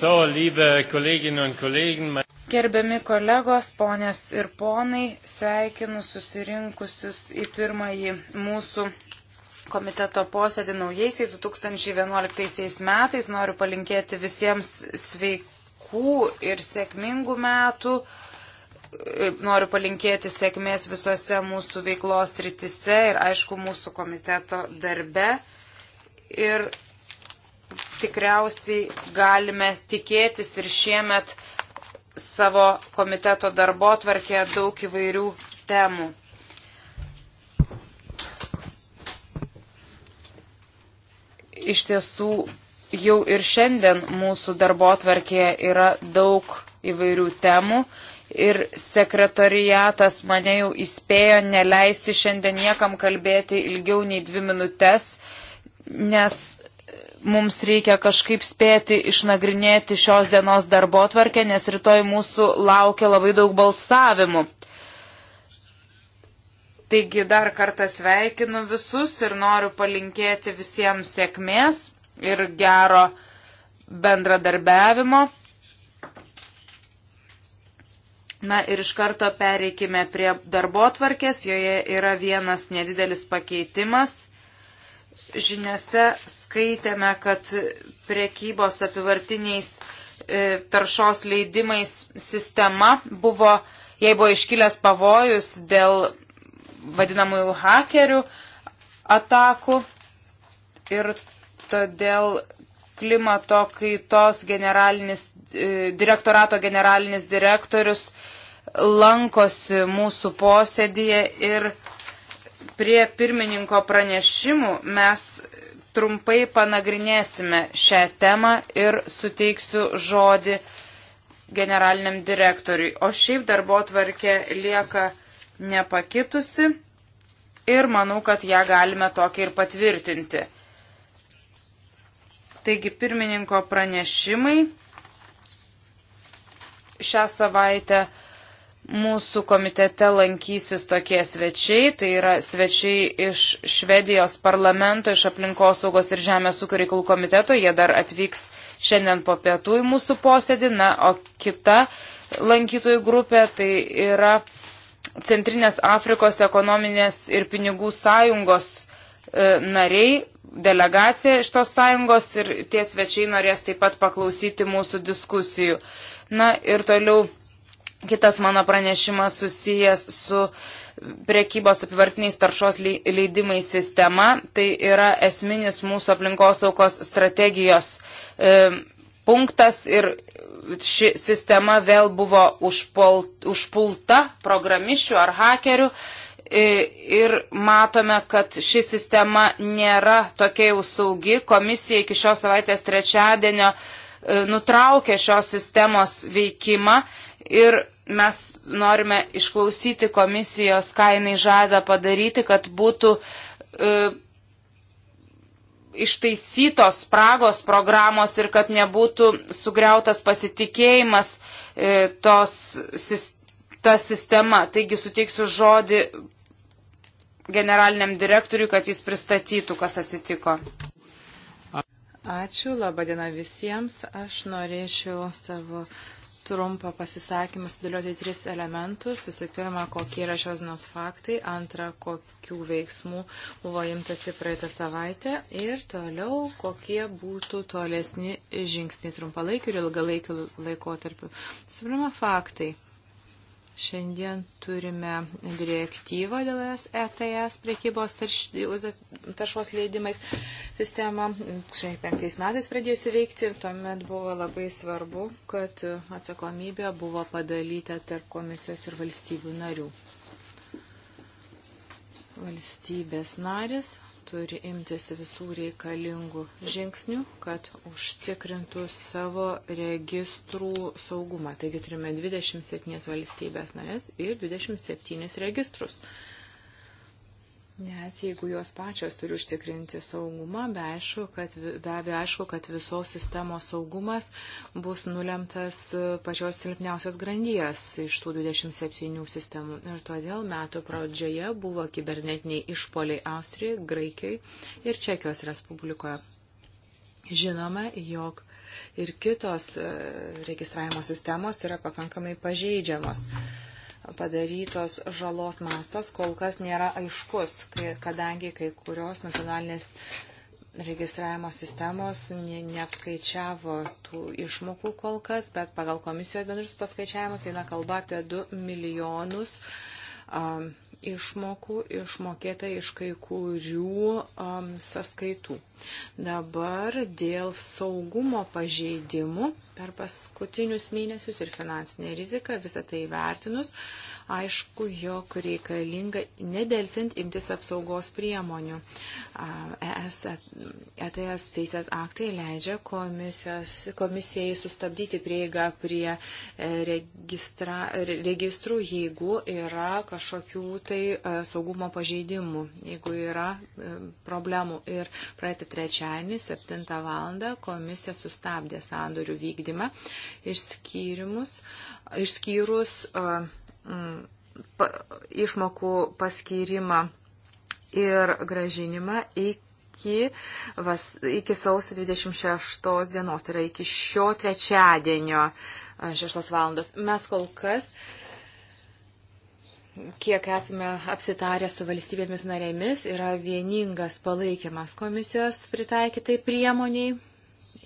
So, liebe Kolleginnen und Kollegen, mein Gerbiami kolegos, ponės ir ponai, sveikinu susirinkusius į pirmąjį mūsų komiteto posėdį naujaisiais 2011 metais. Noriu palinkėti visiems sveikų ir sėkmingų metų. Noriu palinkėti sėkmės visose mūsų veiklos rytise ir aišku mūsų komiteto darbe. Ir tikriausiai galime tikėtis ir šiemet savo komiteto darbo tvarkė daug įvairių temų. Iš tiesų, jau ir šiandien mūsų darbo tvarkėje yra daug įvairių temų ir sekretariatas mane jau įspėjo neleisti šiandien niekam kalbėti ilgiau nei dvi minutės, nes mums reikia kažkaip spėti išnagrinėti šios dienos darbo tvarkę, nes rytoj mūsų laukia labai daug balsavimų. Taigi dar kartą sveikinu visus ir noriu palinkėti visiems sėkmės ir gero bendradarbiavimo. Na ir iš karto pereikime prie darbo tvarkės, joje yra vienas nedidelis pakeitimas žiniuose skaitėme, kad priekybos apivartiniais e, taršos leidimais sistema buvo, jei buvo iškilęs pavojus dėl vadinamųjų hakerių atakų ir todėl klimato kaitos generalinis, e, direktorato generalinis direktorius lankosi mūsų posėdėje ir prie pirmininko pranešimų mes trumpai panagrinėsime šią temą ir suteiksiu žodį generaliniam direktoriui. O šiaip darbo tvarkė lieka nepakitusi ir manau, kad ją galime tokį ir patvirtinti. Taigi pirmininko pranešimai šią savaitę Mūsų komitete lankysis tokie svečiai, tai yra svečiai iš Švedijos parlamento, iš aplinkosaugos ir žemės ūkio reikalų komiteto, jie dar atvyks šiandien po pietų į mūsų posėdį, na, o kita lankytojų grupė tai yra Centrinės Afrikos ekonominės ir pinigų sąjungos e, nariai, delegacija iš tos sąjungos ir tie svečiai norės taip pat paklausyti mūsų diskusijų. Na ir toliau Kitas mano pranešimas susijęs su priekybos apivartiniais taršos leidimai sistema. Tai yra esminis mūsų aplinkosaukos strategijos e, punktas ir ši sistema vėl buvo užpult, užpulta programišių ar hakerių. E, ir matome, kad ši sistema nėra tokia jau saugi. Komisija iki šios savaitės trečiadienio e, nutraukė šios sistemos veikimą ir mes norime išklausyti komisijos, ką jinai žada padaryti, kad būtų e, ištaisytos spragos programos ir kad nebūtų sugriautas pasitikėjimas e, tos, sis, ta sistema. Taigi suteiksiu žodį generaliniam direktoriui, kad jis pristatytų, kas atsitiko. Ačiū, labadiena visiems. Aš norėčiau savo trumpą pasisakymą sudėlioti tris elementus. Visų pirma, kokie yra šios dienos faktai, antra, kokių veiksmų buvo imtasi praeitą savaitę ir toliau, kokie būtų tolesni žingsniai trumpalaikiu ir ilgalaikiu laikotarpiu. Visų pirma, faktai. Šiandien turime direktyvą dėl ETS e priekybos tarš, taršos leidimais sistemą. Šiandien penktais metais pradėjusi veikti ir tuomet buvo labai svarbu, kad atsakomybė buvo padalyta tarp komisijos ir valstybių narių. Valstybės narės turi imtis visų reikalingų žingsnių, kad užtikrintų savo registrų saugumą. Taigi turime 27 valstybės narės ir 27 registrus. Net jeigu jos pačios turi užtikrinti saugumą, be aišku, kad, be abejo aišku, kad visos sistemos saugumas bus nulemtas e, pačios silpniausios grandies iš tų 27 sistemų. Ir todėl metų pradžioje buvo kibernetiniai išpoliai Austrijai, Graikijai ir Čekijos Respublikoje. Žinome, jog ir kitos e, registravimo sistemos yra pakankamai pažeidžiamos. Mm padarytos žalos mastas kol kas nėra aiškus, kadangi kai kurios nacionalinės registravimo sistemos ne, neapskaičiavo tų išmokų kol kas, bet pagal komisijos bendrus paskaičiavimus eina kalba apie 2 milijonus. Um, išmokų išmokėta iš kai kurių um, sąskaitų. Dabar dėl saugumo pažeidimų per paskutinius mėnesius ir finansinė rizika, visą tai vertinus, uh, aišku, jog reikalinga nedelsint imtis apsaugos priemonių. ES ETS teisės aktai leidžia komisijai sustabdyti prieigą prie e, registra, registrų, jeigu yra kažkokių tai e, saugumo pažeidimų, jeigu yra e, problemų. Ir praeitą trečiąjį, 7 val. komisija sustabdė sandorių vykdymą išskyrimus, išskyrus uh, išmokų paskyrimą ir gražinimą iki, vas, iki sausio 26 dienos, tai yra iki šio trečiadienio 6 valandos. Mes kol kas kiek esame apsitarę su valstybėmis narėmis, yra vieningas palaikymas komisijos pritaikytai priemoniai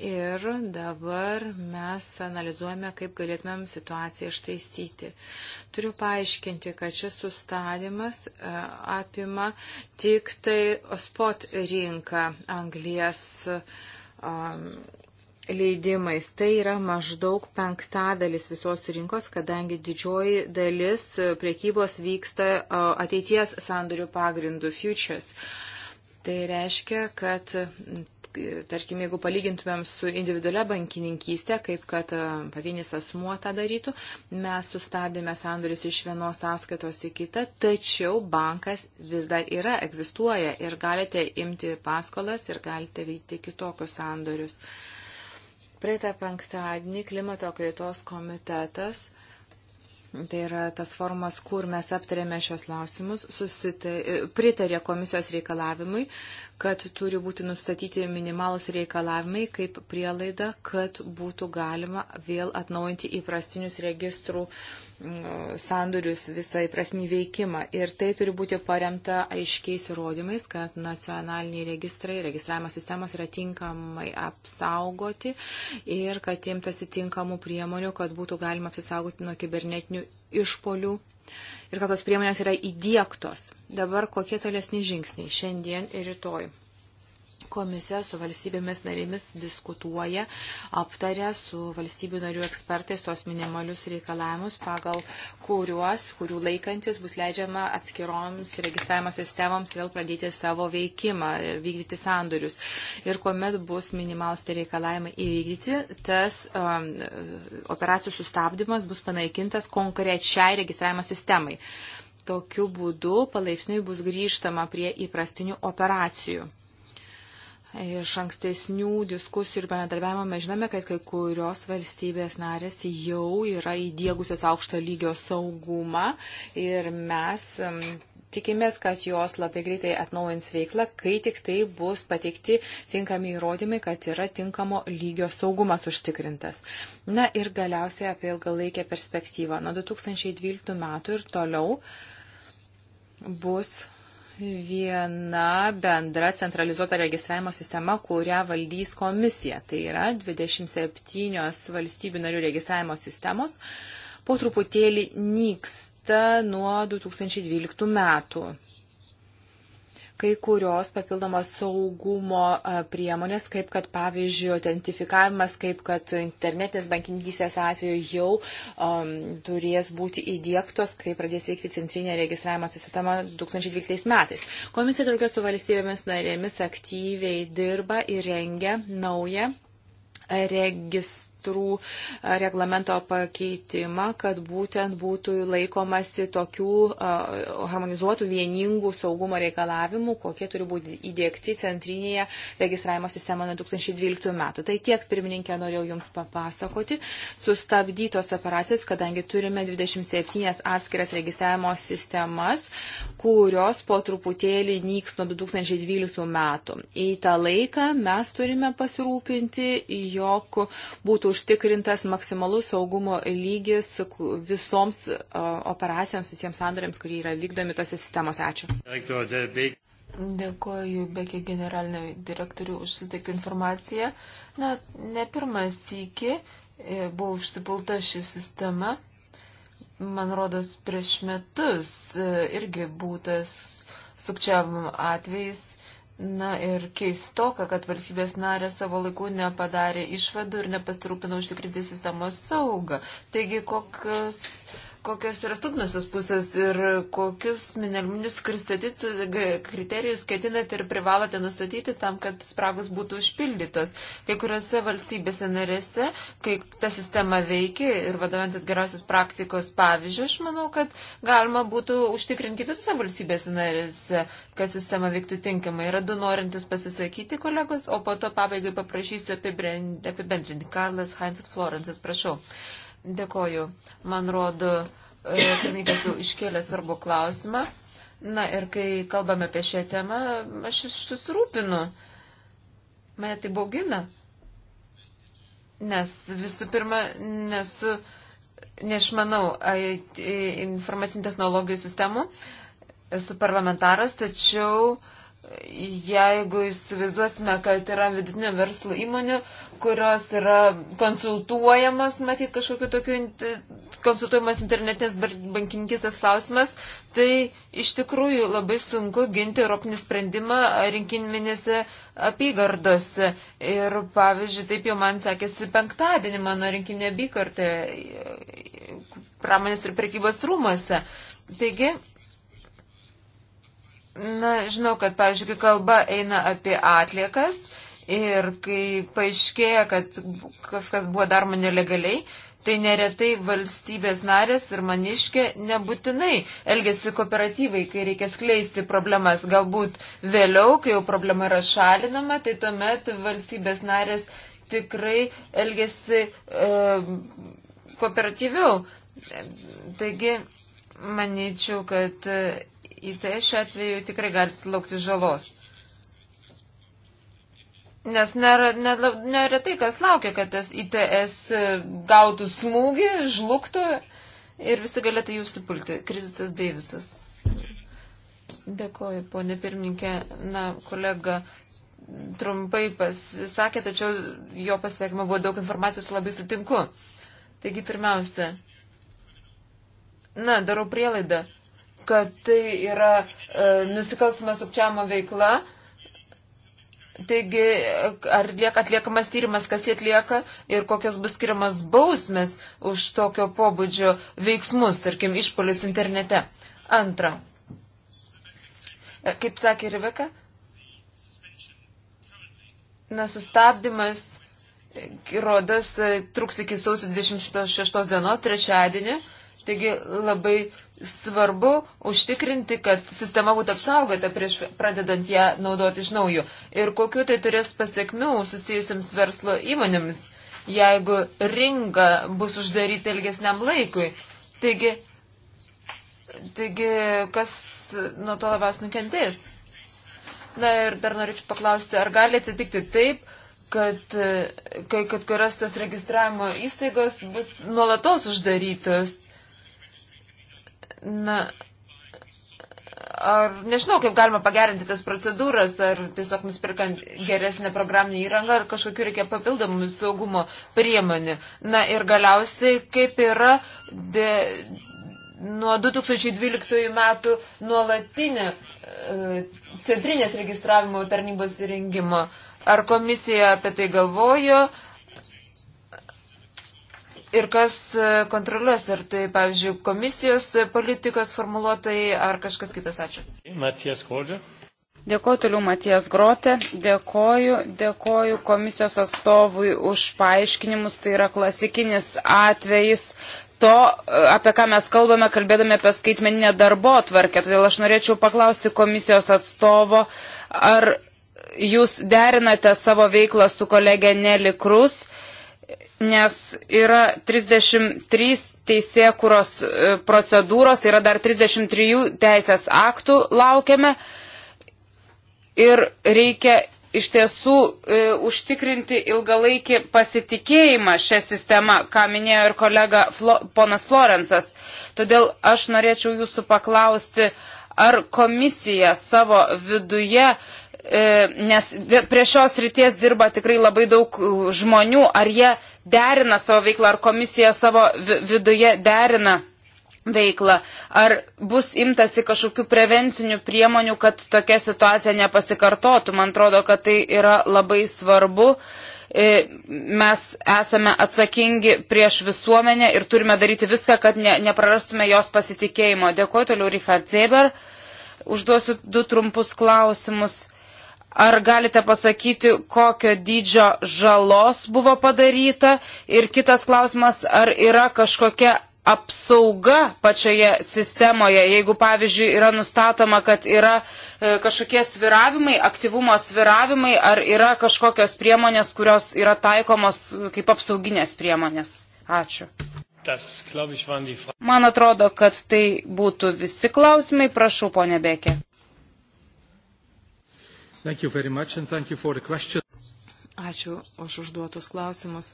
Ir dabar mes analizuojame, kaip galėtumėm situaciją ištaisyti. Turiu paaiškinti, kad šis sustadimas e, apima tik tai spot rinką anglies leidimais. Tai yra maždaug penktadalis visos rinkos, kadangi didžioji dalis priekybos vyksta e, ateities sandorių pagrindų futures. Tai reiškia, kad tarkim, jeigu palygintumėm su individualia bankininkystė, kaip kad e, pavienis asmuo tą darytų, mes sustabdėme sandorius iš vienos sąskaitos į kitą, tačiau bankas vis dar yra, egzistuoja ir galite imti paskolas ir galite veikti kitokius sandorius. Praeitą penktadienį klimato kaitos komitetas Tai yra tas formas, kur mes aptarėme šios klausimus, pritarė komisijos reikalavimui, kad turi būti nustatyti minimalus reikalavimai kaip prielaida, kad būtų galima vėl atnaujinti įprastinius registrų mm, sandorius visą įprasnį veikimą. Ir tai turi būti paremta aiškiais įrodymais, kad nacionaliniai registrai, registravimo sistemos yra tinkamai apsaugoti ir kad imtasi tinkamų priemonių, kad būtų galima apsisaugoti nuo kibernetinių išpolių ir kad tos priemonės yra įdėktos. Dabar kokie tolesni žingsniai šiandien ir rytoj. Komisija su valstybėmis narėmis diskutuoja, aptarė su valstybių narių ekspertais tos minimalius reikalavimus, pagal kuriuos, kurių laikantis bus leidžiama atskiroms registravimo sistemoms vėl pradėti savo veikimą ir vykdyti sandorius. Ir kuomet bus minimalus tie reikalavimai įvykdyti, tas um, operacijų sustabdymas bus panaikintas konkrečiai registravimo sistemai. Uh, Tokiu būdu palaipsniui bus grįžtama prie įprastinių operacijų. Iš ankstesnių diskusijų ir bendradarbiavimo mes žinome, kad kai kurios valstybės narės jau yra įdėgusios aukšto lygio saugumą ir mes mm, Tikimės, kad jos labai greitai atnaujins veiklą, kai tik tai bus pateikti tinkami įrodymai, kad yra tinkamo lygio saugumas užtikrintas. Na ir galiausiai apie ilgalaikę perspektyvą. Nuo 2012 metų ir toliau bus viena bendra centralizuota registravimo sistema, kurią valdys komisija. Tai yra 27 valstybių narių registravimo sistemos. Po truputėlį nyks numatyta nuo 2012 metų. Kai kurios papildomos saugumo priemonės, kaip kad pavyzdžiui identifikavimas, kaip kad internetinės bankininkysės atveju jau um, turės būti įdėktos, kai pradės veikti centrinė registravimo sistema 2012 metais. Komisija draugė su valstybėmis narėmis aktyviai dirba ir rengia naują regis, registrų reglamento pakeitimą, kad būtent būtų laikomasi tokių harmonizuotų vieningų saugumo reikalavimų, kokie turi būti įdėkti centrinėje registravimo sistemoje 2012 metų. Tai tiek, pirmininkė, norėjau Jums papasakoti. Sustabdytos operacijos, kadangi turime 27 atskiras registravimo sistemas, kurios po truputėlį nyks nuo 2012 metų. Į tą laiką mes turime pasirūpinti, jog būtų būtų užtikrintas maksimalus saugumo lygis visoms operacijoms, visiems sandoriams, kurie yra vykdomi tose sistemose. Ačiū. Dėkoju Bekė generaliniam direktoriu už suteiktą informaciją. Na, ne pirmas iki e, buvo užsipulta ši sistema. Man rodos, prieš metus e, irgi būtas sukčiavimo atvejais Na ir keistoka, kad valstybės narė savo laiku nepadarė išvadų ir nepasirūpino užtikrinti sistemos saugą. Taigi, kokios kokios yra silpnosios pusės ir kokius minimalius kriterijus ketinate ir privalote nustatyti tam, kad spragos būtų užpildytos. Kai kuriuose valstybėse narėse, kai ta sistema veikia ir vadovantis geriausios praktikos pavyzdžių, aš manau, kad galima būtų užtikrinti kitose valstybėse narėse, kad sistema veiktų tinkamai. Yra du norintis pasisakyti kolegos, o po to pabaigai paprašysiu apibendrinti. Karlas Heinzas Florencas, prašau. Dėkoju. Man rodo, e, pirmininkas jau iškėlė svarbu klausimą. Na ir kai kalbame apie šią temą, aš susirūpinu. Mane tai baugina. Nes visų pirma, nesu, neišmanau informacinių technologijų sistemų, esu parlamentaras, tačiau uh, jeigu įsivaizduosime, kad yra vidutinio verslo įmonių, kurios yra konsultuojamas, matyt, kažkokiu tokiu konsultuojamas internetinės bankininkistės klausimas, tai iš tikrųjų labai sunku ginti europinį sprendimą rinkiminėse apygardose. Ir pavyzdžiui, taip jau man sekėsi penktadienį mano rinkinė apygardė pramonės ir prekybos rūmose. Taigi, Na, žinau, kad, pavyzdžiui, kai kalba eina apie atliekas ir kai paaiškėja, kad kažkas buvo daroma nelegaliai, tai neretai valstybės narės ir maniškė nebūtinai elgesi kooperatyvai, kai reikia skleisti problemas. Galbūt vėliau, kai jau problema yra šalinama, tai tuomet valstybės narės tikrai elgesi e, kooperatyviau. Taigi, manyčiau, kad IT tai šiuo atveju tikrai gali sulaukti žalos. Nes neretai kas laukia, kad tas ITS gautų smūgį, žlugtų ir visi galėtų jų supulti. Krizisas Deivisas. Dėkoju, ponė pirmininkė. Na, kolega trumpai pasisakė, tačiau jo pasveikimo buvo daug informacijos, labai sutinku. Taigi, pirmiausia, na, darau prielaidą, kad tai yra e, nusikalstama sukčiamo veikla. Taigi, ar lieka atliekamas tyrimas, kas jį atlieka ir kokios bus skiriamas bausmės už tokio pobūdžio veiksmus, tarkim, išpolius internete. Antra. E, kaip sakė Riveka, na, sustabdymas, e, rodas, e, truks iki sausio 26 dienos, trečiadienį. Taigi labai svarbu užtikrinti, kad sistema būtų apsaugota prieš pradedant ją naudoti iš naujo. Ir kokiu tai turės pasiekmių susijusiams verslo įmonėms, jeigu rinka bus uždaryta ilgesniam laikui. Taigi, taigi kas nuo to labiausiai nukentės? Na ir dar norėčiau paklausti, ar gali atsitikti taip, kad, kad, kad kurios tas registravimo įstaigos bus nuolatos uždarytos Na, ar nežinau, kaip galima pagerinti tas procedūras, ar tiesiog nusipirkant geresnę programinę įrangą, ar kažkokiu reikia papildomų saugumo priemonių. Na ir galiausiai, kaip yra de, nuo 2012 metų nuolatinė e, centrinės registravimo tarnybos įrengimo. Ar komisija apie tai galvojo, ir kas e, kontroliuos, ar tai, pavyzdžiui, komisijos politikos formuluotojai ar kažkas kitas. Ačiū. Matijas Kodė. Dėkoju toliau Matijas Grotė, dėkoju, dėkoju komisijos atstovui už paaiškinimus, tai yra klasikinis atvejis to, e, apie ką mes kalbame, kalbėdami apie skaitmeninę darbo tvarkę. Todėl aš norėčiau paklausti komisijos atstovo, ar jūs derinate savo veiklą su kolegė Nelikrus. Krus nes yra 33 teisėkuros e, procedūros, tai yra dar 33 teisės aktų laukiame ir reikia iš tiesų e, užtikrinti ilgalaikį pasitikėjimą šią sistemą, ką minėjo ir kolega Flo, ponas Florensas. Todėl aš norėčiau jūsų paklausti, ar komisija savo viduje E, nes prie šios ryties dirba tikrai labai daug e, žmonių, ar jie derina savo veiklą, ar komisija savo viduje derina veiklą, ar bus imtasi kažkokių prevencinių priemonių, kad tokia situacija nepasikartotų. Man atrodo, kad tai yra labai svarbu. E, mes esame atsakingi prieš visuomenę ir turime daryti viską, kad ne, neprarastume jos pasitikėjimo. Dėkuoju toliau, Richard Zeber. Užduosiu du trumpus klausimus Ar galite pasakyti, kokio dydžio žalos buvo padaryta? Ir kitas klausimas, ar yra kažkokia apsauga pačioje sistemoje, jeigu, pavyzdžiui, yra nustatoma, kad yra e, kažkokie sviravimai, aktyvumo sviravimai, ar yra kažkokios priemonės, kurios yra taikomos kaip apsauginės priemonės. Ačiū. Das, ich, Man atrodo, kad tai būtų visi klausimai. Prašau, ponė Bekė. Ačiū už užduotus klausimus.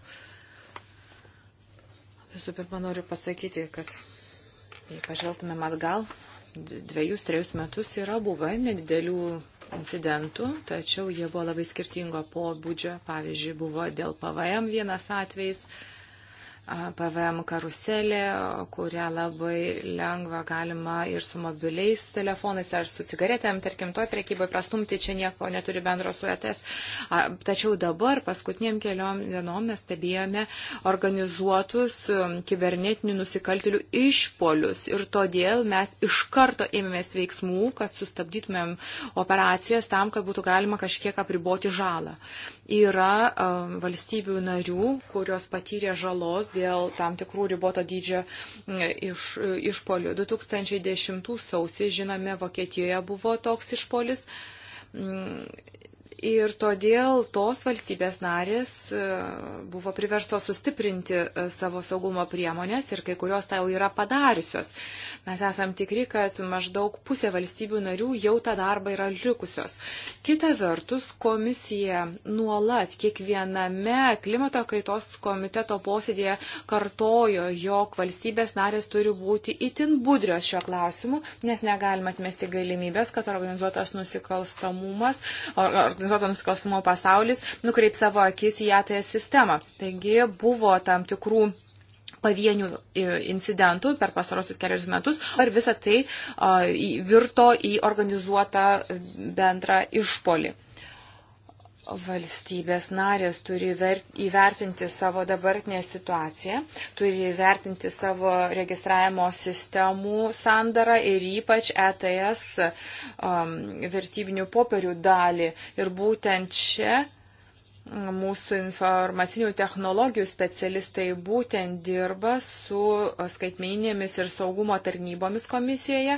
Visų pirma, noriu pasakyti, kad jei pažvelgtumėm atgal, dviejus, trejus metus yra buvę nedidelių incidentų, tačiau jie buvo labai skirtingo pobūdžio. Pavyzdžiui, buvo dėl PVM vienas atvejs, PVM karuselė, kurią labai lengva galima ir su mobiliais telefonais ar su cigaretėm, tarkim, toj prekyboje prastumti, čia nieko neturi bendro su ETS. Tačiau dabar, paskutiniam keliom dienom, mes stebėjome organizuotus um, kibernetinių nusikaltelių išpolius ir todėl mes iš karto ėmėmės veiksmų, kad sustabdytumėm operacijas tam, kad būtų galima kažkiek apriboti žalą. Yra um, valstybių narių, kurios patyrė žalos dėl tam tikrų riboto dydžio iš, išpolių. 2010 sausį, žinome, Vokietijoje buvo toks išpolis Ir todėl tos valstybės narės e, buvo priverstos sustiprinti e, savo saugumo priemonės ir kai kurios tai jau yra padariusios. Mes esam tikri, kad maždaug pusė valstybių narių jau tą darbą yra likusios. Kita vertus, komisija nuolat kiekviename klimato kaitos komiteto posėdėje kartojo, jog valstybės narės turi būti itin budrios šio klausimu, nes negalima atmesti galimybės, kad organizuotas nusikalstamumas. Or, or, organizuoto nusikalstamumo pasaulis nukreip savo akis į ATS sistemą. Taigi buvo tam tikrų pavienių e, incidentų per pasarosius kelius metus ir visa tai virto į organizuotą e, bendrą išpolį valstybės narės turi įvertinti savo dabartinę situaciją, turi įvertinti savo registravimo sistemų sandarą ir ypač ETS um, vertybinių popierių dalį. Ir būtent čia mūsų informacinių technologijų specialistai būtent dirba su skaitmeninėmis ir saugumo tarnybomis komisijoje,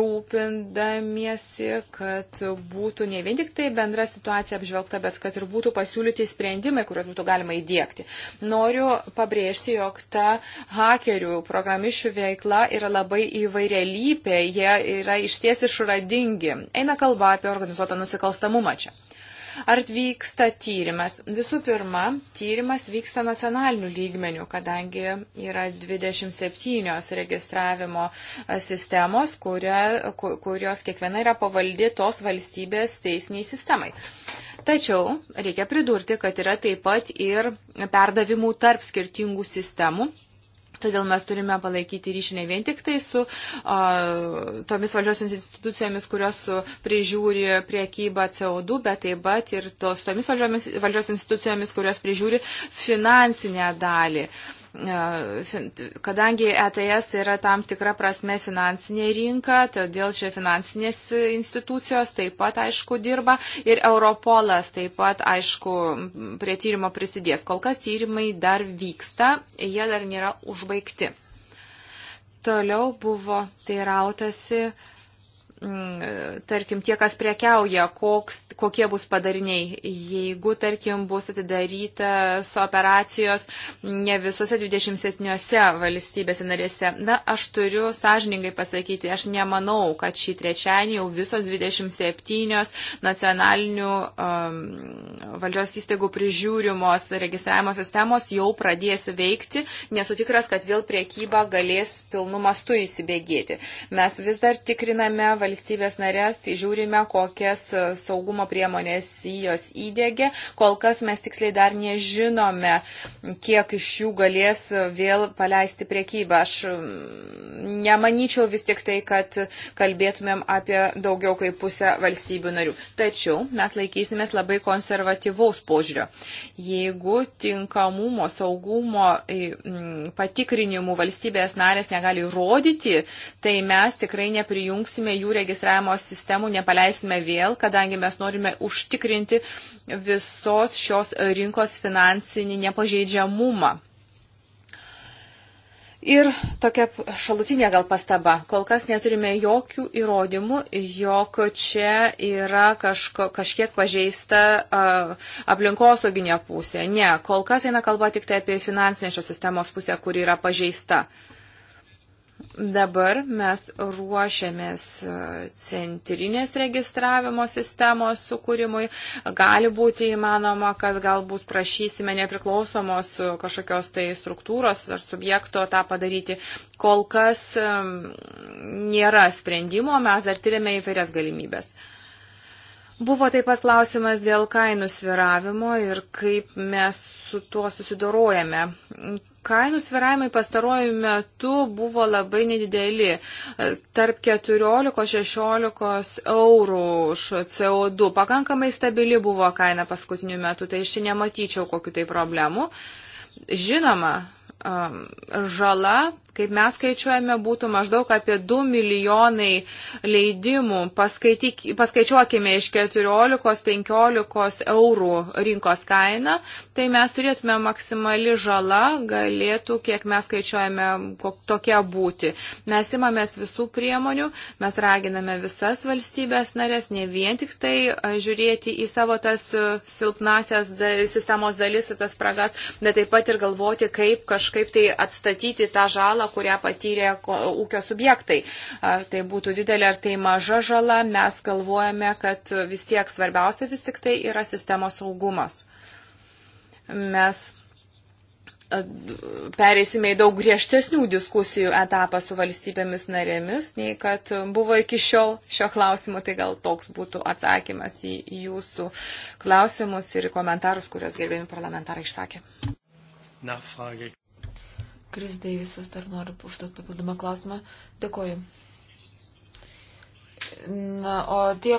rūpindamiesi, kad būtų ne vien tik tai bendra situacija apžvelgta, bet kad ir būtų pasiūlyti sprendimai, kuriuos būtų galima įdėkti. Noriu pabrėžti, jog ta hakerių programišių veikla yra labai įvairialypė, jie yra išties išradingi. Eina kalba apie organizuotą nusikalstamumą čia. Ar vyksta tyrimas? Visų pirma, tyrimas vyksta nacionaliniu lygmeniu, kadangi yra 27 registravimo e, sistemos, kuria, kurios kiekviena yra pavaldi tos valstybės teisiniai sistemai. Tačiau reikia pridurti, kad yra taip pat ir perdavimų tarp skirtingų sistemų Todėl mes turime palaikyti ryšį ne vien tik tai su a, tomis valdžios institucijomis, kurios prižiūri priekybą CO2, bet taip pat ir tos tomis valdžiomis, valdžios institucijomis, kurios prižiūri finansinę dalį. A, kadangi ETS tai yra tam tikra prasme finansinė rinka, todėl čia finansinės institucijos taip pat, aišku, dirba ir Europolas taip pat, aišku, prie tyrimo prisidės. Kol kas tyrimai dar vyksta, jie dar nėra užbaigti. Toliau buvo teirautasi. Tai Mm, tarkim, tie, kas prekiauja, koks, kokie bus padariniai, jeigu, tarkim, bus atidarytas operacijos ne visose 27 valstybėse narėse. Na, aš turiu sąžiningai pasakyti, aš nemanau, kad šį trečiąjį jau visos 27 nacionalinių um, valdžios įstaigų prižiūrimos registravimo sistemos jau pradės veikti, nesu tikras, kad vėl priekyba galės pilnu mastu įsibėgėti. Mes vis dar tikriname valstybės valstybės narės, tai žiūrime, kokias e, saugumo priemonės jos įdėgė. Kol kas mes tiksliai dar nežinome, kiek iš jų galės e, vėl paleisti priekybą. Aš mm, nemanyčiau vis tik tai, kad kalbėtumėm apie daugiau kaip pusę valstybių narių. Tačiau mes laikysimės labai konservatyvaus požiūrio. Jeigu tinkamumo, saugumo e, mm, patikrinimų valstybės narės negali rodyti, tai mes tikrai neprijungsime jų naujų registravimo sistemų nepaleisime vėl, kadangi mes norime užtikrinti visos šios rinkos finansinį nepažeidžiamumą. Ir tokia šalutinė gal pastaba. Kol kas neturime jokių įrodymų, jog čia yra kažko, kažkiek pažeista uh, aplinkosauginė pusė. Ne, kol kas eina kalba tik tai apie finansinę šios sistemos pusę, kur yra pažeista. Uh, Dabar mes ruošiamės e, centrinės registravimo sistemos sukūrimui. Gali būti įmanoma, kad galbūt prašysime nepriklausomos e, kažkokios tai struktūros ar subjekto tą padaryti. Kol kas e, nėra sprendimo, mes dar tyrėme įvairias galimybės. Buvo taip pat klausimas dėl kainų sviravimo ir kaip mes su tuo susidorojame. Kainų sviravimai pastaruoju metu buvo labai nedideli, tarp 14-16 eurų už CO2. Pakankamai stabili buvo kaina paskutiniu metu, tai aš čia nematyčiau kokiu tai problemu. Žinoma, um, žala kaip mes skaičiuojame, būtų maždaug apie 2 milijonai leidimų. Paskaityk, paskaičiuokime iš 14-15 eurų rinkos kainą, tai mes turėtume maksimali žala galėtų, kiek mes skaičiuojame, tokia būti. Mes imamės visų priemonių, mes raginame visas valstybės narės, ne vien tik tai žiūrėti į savo tas silpnasias sistemos dalis, tas spragas, bet taip pat ir galvoti, kaip kažkaip tai atstatyti tą žalą žalą, kurią patyrė ūkio subjektai. Ar tai būtų didelė, ar tai maža žala, mes galvojame, kad vis tiek svarbiausia vis tik tai yra sistemos saugumas. Mes e, pereisime į daug griežtesnių diskusijų etapą su valstybėmis narėmis, nei kad buvo iki šiol šio klausimo, tai gal toks būtų atsakymas į jūsų klausimus ir komentarus, kuriuos gerbėjami parlamentarai išsakė. Nachfrage. Kris Deivisas dar nori užduoti papildomą klausimą. Dėkoju. Na, o tie,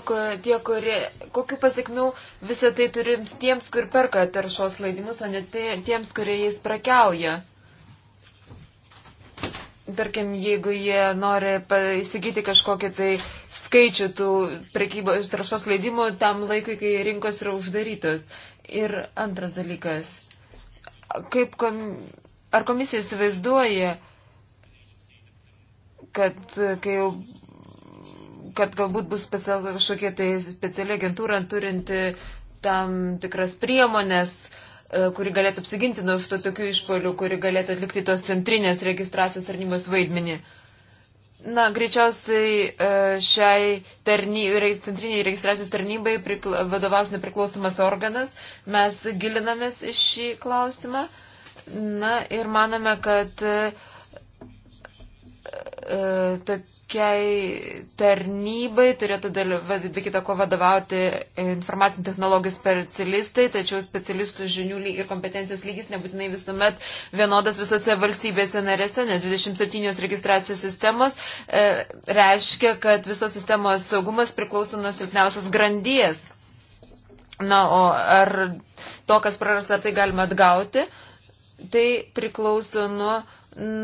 tie kurie, kokiu pasikmiu visą tai turims tiems, kur perka taršos leidimus, o ne tiems, kurie jais prekiauja. Tarkim, jeigu jie nori įsigyti kažkokį tai skaičių tų prekybos taršos leidimų tam laikui, kai rinkos yra uždarytos. Ir antras dalykas. Kaip kom Ar komisija įsivaizduoja, kad, kai jau, kad galbūt bus kažkokia tai speciali agentūra turinti tam tikras priemonės, e, kuri galėtų apsiginti nuo šito tokių išpolių, kuri galėtų atlikti tos centrinės registracijos tarnybos vaidmenį? Na, greičiausiai e, šiai tarny, centriniai registracijos tarnybai prikla, vadovaus nepriklausomas organas. Mes gilinamės į šį klausimą. Na ir manome, kad e, e, tokiai tarnybai turėtų be kita ko vadovauti informacinių technologijų specialistai, tačiau specialistų žinių ir kompetencijos lygis nebūtinai visuomet vienodas visose valstybėse narėse, nes 27 registracijos sistemos e, reiškia, kad visos sistemos saugumas priklauso nuo silpniausios grandies. Na, o ar to, kas prarasta, tai galima atgauti? E, Tai priklauso nuo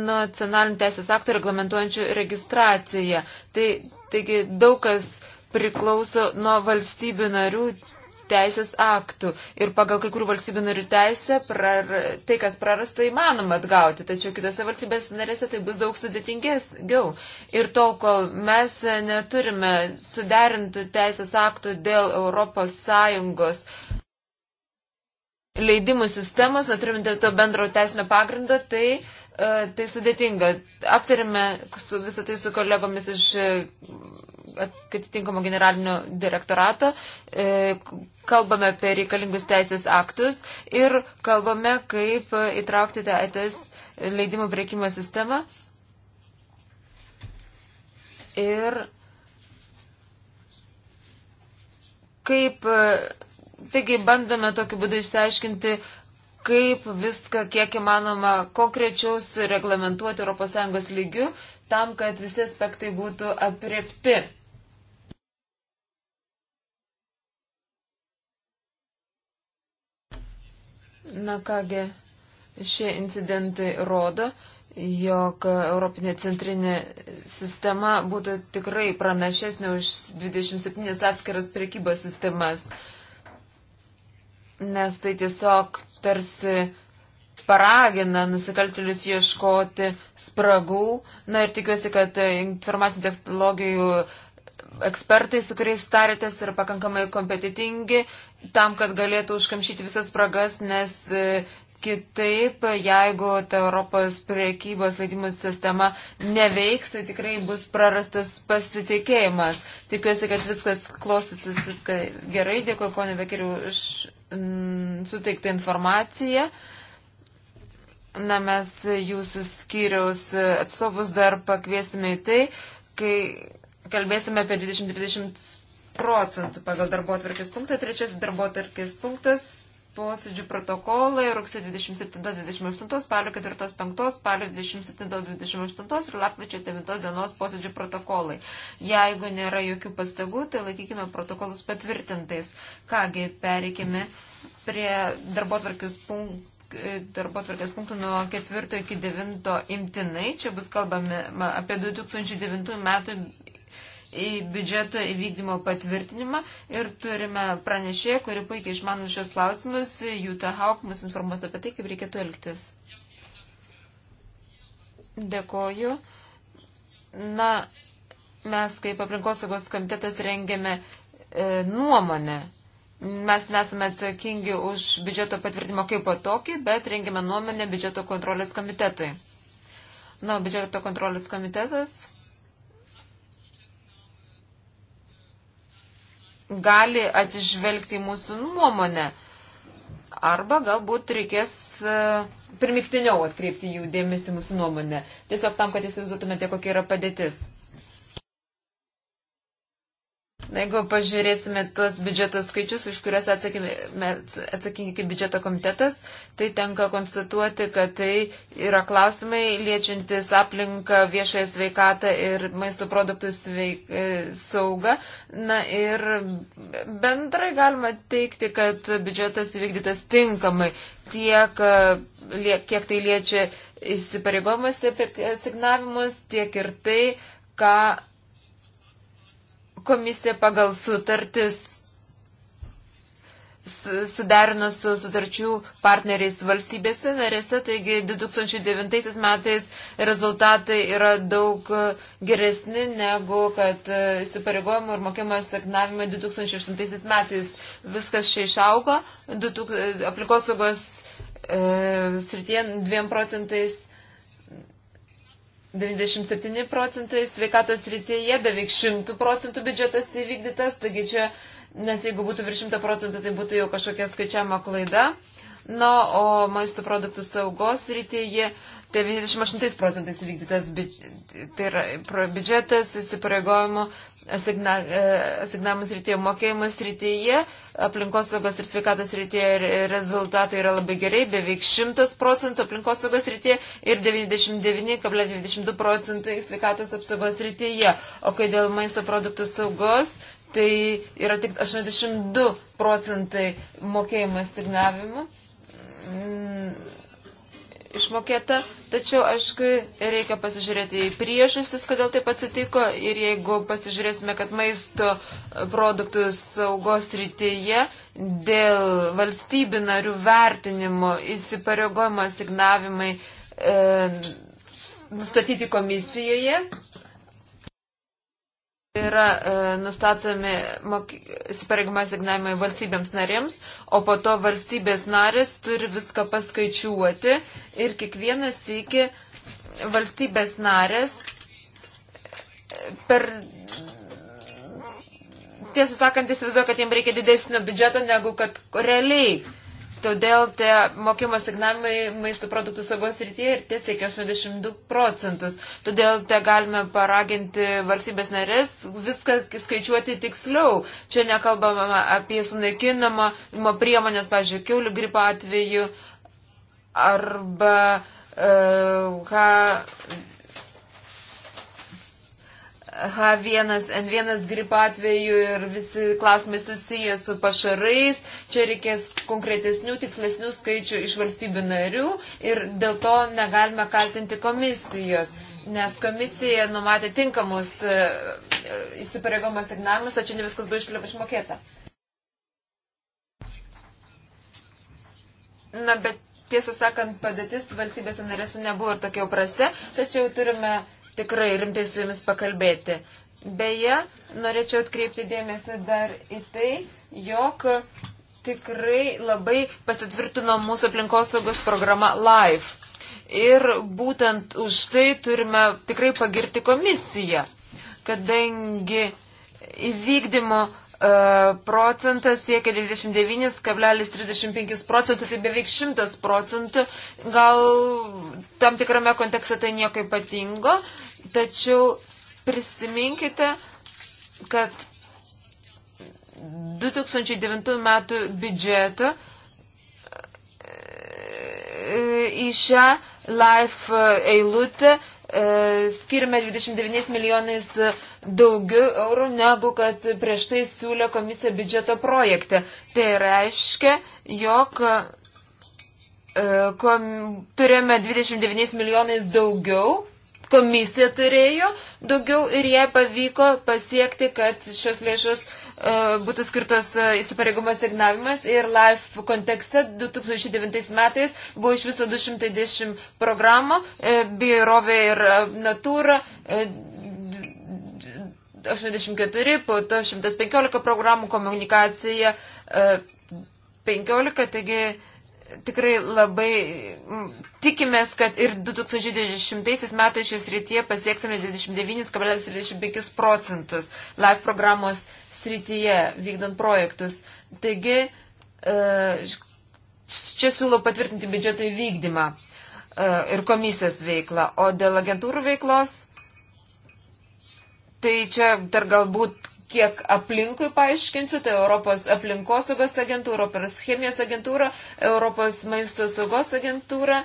nacionalinių teisės aktų reglamentuojančių registraciją. Tai, taigi daug kas priklauso nuo valstybių narių teisės aktų. Ir pagal kai kurių valstybių narių teisę prar, tai, kas prarasta, įmanoma atgauti. Tačiau kitose valstybės narėse tai bus daug sudėtingesgiau. Ir tol, kol mes neturime suderintų teisės aktų dėl ES leidimų sistemos, neturime dėl to bendro teisinio pagrindo, tai, e, tai sudėtinga. Aptarėme su, visą tai su kolegomis iš e, atitinkamo generalinio direktorato, e, kalbame apie reikalingus teisės aktus ir kalbame, kaip įtraukti tą ETS leidimų priekimo sistemą. Ir kaip Taigi bandome tokiu būdu išsiaiškinti, kaip viską kiek įmanoma konkrečiau sureglamentuoti ES lygiu, tam, kad visi aspektai būtų apriepti. Na kągi, šie incidentai rodo, jog Europinė centrinė sistema būtų tikrai pranašesnė už 27 atskiras prekybos sistemas nes tai tiesiog tarsi paragina nusikaltėlius ieškoti spragų. Na ir tikiuosi, kad informacinių technologijų ekspertai, su kuriais tarėtės, yra pakankamai kompetitingi tam, kad galėtų užkamšyti visas spragas, nes Kitaip, jeigu ta Europos priekybos leidimų sistema neveiks, tai tikrai bus prarastas pasitikėjimas. Tikiuosi, kad viskas klostysis viską gerai. Dėkuoju, ponė Bekeriu, už mm, suteiktą informaciją. Na, mes jūsų skyriaus atstovus dar pakviesime į tai, kai kalbėsime apie 20-20 procentų pagal darbo atvarkės punktą. Trečias darbo atvarkės punktas posėdžių protokolai rugsėjo 27-28, spalio 4-5, spalio 27-28 ir lapkričio 9 dienos posėdžių protokolai. Jeigu nėra jokių pastagų, tai laikykime protokolus patvirtintais. Kągi, pereikime prie darbotvarkės punkt, darbo punktų nuo 4 iki 9 imtinai. Čia bus kalbama apie 2009 metų į biudžeto įvykdymo patvirtinimą ir turime pranešėją, kuri puikiai išmano šios klausimus. Jūta Hauk mus informuos apie tai, kaip reikėtų elgtis. Dėkoju. Na, mes kaip aplinkosaugos komitetas rengėme e, nuomonę. Mes nesame atsakingi už biudžeto patvirtimo kaip po tokį, bet rengėme nuomonę biudžeto kontrolės komitetui. Na, biudžeto kontrolės komitetas gali atsižvelgti į mūsų nuomonę. Arba galbūt reikės e, primiktinio atkreipti jų dėmesį mūsų nuomonę. Tiesiog tam, kad įsivaizduotumėte, kokia yra padėtis. Jeigu pažiūrėsime tuos biudžeto skaičius, už kurias atsakingi kaip biudžeto komitetas, tai tenka konstatuoti, kad tai yra klausimai liečiantis aplinką, viešąją sveikatą ir maisto produktų sveik, e, saugą. Na ir bendrai galima teikti, kad biudžetas įvykdytas tinkamai tiek, e, kiek tai liečia įsipareigojimus, tiek signavimus, tiek ir tai, ką Komisija pagal sutartis suderino su sutarčių partneriais valstybėse narėse, taigi 2009 metais rezultatai yra daug geresni negu kad e, įsipareigojimų ir mokėjimo asignavimai 2008 metais. Viskas čia išaugo, aplikosaugos e, srityje 2 procentais 97 procentai, sveikatos rytyje beveik 100 procentų biudžetas įvykdytas, taigi čia, nes jeigu būtų virš 100 procentų, tai būtų jau kažkokia skaičiama klaida. Na, o maisto produktų saugos rytyje 98 procentais įvykdytas biudžetas, tai yra biudžetas įsipareigojimo asigna, e, asignavimus rytyje, mokėjimus rytyje, aplinkosaugos ir sveikatos rytyje rezultatai yra labai gerai, beveik 100 procentų aplinkosaugos rytyje ir 99,22 procentai sveikatos apsaugos rytyje. O kai dėl maisto produktų saugos, tai yra tik 82 procentai mokėjimo asignavimų. Mm išmokėta, tačiau aišku, reikia pasižiūrėti į priežastis, kodėl taip atsitiko ir jeigu pasižiūrėsime, kad maisto produktų saugos rytyje dėl valstybių narių vertinimo įsipareigojimo signavimai e, nustatyti komisijoje, yra e, nustatomi įsipareigimai signavimai valstybėms narėms, o po to valstybės narės turi viską paskaičiuoti ir kiekvienas iki valstybės narės e, per. Tiesą sakant, įsivaizduoju, kad jiems reikia didesnio biudžeto negu kad realiai Todėl tie mokymo signavimai maisto produktų saugos rytyje ir tiesiek 82 procentus. Todėl te galime paraginti valstybės narės viską skaičiuoti tiksliau. Čia nekalbama apie sunaikinamą priemonės, pavyzdžiui, kiaulių gripo atveju arba uh, e, H1N1 gripo atveju ir visi klausimai susiję su pašarais. Čia reikės konkretesnių, tikslesnių skaičių iš valstybių narių ir dėl to negalime kaltinti komisijos, nes komisija numatė tinkamus e, e, įsipareigomą signavimus, tačiau ne viskas buvo išmokėta. Na, bet tiesą sakant, padėtis valstybėse narėse nebuvo ir tokia prasta, tačiau turime tikrai rimtai su jumis pakalbėti. Beje, norėčiau atkreipti dėmesį dar į tai, jog tikrai labai pasitvirtino mūsų aplinkosaugos programa LIFE. Ir būtent už tai turime tikrai pagirti komisiją, kadangi įvykdymo e, procentas siekia 99,35 procentų, tai beveik 100 procentų. Gal tam tikrame kontekste tai nieko ypatingo, Tačiau prisiminkite, kad 2009 metų biudžeto e, į šią life eilutę e, skirime 29 milijonais daugiau eurų, negu kad prieš tai siūlė komisija biudžeto projekte. Tai reiškia, jog e, kom, turėjome 29 milijonais daugiau komisija turėjo daugiau ir jai pavyko pasiekti, kad šios lėšos e, būtų skirtos e, įsipareigumo signavimas ir LIFE kontekste 2009 metais buvo iš viso 210 programų, e, biurovė ir natūra 84, po to 115 programų komunikacija 15, taigi tikrai labai tikimės, kad ir 2020 metais šis rytyje pasieksime 29,35 procentus live programos srityje vykdant projektus. Taigi, e, čia siūlau patvirtinti biudžeto įvykdymą e, ir komisijos veiklą. O dėl agentūrų veiklos, tai čia dar galbūt kiek aplinkui paaiškinsiu, tai Europos aplinkosaugos agentūra, Europos chemijos agentūra, Europos maisto saugos agentūra,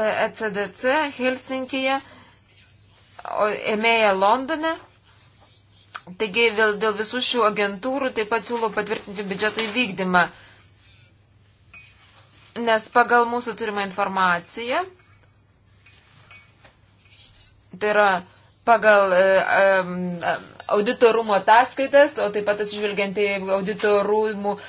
ECDC Helsinkije, EMEA Londone. Taigi vėl dėl visų šių agentūrų taip pat siūlau patvirtinti biudžeto įvykdymą, nes pagal mūsų turimą informaciją, tai yra pagal e, e, auditorumo ataskaitas, o taip pat atsižvelgiant į auditorumų e,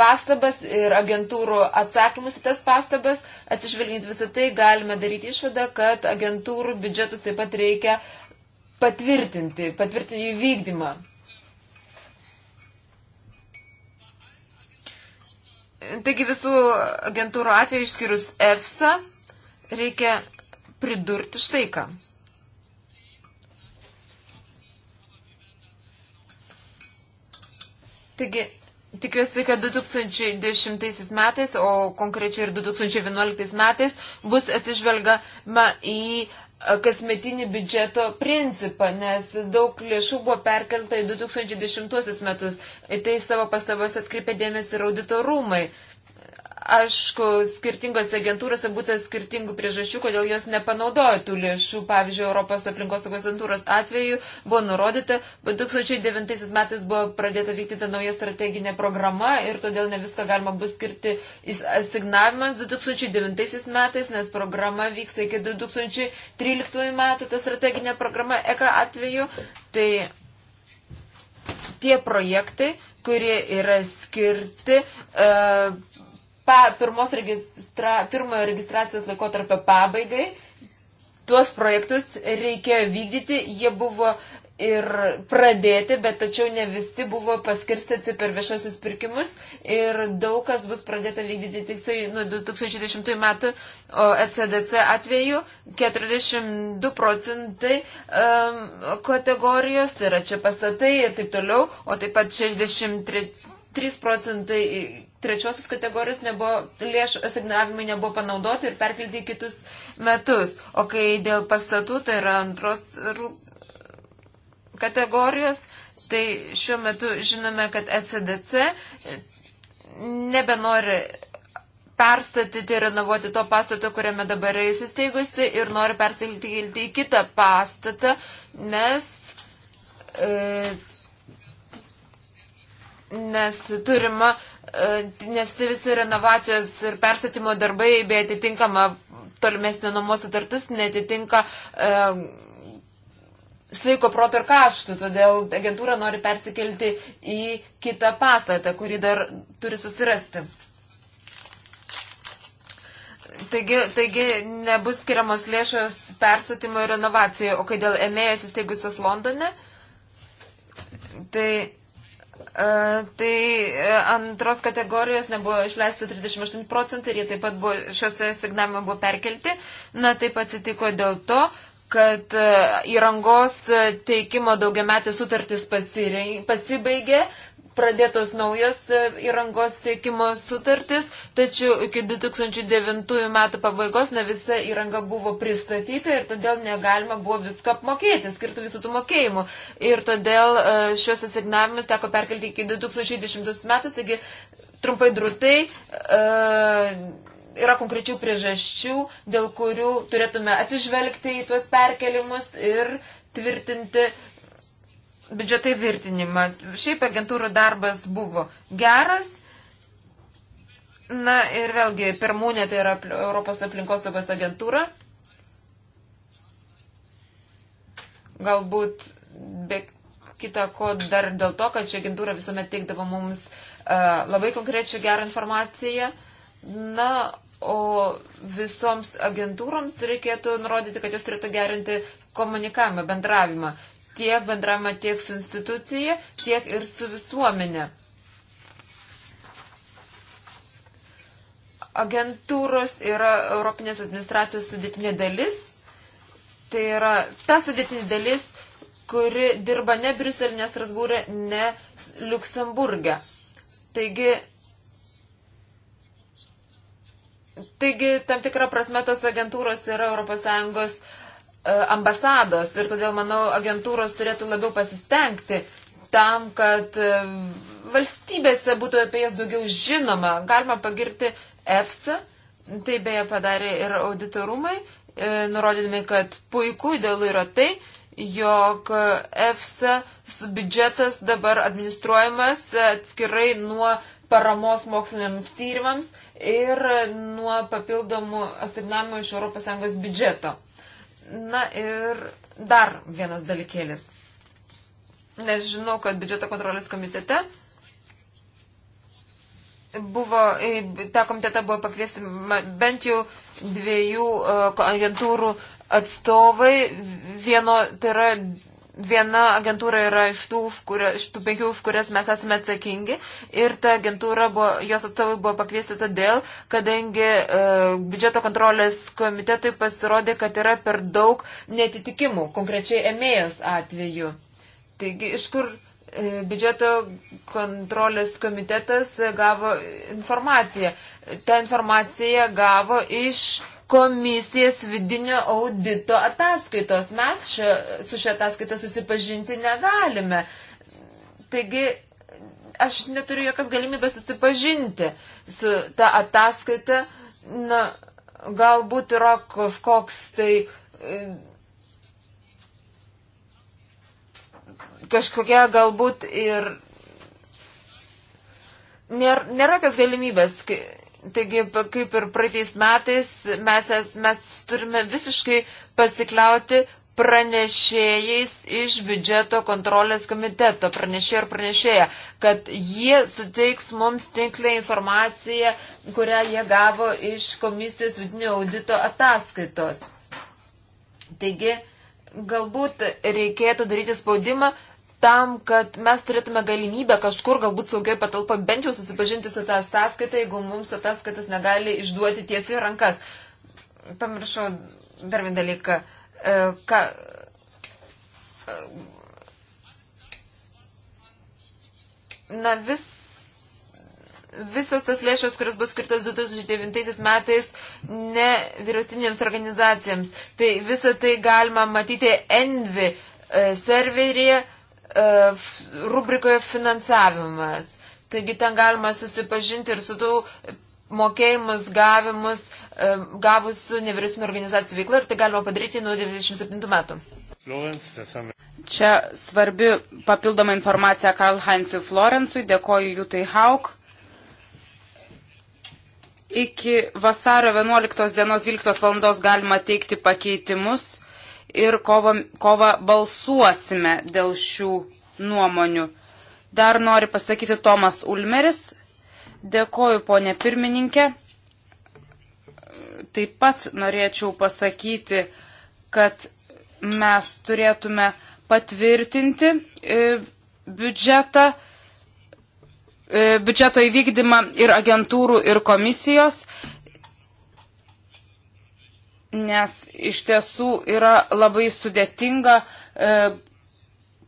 pastabas ir agentūrų atsakymus į tas pastabas, atsižvelgiant visą tai, galime daryti išvadą, kad agentūrų biudžetus taip pat reikia patvirtinti, patvirtinti jų vykdymą. Taigi visų agentūrų atveju išskyrus EFSA reikia pridurti štai ką. Taigi, tikiuosi, kad 2010 metais, o konkrečiai ir 2011 metais, bus atsižvelgama į e, kasmetinį biudžeto principą, nes daug lėšų buvo perkelta į 2010 metus. Į tai savo pastabas atkreipė dėmesį ir auditorumai. rūmai. Aišku, skirtingose agentūrose būtent skirtingų priežasčių, kodėl jos nepanaudojo tų lėšų. Pavyzdžiui, Europos aplinkos saugos agentūros atveju buvo nurodyta, 2009 metais buvo pradėta vykti ta nauja strateginė programa ir todėl ne viską galima bus skirti asignavimams 2009 metais, nes programa vyksta iki 2013 metų, ta strateginė programa EKA atveju. Tai tie projektai, kurie yra skirti. Uh, pa, pirmos registra, pirmojo registracijos laikotarpio pabaigai. Tuos projektus reikėjo vykdyti, jie buvo ir pradėti, bet tačiau ne visi buvo paskirstyti per viešosius pirkimus ir daug kas bus pradėta vykdyti tik nuo 2010 metų, o ECDC atveju 42 procentai um, kategorijos, tai yra čia pastatai ir taip toliau, o taip pat 63 procentai trečiosios kategorijos nebuvo, lėšų asignavimai nebuvo panaudoti ir perkelti į kitus metus. O kai dėl pastatų, tai yra antros kategorijos, tai šiuo metu žinome, kad ECDC nebenori perstatyti ir renovuoti to pastato, kuriame dabar yra įsisteigusi ir nori persikelti į kitą pastatą, nes, e, nes turima E, nes tai visi renovacijos ir persatymo darbai bei atitinkama tolimesnė nuomos sutartis netitinka e, sveiko proto ir kaštų, todėl agentūra nori persikelti į kitą pastatą, kurį dar turi susirasti. Taigi, taigi nebus skiriamos lėšos persatymui ir renovacijai, o kai dėl emėjas įsteigusios Londone, tai E, tai e, antros kategorijos nebuvo išleista 38 procentai ir jie taip pat buvo, šiuose signavime buvo perkelti. Na, taip atsitiko dėl to, kad e, įrangos teikimo daugiametė sutartis pasibaigė pradėtos naujos e, įrangos tiekimo sutartis, tačiau iki 2009 metų pabaigos ne visa įranga buvo pristatyta ir todėl negalima buvo visko apmokėti, skirtų visų tų mokėjimų. Ir todėl e, šios asignavimus teko perkelti iki 2010 metų, taigi trumpai drūtai. E, yra konkrečių priežasčių, dėl kurių turėtume atsižvelgti į tuos perkelimus ir tvirtinti biudžetai virtinimą. Šiaip agentūrų darbas buvo geras. Na ir vėlgi, pirmūnė tai yra Europos aplinkosaugos agentūra. Galbūt be kita ko dar dėl to, kad ši agentūra visuomet teikdavo mums uh, labai konkrečią gerą informaciją. Na, o visoms agentūroms reikėtų nurodyti, kad jos turėtų gerinti komunikavimą, bendravimą tiek bendravimą tiek su institucija, tiek ir su visuomenė. Agentūros yra Europinės administracijos sudėtinė dalis. Tai yra ta sudėtinė dalis, kuri dirba ne Briuselė, ne Strasbūrė, ne Luksemburgė. Taigi, taigi, tam tikrą prasme tos agentūros yra ES E, ambasados ir todėl, manau, agentūros turėtų labiau pasistengti tam, kad e, valstybėse būtų apie jas daugiau žinoma. Galima pagirti EFSA, tai beje padarė ir auditorumai, e, nurodydami, kad puiku, idealu yra tai, jog EFSA biudžetas dabar administruojamas atskirai nuo paramos moksliniams tyrimams ir nuo papildomų asignavimų iš ES biudžeto. Na ir dar vienas dalykėlis. Nes žinau, kad biudžeto kontrolės komitete buvo, tą komitetą buvo pakviesti bent jau dviejų e, agentūrų atstovai. Vieno, tai yra viena agentūra yra iš tų, kurio, iš tų penkių, už kurias mes esame atsakingi. Ir ta agentūra, buvo, jos atstovai buvo pakviesti todėl, kadangi e, biudžeto kontrolės komitetui pasirodė, kad yra per daug netitikimų, konkrečiai emėjos atveju. Taigi, iš kur e, biudžeto kontrolės komitetas gavo informaciją? Ta informacija gavo iš komisijas vidinio audito ataskaitos. Mes šio, su šia ataskaita susipažinti negalime. Taigi, aš neturiu jokios galimybės susipažinti su ta ataskaita. Na, galbūt yra kažkoks tai. E, kažkokia galbūt ir nėra, nėra kas galimybės Taigi, kaip ir praeitais metais, mes, es, mes turime visiškai pasikliauti pranešėjais iš biudžeto kontrolės komiteto, pranešėjo ir pranešėja, kad jie suteiks mums tinklę informaciją, kurią jie gavo iš komisijos vidinio audito ataskaitos. Taigi, galbūt reikėtų daryti spaudimą, tam, kad mes turėtume galimybę kažkur galbūt saugiai patalpa bent jau susipažinti su tą ataskaitą, jeigu mums ataskaitas negali išduoti tiesiai rankas. Pamiršau dar vieną dalyką. E, ką, e, na vis, visos tas lėšos, kurios bus skirtos 2009 metais nevyriausybinėms organizacijams, tai visą tai galima matyti Envi e, serveryje E, rubrikoje finansavimas. Taigi ten galima susipažinti ir su tų mokėjimus gavimus, e, gavusių nevyriausybinio organizacijų veiklą ir tai galima padaryti nuo 97 metų. Čia svarbi papildoma informacija Karl Heinzui Florencui, dėkoju Jutai Hauk. Iki vasario 11 dienos 12 valandos galima teikti pakeitimus ir kovą, kovą balsuosime dėl šių nuomonių. Dar nori pasakyti Tomas Ulmeris. Dėkoju, ponė pirmininkė. Taip pat norėčiau pasakyti, kad mes turėtume patvirtinti e, biudžetą, e, biudžeto įvykdymą ir agentūrų, ir komisijos nes iš tiesų yra labai sudėtinga e,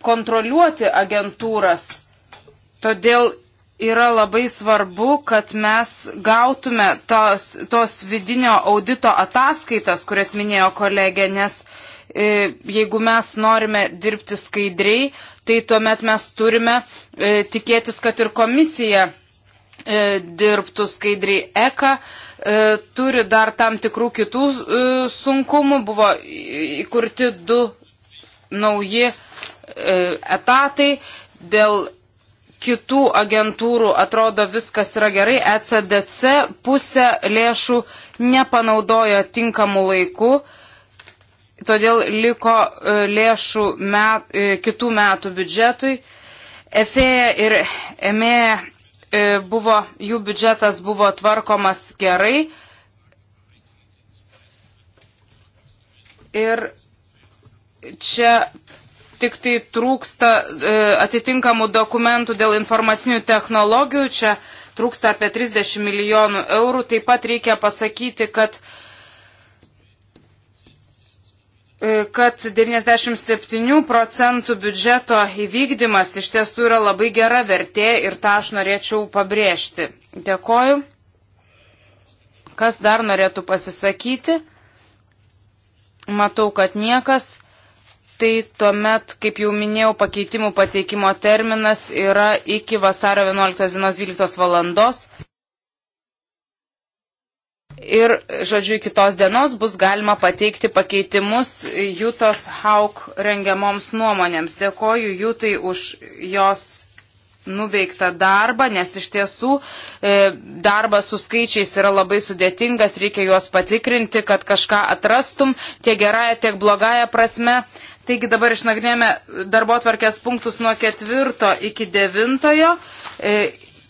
kontroliuoti agentūras. Todėl yra labai svarbu, kad mes gautume tos, tos vidinio audito ataskaitas, kurias minėjo kolegė, nes e, jeigu mes norime dirbti skaidriai, tai tuomet mes turime e, tikėtis, kad ir komisija e, dirbtų skaidriai. ECA e, E, turi dar tam tikrų kitų e, sunkumų. Buvo įkurti du nauji e, etatai. Dėl kitų agentūrų atrodo viskas yra gerai. ECDC pusę lėšų nepanaudojo tinkamu laiku. Todėl liko lėšų met, kitų metų biudžetui. EFEA ir EMEA E, buvo, jų biudžetas buvo tvarkomas gerai. Ir čia tik tai trūksta e, atitinkamų dokumentų dėl informacinių technologijų, čia trūksta apie 30 milijonų eurų. Taip pat reikia pasakyti, kad E, kad 97 procentų biudžeto įvykdymas iš tiesų yra labai gera vertė ir tą aš norėčiau pabrėžti. Dėkoju. Kas dar norėtų pasisakyti? Matau, kad niekas. Tai tuomet, kaip jau minėjau, pakeitimų pateikimo terminas yra iki vasario 11 dienos 12 valandos. Ir, žodžiu, kitos dienos bus galima pateikti pakeitimus Jūtos Hauk rengiamoms nuomonėms. Dėkoju Jūtai už jos nuveiktą darbą, nes iš tiesų e, darbas su skaičiais yra labai sudėtingas, reikia juos patikrinti, kad kažką atrastum tiek gerąją, tiek blogąją prasme. Taigi dabar išnagrinėjame darbo tvarkės punktus nuo ketvirto iki devintojo. E,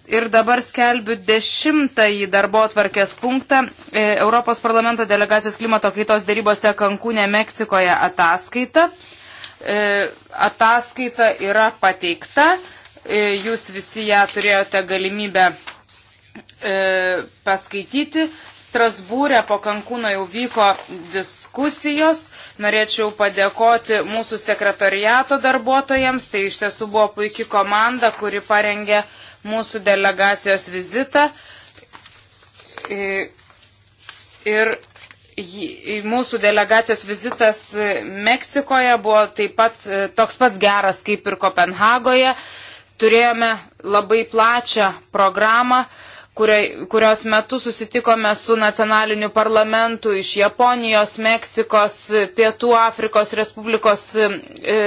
Ir dabar skelbiu dešimtąjį darbo atvarkės punktą e, Europos parlamento delegacijos klimato kaitos dėrybose Kankūne, Meksikoje ataskaita. E, ataskaita yra pateikta. E, jūs visi ją turėjote galimybę paskaityti. Strasbūrė po Kankūno jau vyko diskusijos. Norėčiau padėkoti mūsų sekretariato darbuotojams. Tai iš tiesų buvo puikia komanda, kuri parengė uh, mūsų delegacijos vizitą e, ir mūsų delegacijos vizitas Meksikoje buvo taip pat e, toks pats geras kaip ir Kopenhagoje. Turėjome labai plačią programą, kurios metu susitikome su nacionaliniu parlamentu iš Japonijos, Meksikos, Pietų Afrikos Respublikos, e,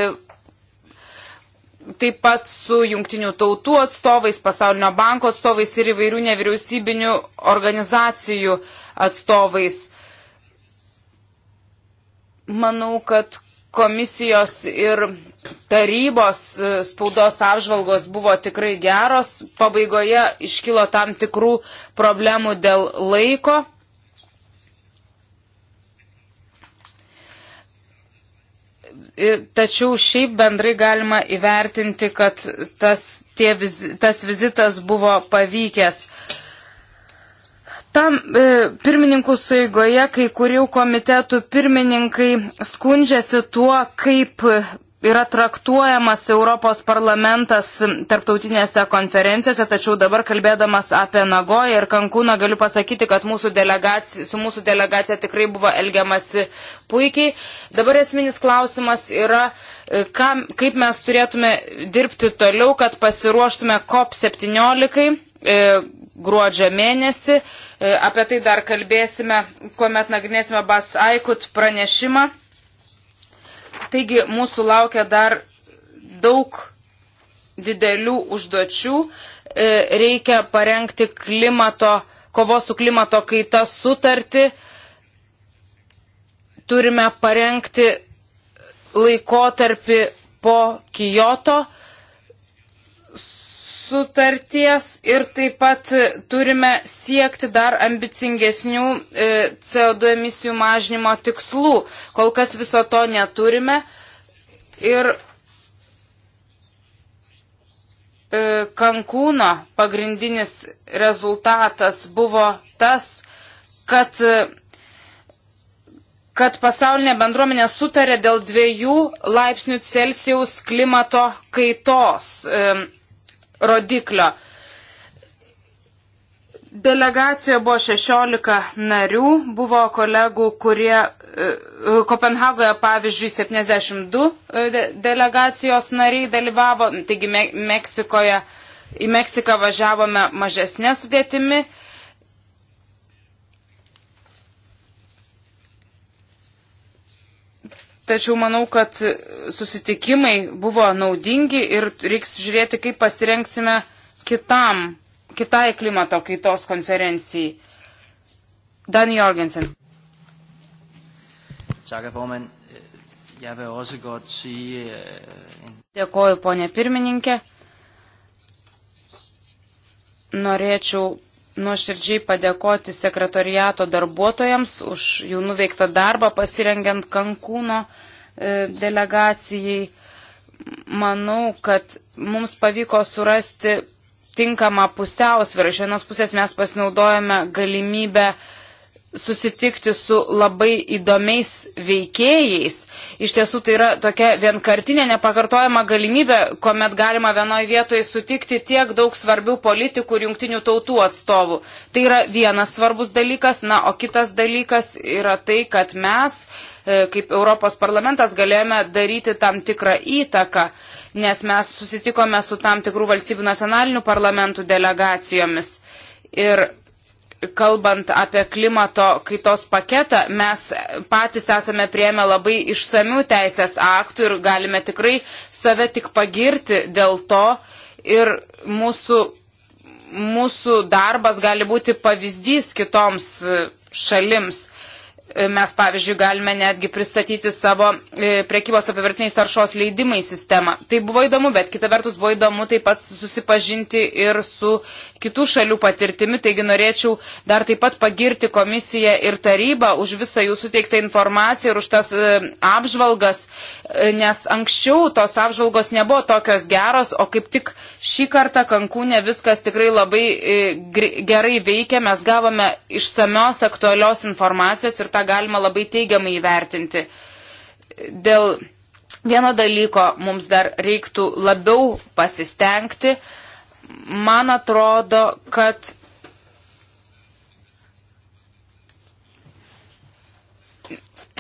taip pat su jungtinių tautų atstovais, pasaulinio banko atstovais ir įvairių nevyriausybinių organizacijų atstovais. Manau, kad komisijos ir tarybos e, spaudos apžvalgos buvo tikrai geros. Pabaigoje iškilo tam tikrų problemų dėl laiko. Tačiau šiaip bendrai galima įvertinti, kad tas, tie, tas vizitas buvo pavykęs. Tam e, pirmininkų suigoje kai kurių komitetų pirmininkai skundžiasi tuo, kaip yra traktuojamas Europos parlamentas tarptautinėse konferencijose, tačiau dabar kalbėdamas apie Nagoją ir Kankūną galiu pasakyti, kad mūsų su mūsų delegacija tikrai buvo elgiamasi puikiai. Dabar esminis klausimas yra, e, kam, kaip mes turėtume dirbti toliau, kad pasiruoštume COP17 e, gruodžio mėnesį. E, apie tai dar kalbėsime, kuomet nagrinėsime Bas Aikut pranešimą. Taigi mūsų laukia dar daug didelių užduočių. E, reikia parengti klimato, kovos su klimato kaita sutartį. Turime parengti laikotarpį po Kijoto sutarties ir taip pat turime siekti dar ambicingesnių e, CO2 emisijų mažinimo tikslų. Kol kas viso to neturime. Ir e, Kankūno pagrindinis rezultatas buvo tas, kad, e, kad pasaulinė bendruomenė sutarė dėl dviejų laipsnių Celsijaus klimato kaitos. E, rodiklio. Delegacijoje buvo 16 narių, buvo kolegų, kurie e, e, Kopenhagoje, pavyzdžiui, 72 e, delegacijos nariai dalyvavo, taigi Meksikoje, į Meksiką važiavome mažesnė sudėtimi. tačiau manau, kad susitikimai buvo naudingi ir reiks žiūrėti, kaip pasirengsime kitam, kitai klimato kaitos konferencijai. Dan Jorgensen. Tak, formand. Jeg vil også godt sige... Øh, Dėkoju, ponė pirmininkė. Norėčiau nuoširdžiai padėkoti sekretoriato darbuotojams už jų nuveiktą darbą pasirengiant Kankūno e, delegacijai. Manau, kad mums pavyko surasti tinkamą pusiausvyrą. Iš vienos pusės mes pasinaudojame galimybę uh, susitikti su labai įdomiais veikėjais. Iš tiesų tai yra tokia vienkartinė nepakartojama galimybė, kuomet galima vienoje vietoje sutikti tiek daug svarbių politikų ir jungtinių tautų atstovų. Tai yra vienas svarbus dalykas, na, o kitas dalykas yra tai, kad mes, e, kaip Europos parlamentas, galėjome daryti tam tikrą įtaką, nes mes susitikome su tam tikrų valstybių nacionalinių parlamentų delegacijomis. Ir kalbant apie klimato kaitos paketą, mes patys esame prieėmę labai išsamių teisės aktų ir galime tikrai save tik pagirti dėl to ir mūsų, mūsų darbas gali būti pavyzdys kitoms šalims. E, mes, pavyzdžiui, galime netgi pristatyti savo e, prekybos apivertiniais taršos leidimai sistemą. Tai buvo įdomu, bet kita vertus buvo įdomu taip pat susipažinti ir su kitų šalių patirtimi. Taigi norėčiau dar taip pat pagirti komisiją ir tarybą už visą jų suteiktą informaciją ir už tas e, apžvalgas, nes anksčiau tos apžvalgos nebuvo tokios geros, o kaip tik šį kartą Kankūne viskas tikrai labai gerai veikia. Mes gavome išsamios aktualios informacijos ir tą tą galima labai teigiamai įvertinti. Dėl vieno dalyko mums dar reiktų labiau pasistengti. Man atrodo, kad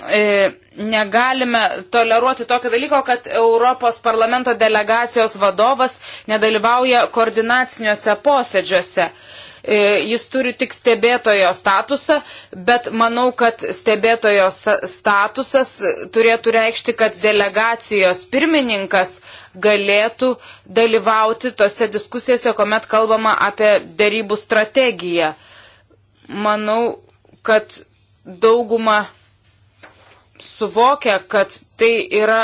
e, negalime toleruoti tokio dalyko, kad Europos parlamento delegacijos vadovas nedalyvauja koordinaciniuose posėdžiuose. E, jis turi tik stebėtojo statusą, bet manau, kad stebėtojo statusas turėtų reikšti, kad delegacijos pirmininkas galėtų dalyvauti tose diskusijose, kuomet kalbama apie dėrybų strategiją. Manau, kad dauguma suvokia, kad tai yra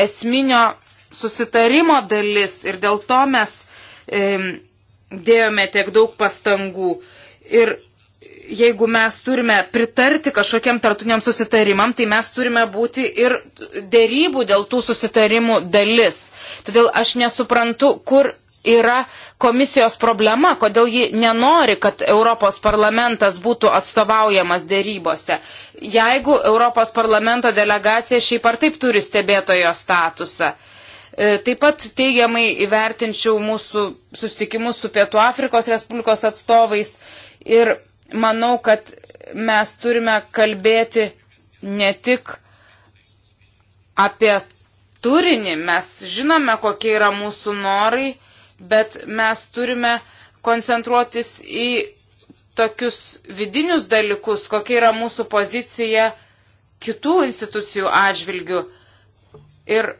esminio susitarimo dalis ir dėl to mes e, dėjome tiek daug pastangų. Ir jeigu mes turime pritarti kažkokiam tartuniam susitarimam, tai mes turime būti ir dėrybų dėl tų susitarimų dalis. Todėl aš nesuprantu, kur yra komisijos problema, kodėl ji nenori, kad Europos parlamentas būtų atstovaujamas dėrybose. Jeigu Europos parlamento delegacija šiaip ar taip turi stebėtojo statusą. E, taip pat teigiamai įvertinčiau mūsų susitikimus su Pietų Afrikos Respublikos atstovais ir manau, kad mes turime kalbėti ne tik apie turinį, mes žinome, kokie yra mūsų norai, bet mes turime koncentruotis į tokius vidinius dalykus, kokia yra mūsų pozicija kitų institucijų atžvilgių. Ir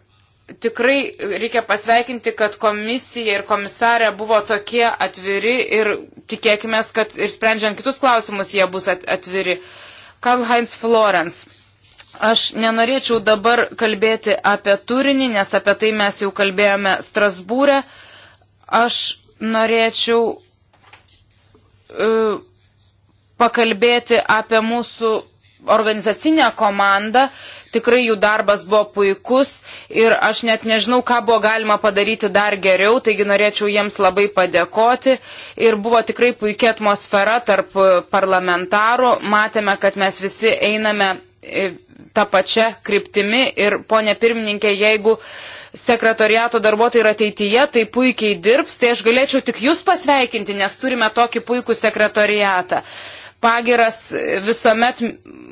tikrai reikia pasveikinti, kad komisija ir komisarė buvo tokie atviri ir tikėkime, kad ir sprendžiant kitus klausimus jie bus atviri. Karl Heinz Florence. Aš nenorėčiau dabar kalbėti apie turinį, nes apie tai mes jau kalbėjome Strasbūrė. Aš norėčiau uh, pakalbėti apie mūsų organizacinę komandą, tikrai jų darbas buvo puikus ir aš net nežinau, ką buvo galima padaryti dar geriau, taigi norėčiau jiems labai padėkoti ir buvo tikrai puikia atmosfera tarp e, parlamentarų, matėme, kad mes visi einame e, tą pačią kryptimi ir ponė pirmininkė, jeigu sekretoriato darbuotojai ir ateityje tai puikiai dirbs, tai aš galėčiau tik jūs pasveikinti, nes turime tokį puikų sekretoriatą pagiras visuomet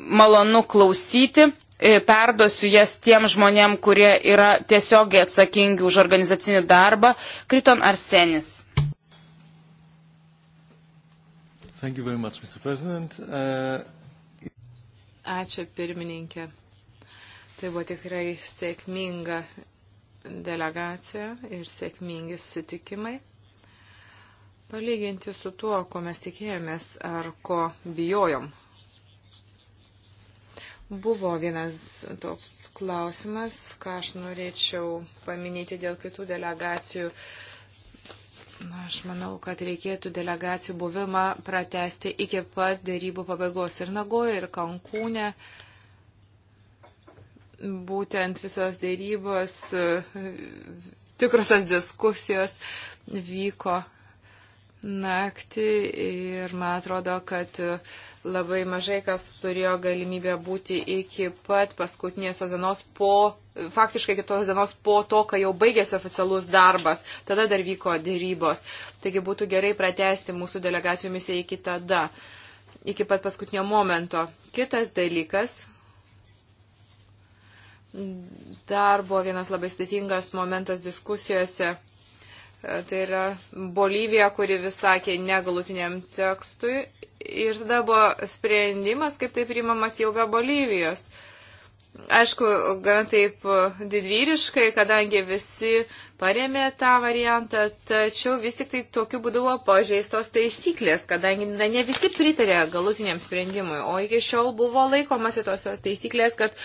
malonu klausyti. E, perduosiu jas tiem žmonėm, kurie yra tiesiogiai atsakingi už organizacinį darbą. Kriton Arsenis. Much, uh... Ačiū pirmininkė. Tai buvo tikrai sėkminga delegacija ir sėkmingi susitikimai. Palyginti su tuo, ko mes tikėjomės ar ko bijojom Buvo vienas toks klausimas, ką aš norėčiau paminėti dėl kitų delegacijų. Na, aš manau, kad reikėtų delegacijų buvimą pratesti iki pat darybų pabaigos ir Nagoje, ir Kankūne. Būtent visos darybos, tikrosios diskusijos vyko naktį ir man atrodo, kad labai mažai kas turėjo galimybę būti iki pat paskutinės tos dienos po, faktiškai kitos dienos po to, kai jau baigėsi oficialus darbas. Tada dar vyko dėrybos. Taigi būtų gerai pratesti mūsų delegacijų misiją iki tada, iki pat paskutinio momento. Kitas dalykas. Dar buvo vienas labai sudėtingas momentas diskusijose E, tai yra Bolivija, kuri vis sakė negalutiniam tekstui. Ir tada buvo sprendimas, kaip tai priimamas jau be Bolivijos. Uh, aišku, gan taip didvyriškai, kadangi visi paremė tą variantą, tačiau vis tik tai tokiu būdu buvo pažeistos taisyklės, kadangi na, ne visi pritarė galutiniam sprendimui, o iki šiol buvo laikomasi tos taisyklės, kad,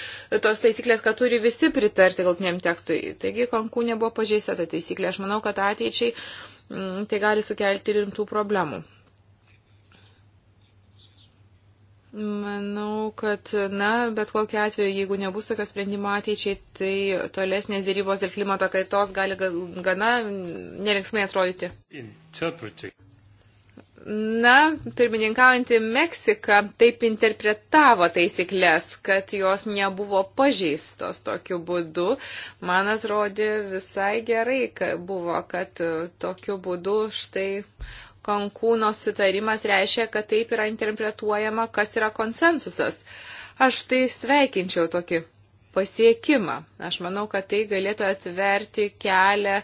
tos taisyklės, kad turi visi pritarti galutiniam tekstui. Taigi kankūnė buvo pažeista ta taisyklė. Aš manau, kad ateičiai m, mm, tai gali sukelti rimtų problemų. Manau, kad, na, bet kokiu atveju, jeigu nebus tokio sprendimo ateičiai, tai tolesnės dėrybos dėl klimato kaitos gali gana nelinksmai atrodyti. Na, pirmininkaujantį Meksiką taip interpretavo taisyklės, kad jos nebuvo pažeistos tokiu būdu. Man atrodė visai gerai, kad buvo, kad tokiu būdu štai Kankūno sutarimas reiškia, kad taip yra interpretuojama, kas yra konsensusas. Aš tai sveikinčiau tokį pasiekimą. Aš manau, kad tai galėtų atverti kelią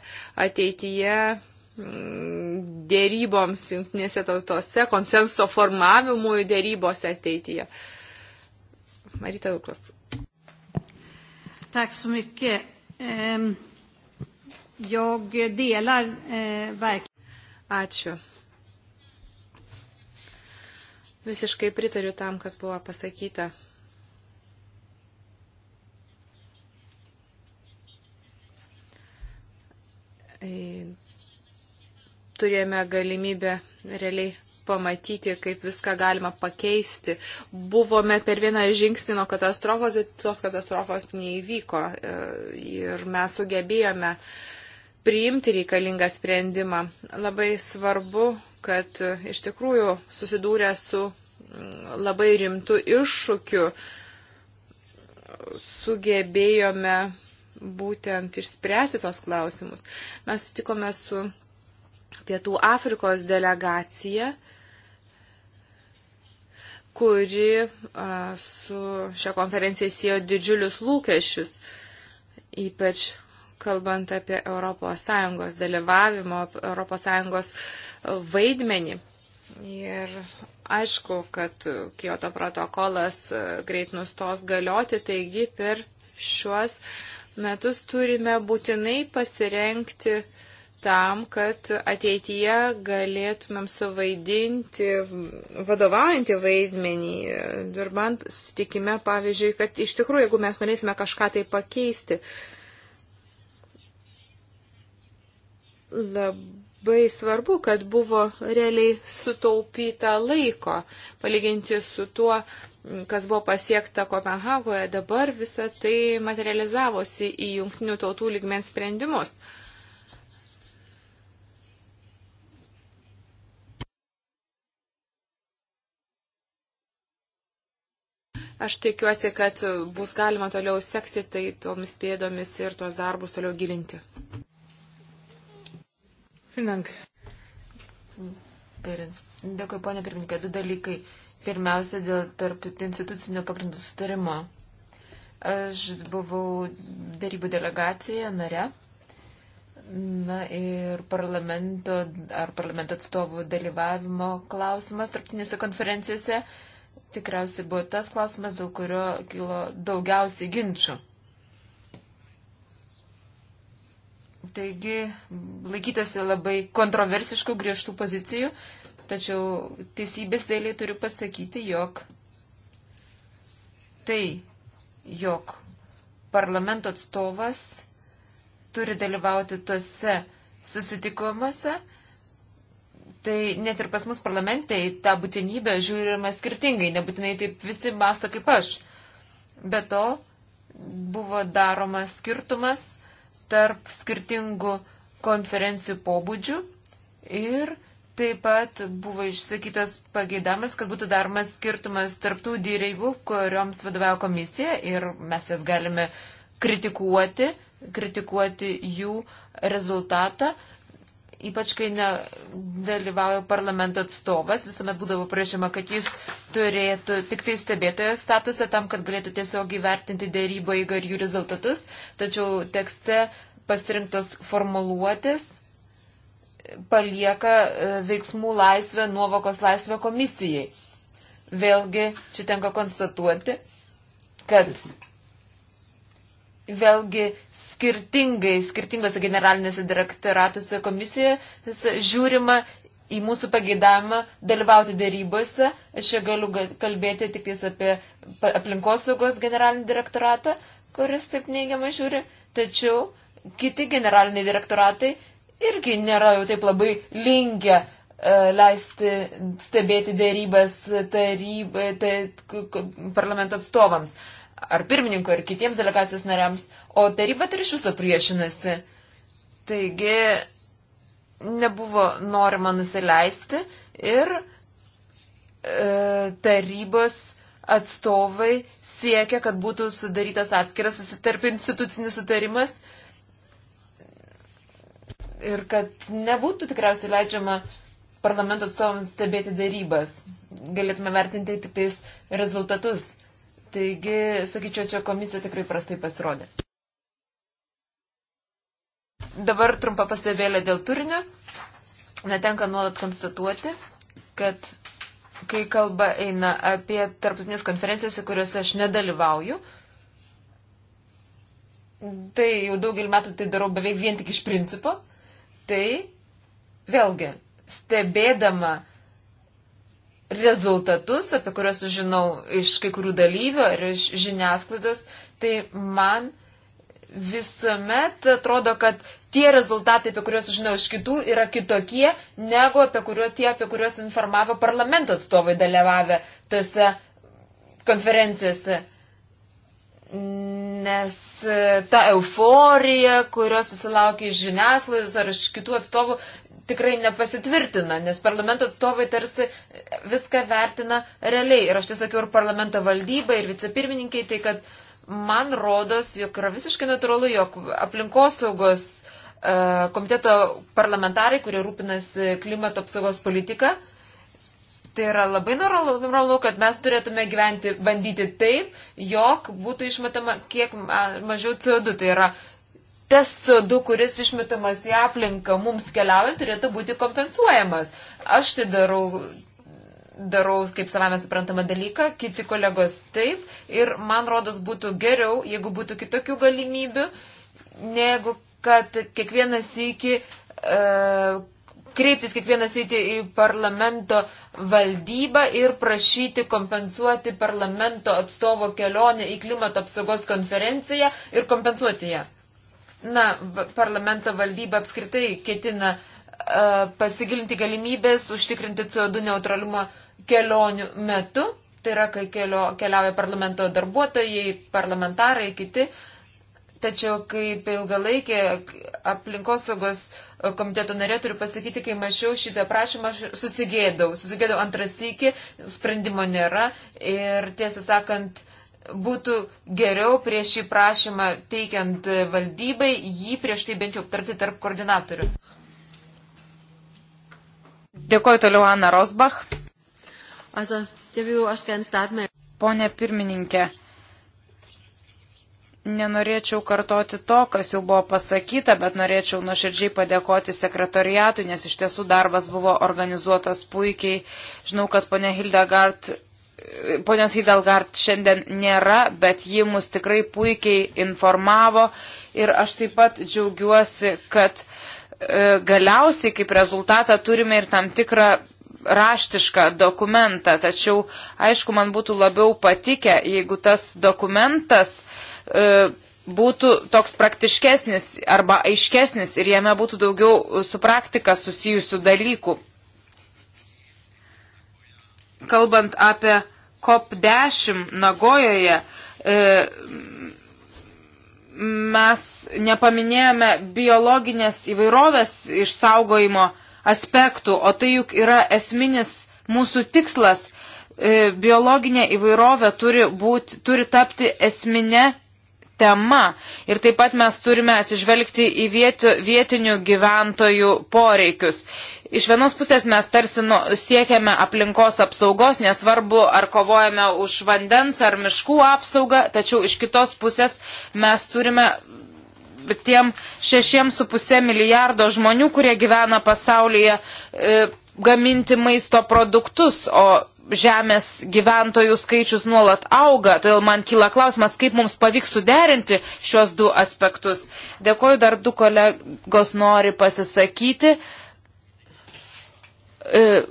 ateityje mm, dėryboms jungtinėse tautose, konsenso formavimui dėrybose ateityje. Marita Luklas. Tack så mycket. Ehm, jag delar eh, verkligen. Ačiū. Visiškai pritariu tam, kas buvo pasakyta. E, turėjome galimybę realiai pamatyti, kaip viską galima pakeisti. Buvome per vieną žingsnį nuo katastrofos ir tos katastrofos neįvyko. E, ir mes sugebėjome priimti reikalingą sprendimą. Labai svarbu kad e, iš tikrųjų susidūrė su mm, labai rimtu iššūkiu sugebėjome būtent išspręsti tos klausimus. Mes sutikome su Pietų Afrikos delegacija, kuri a, su šią konferenciją siejo didžiulius lūkesčius, ypač kalbant apie ES dalyvavimo, ES vaidmenį. Ir aišku, kad Kyoto protokolas e, greit nustos galioti, taigi per šiuos metus turime būtinai pasirenkti tam, kad ateityje galėtumėm suvaidinti vadovaujantį vaidmenį, dirbant sutikime, pavyzdžiui, kad iš tikrųjų, jeigu mes norėsime kažką tai pakeisti, labai labai svarbu, kad buvo realiai sutaupyta laiko, palyginti su tuo, kas buvo pasiekta Kopenhagoje, dabar visa tai materializavosi į jungtinių tautų lygmens sprendimus. Aš tikiuosi, kad bus galima toliau sekti tai tomis pėdomis ir tuos darbus toliau gilinti. Finank. Pirins. Dėkui, ponė pirmininkė. Du dalykai. Pirmiausia, dėl tarp institucinio pagrindų sustarimo. Aš buvau darybų delegacijoje nare. Na ir parlamento ar parlamento atstovų dalyvavimo klausimas tarptinėse konferencijose tikriausiai buvo tas klausimas, dėl kurio kilo daugiausiai ginčių. Taigi laikytasi labai kontroversiškų griežtų pozicijų, tačiau teisybės dėliai turiu pasakyti, jog tai, jog parlamento atstovas turi dalyvauti tuose susitikimuose, tai net ir pas mus parlamentai tą būtinybę žiūrima skirtingai, nebūtinai taip visi masto kaip aš. Be to buvo daromas skirtumas tarp skirtingų konferencijų pobūdžių ir taip pat buvo išsakytas pageidamas, kad būtų daromas skirtumas tarptų dėrybų, kurioms vadovauja komisija ir mes jas galime kritikuoti, kritikuoti jų rezultatą, ypač kai nedalyvauja parlamento atstovas, visuomet būdavo prašyma, kad jis turėtų tik tai stebėtojo statusą tam, kad galėtų tiesiog įvertinti dėrybo įgą ir jų rezultatus, tačiau tekste pasirinktos formuluotis palieka e, veiksmų laisvę, nuovokos laisvę komisijai. Vėlgi, čia tenka konstatuoti, kad vėlgi skirtingai, skirtingose generalinėse direktoratuose komisijoje žiūrima į mūsų pageidavimą dalyvauti dėrybose. Aš čia galiu kalbėti tik apie aplinkosaugos generalinį direktoratą, kuris taip neigiamai žiūri, tačiau kiti generaliniai direktoratai irgi nėra jau taip labai linkę e, leisti stebėti dėrybas taryb, tai, parlamento atstovams ar pirmininkui, ar kitiems delegacijos nariams, o taryba tai iš viso priešinasi. Taigi nebuvo norima nusileisti ir e, tarybos atstovai siekia, kad būtų sudarytas atskiras susitarp institucinis sutarimas ir kad nebūtų tikriausiai leidžiama parlamento atstovams stebėti darybas. Galėtume vertinti tik tais rezultatus. Taigi, sakyčiau, čia komisija tikrai prastai pasirodė. Dabar trumpa pastebėlė dėl turinio. Netenka nuolat konstatuoti, kad kai kalba eina apie tarptautinės konferencijos, kuriuose aš nedalyvauju, tai jau daugelį metų tai darau beveik vien tik iš principo, tai vėlgi stebėdama rezultatus, apie kuriuos sužinau iš kai kurių dalyvių ar iš žiniasklaidos, tai man visuomet atrodo, kad tie rezultatai, apie kuriuos žinau iš kitų, yra kitokie negu apie kuriuo, tie, apie kuriuos informavo parlamento atstovai dalyvavę tose konferencijose. Nes e, ta euforija, kurios susilaukia iš žiniasklaidos ar iš kitų atstovų, tikrai nepasitvirtina, nes parlamento atstovai tarsi viską vertina realiai. Ir aš tai sakiau ir parlamento valdybai, ir vicepirmininkiai, tai kad man rodos, jog yra visiškai natūralu, jog aplinkosaugos e, komiteto parlamentarai, kurie rūpinasi klimato apsaugos politiką, Tai yra labai normalu, kad mes turėtume gyventi, bandyti taip, jog būtų išmetama kiek mažiau CO2. Tai yra tas CO2, kuris išmetamas į aplinką mums keliaujant, turėtų būti kompensuojamas. Aš tai darau, darau kaip savame suprantama dalyką, kiti kolegos taip ir man rodos būtų geriau, jeigu būtų kitokių galimybių, negu kad kiekvienas iki. Uh, kreiptis kiekvieną sritį į parlamento valdybą ir prašyti kompensuoti parlamento atstovo kelionę į klimato apsaugos konferenciją ir kompensuoti ją. Na, parlamento valdyba apskritai ketina uh, pasigilinti galimybės užtikrinti CO2 neutralumą kelionių metu. Tai yra, kai kelio, keliauja parlamento darbuotojai, parlamentarai, kiti. Tačiau kaip ilgalaikė aplinkosaugos komiteto narė turiu pasakyti, kai mačiau šitą prašymą, aš susigėdau. Susigėdau antrasykį, sprendimo nėra ir tiesą sakant, uh, būtų geriau prieš šį prašymą teikiant valdybai, jį prieš tai bent jau aptarti tarp koordinatorių. Dėkuoju toliau Ana Rosbach. Pone pirmininkė, nenorėčiau kartoti to, kas jau buvo pasakyta, bet norėčiau nuoširdžiai padėkoti sekretoriatui, nes iš tiesų darbas buvo organizuotas puikiai. Žinau, kad ponė Hildegard ponios Hidalgard šiandien nėra, bet ji mus tikrai puikiai informavo ir aš taip pat džiaugiuosi, kad e, galiausiai kaip rezultatą turime ir tam tikrą raštišką dokumentą, tačiau aišku, man būtų labiau patikę, jeigu tas dokumentas e, būtų toks praktiškesnis arba aiškesnis ir jame būtų daugiau su praktika susijusių dalykų kalbant apie COP10 Nagojoje, e, mes nepaminėjome biologinės įvairovės išsaugojimo aspektų, o tai juk yra esminis mūsų tikslas. E, biologinė įvairovė turi, būt, turi tapti esminė tema. Ir taip pat mes turime atsižvelgti į vietinių gyventojų poreikius. Iš vienos pusės mes tarsi nu, siekiame aplinkos apsaugos, nesvarbu, ar kovojame už vandens ar miškų apsaugą, tačiau iš kitos pusės mes turime tiem 6,5 milijardo žmonių, kurie gyvena pasaulyje, e, gaminti maisto produktus, o žemės gyventojų skaičius nuolat auga, todėl man kyla klausimas, kaip mums pavyks suderinti šios du aspektus. Dėkoju, dar du kolegos nori pasisakyti. E,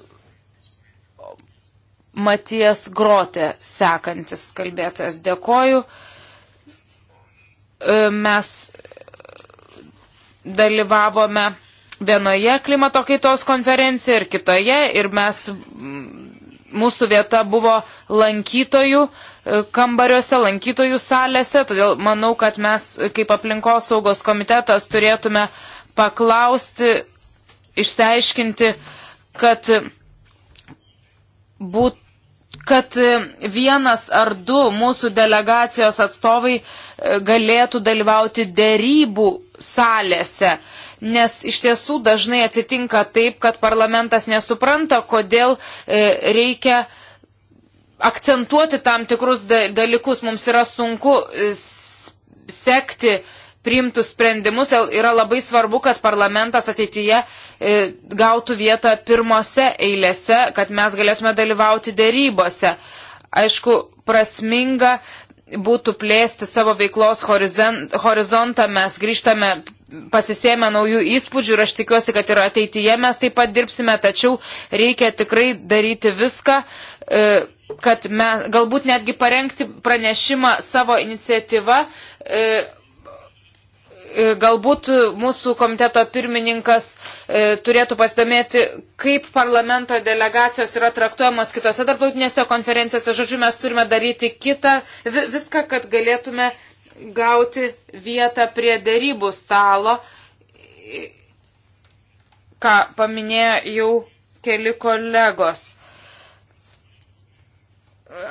Matijas Grotė sekantis kalbėtojas. Dėkoju. E, mes dalyvavome vienoje klimato kaitos konferencijoje ir kitoje ir mes, mūsų vieta buvo lankytojų e, kambariuose, lankytojų salėse, todėl manau, kad mes kaip aplinkosaugos komitetas turėtume paklausti, išsiaiškinti, kad, būt, kad vienas ar du mūsų delegacijos atstovai e, galėtų dalyvauti dėrybų salėse. Nes iš tiesų dažnai atsitinka taip, kad parlamentas nesupranta, kodėl e, reikia akcentuoti tam tikrus dalykus. Mums yra sunku e, sekti priimtus sprendimus, yra labai svarbu, kad parlamentas ateityje e, gautų vietą pirmose eilėse, kad mes galėtume dalyvauti dėrybose. Aišku, prasminga būtų plėsti savo veiklos horizontą, mes grįžtame pasisėmę naujų įspūdžių ir aš tikiuosi, kad ir ateityje mes taip pat dirbsime, tačiau reikia tikrai daryti viską, e, kad mes galbūt netgi parengti pranešimą savo iniciatyvą e, E, galbūt mūsų komiteto pirmininkas e, turėtų pasidomėti, kaip parlamento delegacijos yra traktuojamos kitose tarptautinėse konferencijose. Žodžiu, mes turime daryti kitą, viską, kad galėtume gauti vietą prie dėrybų stalo, ką paminėjo jau keli kolegos.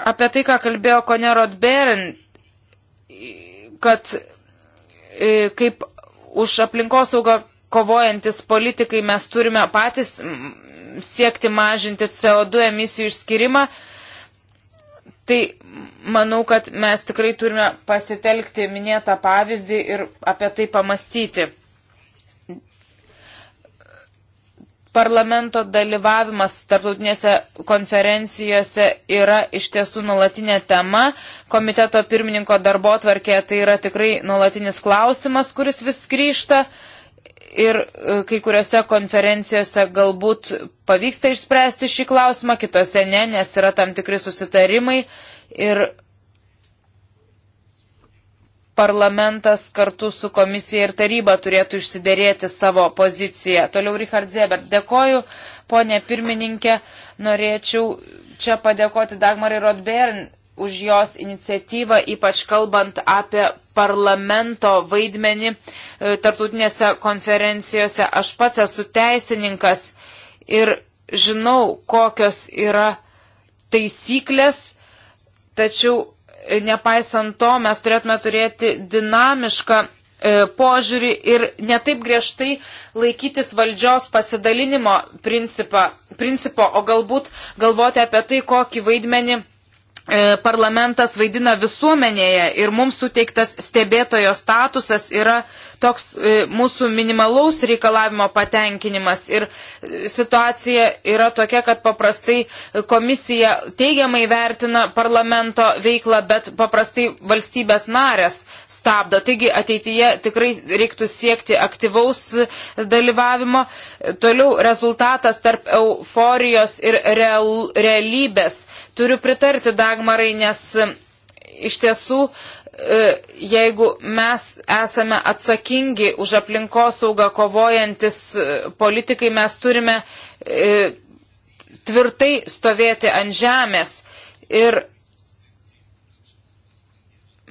Apie tai, ką kalbėjo Konerot Berend, kad E, kaip už aplinkosaugą kovojantis politikai mes turime patys siekti mažinti CO2 emisijų išskirimą. Tai manau, kad mes tikrai turime pasitelkti minėtą pavyzdį ir apie tai pamastyti. parlamento dalyvavimas tarptautinėse konferencijose yra iš tiesų nulatinė tema. Komiteto pirmininko darbo tvarkė tai yra tikrai nulatinis klausimas, kuris vis grįžta. Ir e, kai kuriuose konferencijose galbūt pavyksta išspręsti šį klausimą, kitose ne, nes yra tam tikri susitarimai. Ir parlamentas kartu su komisija ir taryba turėtų išsiderėti savo poziciją. Toliau Richard Zebert. Dėkoju, ponė pirmininkė. Norėčiau čia padėkoti Dagmarai Rodbern už jos iniciatyvą, ypač kalbant apie parlamento vaidmenį e, tarptautinėse konferencijose. Aš pats esu teisininkas ir žinau, kokios yra taisyklės, tačiau nepaisant to, mes turėtume turėti dinamišką e, požiūrį ir netaip griežtai laikytis valdžios pasidalinimo principą, principo, o galbūt galvoti apie tai, kokį vaidmenį e, parlamentas vaidina visuomenėje ir mums suteiktas stebėtojo statusas yra toks e, mūsų minimalaus reikalavimo patenkinimas. Ir e, situacija yra tokia, kad paprastai komisija teigiamai vertina parlamento veiklą, bet paprastai valstybės narės stabdo. Taigi ateityje tikrai reiktų siekti aktyvaus dalyvavimo. Toliau rezultatas tarp euforijos ir real, realybės. Turiu pritarti Dagmarai, nes iš tiesų E, jeigu mes esame atsakingi už aplinkosaugą kovojantis e, politikai, mes turime e, tvirtai stovėti ant žemės. Ir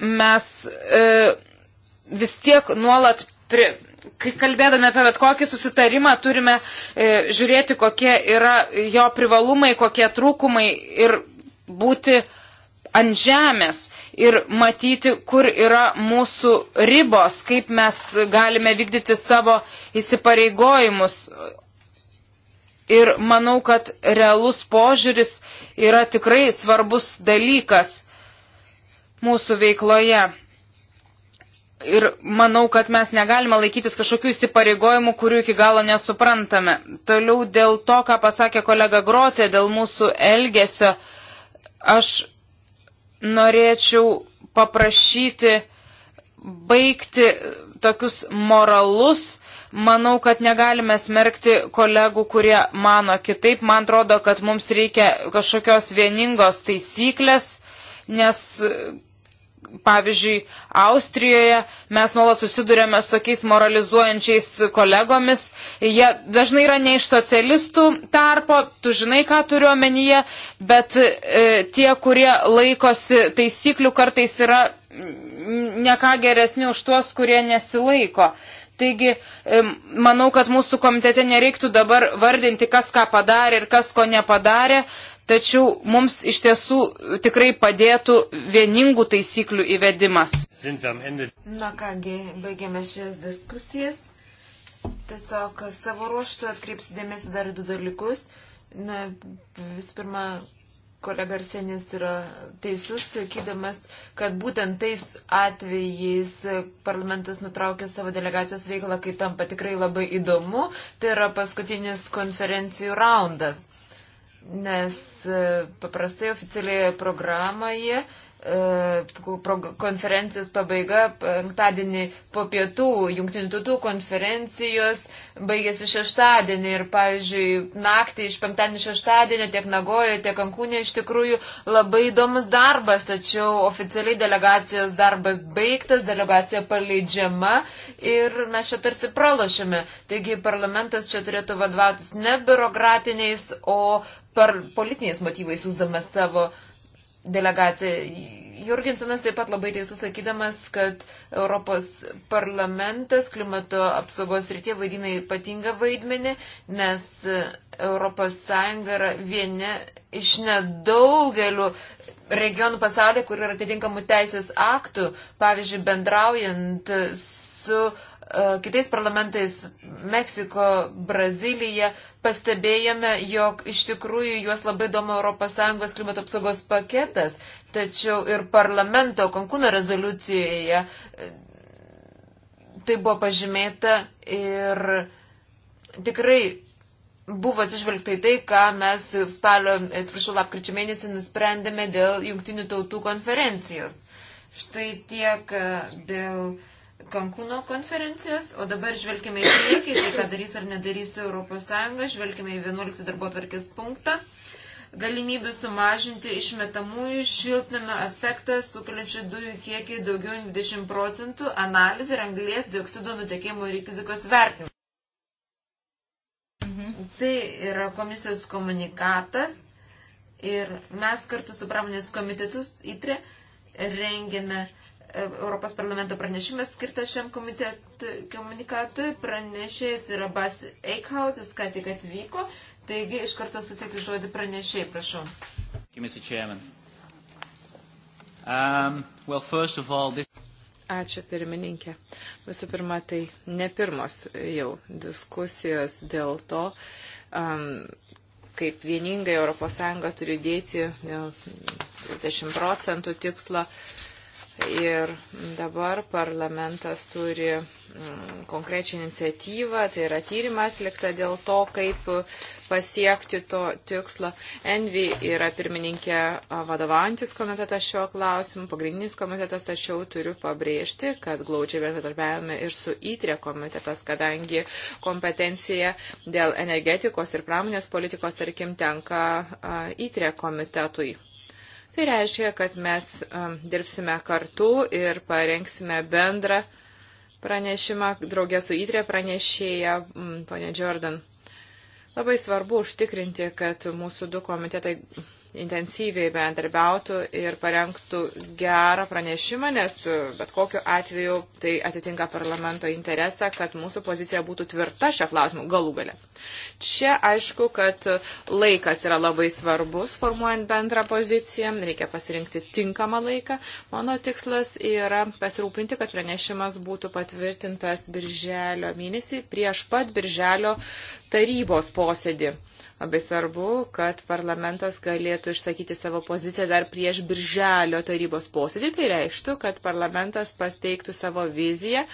mes vis tiek nuolat, pri, kai kalbėdami apie bet kokį susitarimą, turime žiūrėti, kokie yra jo privalumai, kokie trūkumai ir būti ant žemės ir matyti, kur yra mūsų ribos, kaip mes galime vykdyti savo įsipareigojimus. Ir manau, kad realus požiūris yra tikrai svarbus dalykas mūsų veikloje. Ir manau, kad mes negalime laikytis kažkokių įsipareigojimų, kurių iki galo nesuprantame. Toliau dėl to, ką pasakė kolega Grotė, dėl mūsų elgesio, aš norėčiau paprašyti baigti tokius moralus. Manau, kad negalime smerkti kolegų, kurie mano kitaip. Man atrodo, kad mums reikia kažkokios vieningos taisyklės, nes pavyzdžiui, Austrijoje mes nuolat susidurėme su tokiais moralizuojančiais kolegomis. Jie dažnai yra ne iš socialistų tarpo, tu žinai, ką turiu omenyje, bet e, tie, kurie laikosi taisyklių, kartais yra ne ką geresni už tuos, kurie nesilaiko. Taigi, e, manau, kad mūsų komitete nereiktų dabar vardinti, kas ką padarė ir kas ko nepadarė tačiau mums iš tiesų tikrai padėtų vieningų taisyklių įvedimas. Na kągi, baigėme šias diskusijas. Tiesiog savo ruoštų atkreipsiu dėmesį dar du dalykus. Na, vis pirma, kolega Arsenis yra teisus, sakydamas, kad būtent tais atvejais parlamentas nutraukė savo delegacijos veiklą, kai tampa tikrai labai įdomu, tai yra paskutinis konferencijų raundas nes e, paprastai oficialioje programoje konferencijos pabaiga penktadienį po pietų jungtinių tautų konferencijos baigėsi šeštadienį ir, pavyzdžiui, naktį iš penktadienio šeštadienio tiek Nagojo, tiek Kankūnė iš tikrųjų labai įdomus darbas, tačiau oficialiai delegacijos darbas baigtas, delegacija paleidžiama ir mes čia tarsi pralošėme. Taigi parlamentas čia turėtų vadovautis ne biurokratiniais, o per politiniais motyvais siūsdamas savo delegaciją. Jurgensenas taip pat labai teisus sakydamas, kad Europos parlamentas klimato apsaugos rytie vaidina ypatingą vaidmenį, nes ES yra viena iš nedaugelių regionų pasaulyje, kur yra atitinkamų teisės aktų, pavyzdžiui, bendraujant su uh, E, kitais parlamentais Meksiko, Brazilija, pastebėjome, jog iš tikrųjų juos labai įdomu ES klimato apsaugos paketas, tačiau ir parlamento konkūno rezoliucijoje e, tai buvo pažymėta ir tikrai buvo atsižvelgta į tai, ką mes spalio, atsiprašau, lapkričio mėnesį nusprendėme dėl jungtinių tautų konferencijos. Štai tiek e, dėl uh, Kankūno konferencijos, o dabar žvelgime į priekį, tai ką darys ar nedarys ES, žvelgime į 11 darbo tvarkės punktą galimybių sumažinti išmetamųjų šiltnamio efektą sukeliančių dujų kiekį daugiau nei 20 procentų analizė ir anglės dioksido nutekėjimo rizikos vertinimas. Mhm. Tai yra komisijos komunikatas ir mes kartu su pramonės komitetus įtre rengėme uh, Europos parlamento pranešimas skirtas šiam komunikatui. Pranešėjas yra Bas Eichhaut, jis ką tik atvyko. Taigi iš karto suteikiu žodį pranešėjai, prašau. Um, well, all, this... Ačiū pirmininkė. Visų pirma, tai ne pirmos jau diskusijos dėl to, um, kaip vieningai ES turi dėti 30 um, procentų tikslo. Uh, Ir dabar parlamentas turi mm, konkrečią iniciatyvą, tai yra tyrimą atlikta dėl to, kaip pasiekti to tikslo. Envi yra pirmininkė vadovaujantis komitetas šiuo klausimu, pagrindinis komitetas, tačiau turiu pabrėžti, kad glaučiai bendradarbiavame ir su įtrė komitetas, kadangi kompetencija dėl energetikos ir pramonės politikos, tarkim, tenka įtrė komitetui. Tai reiškia, kad mes um, dirbsime kartu ir parengsime bendrą pranešimą draugė su įtrė pranešėja, mm, ponė Jordan. Labai svarbu užtikrinti, kad mūsų du komitetai intensyviai bendarbiautų ir parengtų gerą pranešimą, nes e, bet kokiu atveju tai atitinka parlamento interesą, kad mūsų pozicija būtų tvirta šio klausimu galų gale. Čia aišku, kad laikas yra labai svarbus formuojant bendrą poziciją, reikia pasirinkti tinkamą laiką. Mano tikslas yra pasirūpinti, kad pranešimas būtų patvirtintas birželio mėnesį prieš pat birželio tarybos posėdį. Labai svarbu, kad parlamentas galėtų išsakyti savo poziciją dar prieš birželio tarybos posėdį. Tai reikštų, kad parlamentas pasteiktų savo viziją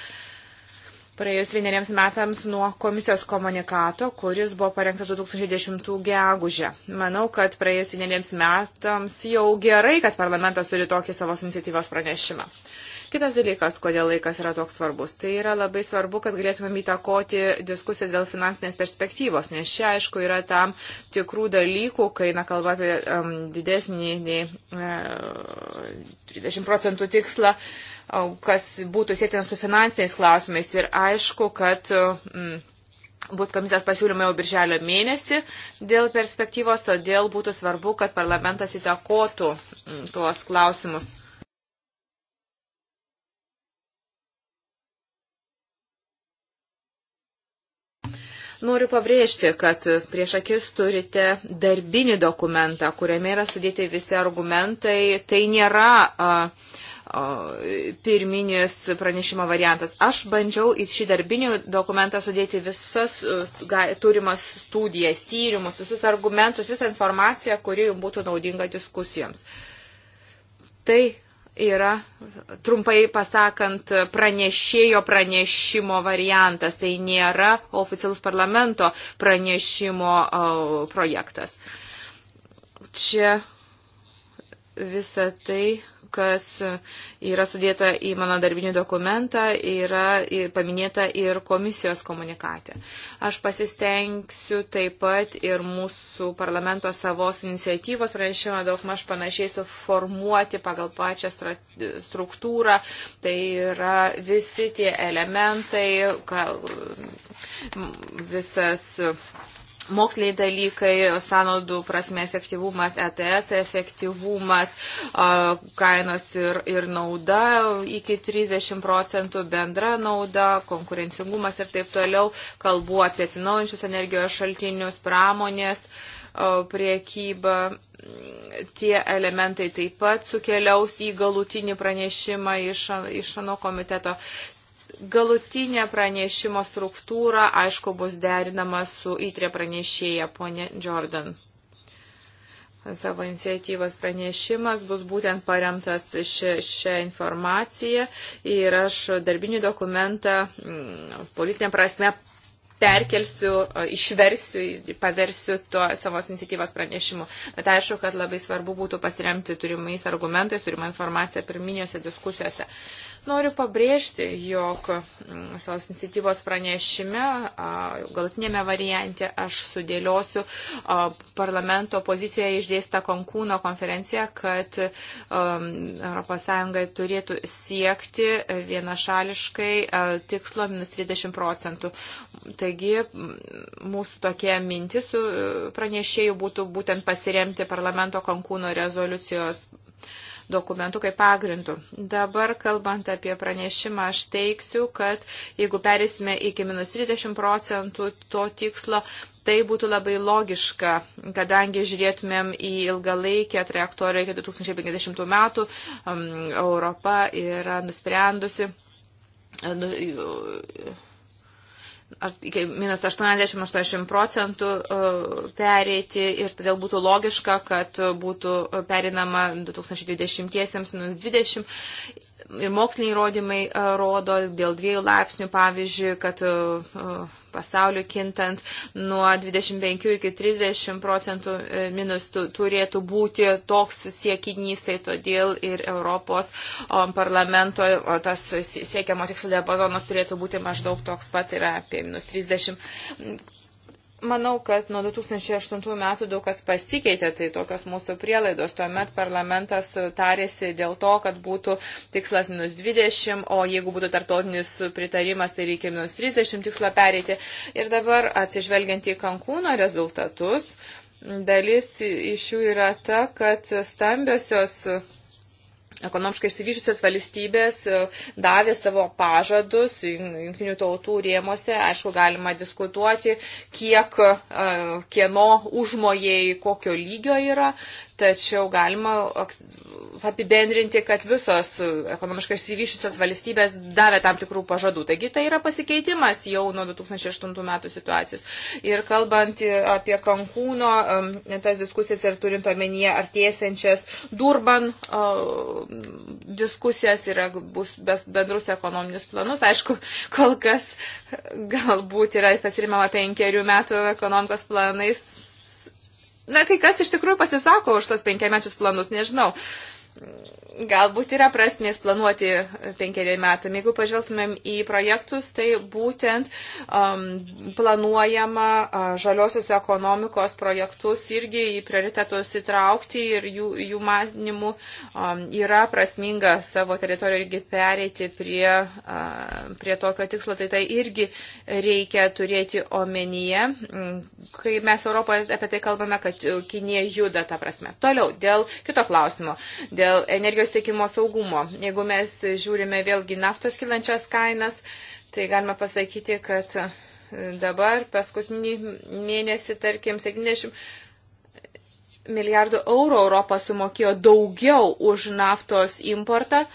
praėjus vieneriems metams nuo komisijos komunikato, kuris buvo parengtas 2010 gegužę. Manau, kad praėjus vieneriems metams jau gerai, kad parlamentas turi tokį savo iniciatyvos pranešimą. Kitas dalykas, kodėl laikas yra toks svarbus. Tai yra labai svarbu, kad galėtumėm įtakoti diskusijas dėl finansinės perspektyvos, nes čia, aišku, yra tam tikrų dalykų, kai na, kalba apie um, didesnį nei uh, e, 30 procentų tikslą kas būtų sėtina su finansiniais klausimais. Ir aišku, kad mm, bus komisijos pasiūlymai jau birželio mėnesį dėl perspektyvos, todėl būtų svarbu, kad parlamentas įtakotų mm, tuos klausimus. Noriu pabrėžti, kad prieš akis turite darbinį dokumentą, kuriame yra sudėti visi argumentai. Tai nėra a, a, pirminis pranešimo variantas. Aš bandžiau į šį darbinį dokumentą sudėti visas ga, turimas studijas, tyrimus, visus argumentus, visą informaciją, kuri jums būtų naudinga diskusijoms. Tai yra, trumpai pasakant, pranešėjo pranešimo variantas, tai nėra oficialus parlamento pranešimo projektas. Čia visą tai kas yra sudėta į mano darbinį dokumentą, yra paminėta ir komisijos komunikate. Aš pasistengsiu taip pat ir mūsų parlamento savos iniciatyvos pranešimą daugmaž panašiai suformuoti pagal pačią struktūrą. Tai yra visi tie elementai, ka, visas moksliniai dalykai, sąnaudų prasme efektyvumas, ETS efektyvumas, kainos ir, ir nauda iki 30 procentų, bendra nauda, konkurencingumas ir taip toliau. Kalbu apie atsinaujančius energijos šaltinius, pramonės priekybą. Tie elementai taip pat sukeliaus į galutinį pranešimą iš, iš ano komiteto. Galutinė pranešimo struktūra, aišku, bus derinama su įtrė pranešėja, ponė Jordan. Savo iniciatyvos pranešimas bus būtent paremtas šią informaciją ir aš darbinį dokumentą mm, politinė prasme perkelsiu, išversiu, paversiu to savo iniciatyvos pranešimu. Bet aišku, kad labai svarbu būtų pasiremti turimais argumentais, turimą informaciją pirminiuose diskusijose. Uh, Noriu pabrėžti, jog mm, savo iniciatyvos pranešime, galutinėme variante, aš sudėliosiu parlamento poziciją išdėstą Konkūno konferenciją, kad um, ES turėtų siekti vienašališkai tikslo minus 30 procentų. Taigi mūsų tokia mintis su pranešėjų būtų būtent pasiremti parlamento Konkūno rezoliucijos dokumentų kaip pagrindų. Dabar, kalbant apie pranešimą, aš teiksiu, kad jeigu perėsime iki minus 30 procentų to tikslo, tai būtų labai logiška, kadangi žiūrėtumėm į ilgalaikę trajektoriją iki 2050 metų, um, Europa yra nusprendusi nu, iki minus 80-80 procentų e, pereiti ir todėl būtų logiška, kad būtų e, perinama 2020-iesiems minus 20 ir moksliniai įrodymai e, rodo dėl dviejų laipsnių, pavyzdžiui, kad e, e, pasauliu kintant nuo 25 iki 30 procentų minus turėtų būti toks siekinys, tai todėl ir Europos parlamento tas siekiamo tikslo diapazonas turėtų būti maždaug toks pat, yra apie minus 30. Manau, kad nuo 2008 metų daug kas pasikeitė, tai tokios mūsų prielaidos. Tuomet parlamentas tarėsi dėl to, kad būtų tikslas minus 20, o jeigu būtų tartotinis pritarimas, tai reikia minus 30 tikslo pereiti. Ir dabar atsižvelgiant į Kankūno rezultatus, dalis iš jų yra ta, kad stambiosios ekonomiškai išsivyšusios valstybės e, davė savo pažadus jungtinių tautų rėmose. Aišku, galima diskutuoti, kiek e, kieno užmojai kokio lygio yra, tačiau galima apibendrinti, kad visos ekonomiškai išsivyšusios valstybės davė tam tikrų pažadų. Taigi tai yra pasikeitimas jau nuo 2008 metų situacijos. Ir kalbant e, apie Kankūno tas diskusijas ir turint omenyje artėsiančias Durban diskusijas ir bus bendrus ekonominius planus. Aišku, kol kas galbūt yra pasirimama penkerių metų ekonomikos planais. Na, kai kas iš tikrųjų pasisako už tos penkiamečius planus, nežinau galbūt yra prasmės planuoti penkeriai metam. Jeigu pažvelgtumėm į projektus, tai būtent um, planuojama uh, žaliosios ekonomikos projektus irgi į prioritetus įtraukti ir jų, jų manimų um, yra prasminga savo teritoriją irgi pereiti prie, uh, prie tokio tikslo. Tai tai irgi reikia turėti omenyje, mm, kai mes Europoje apie tai kalbame, kad Kinė juda tą prasme. Toliau, dėl kito klausimo, dėl energijos energijos tiekimo saugumo. Jeigu mes žiūrime vėlgi naftos kilančias kainas, tai galime pasakyti, kad dabar paskutinį mėnesį, tarkim, 70 milijardų eurų Europą sumokėjo daugiau už naftos importą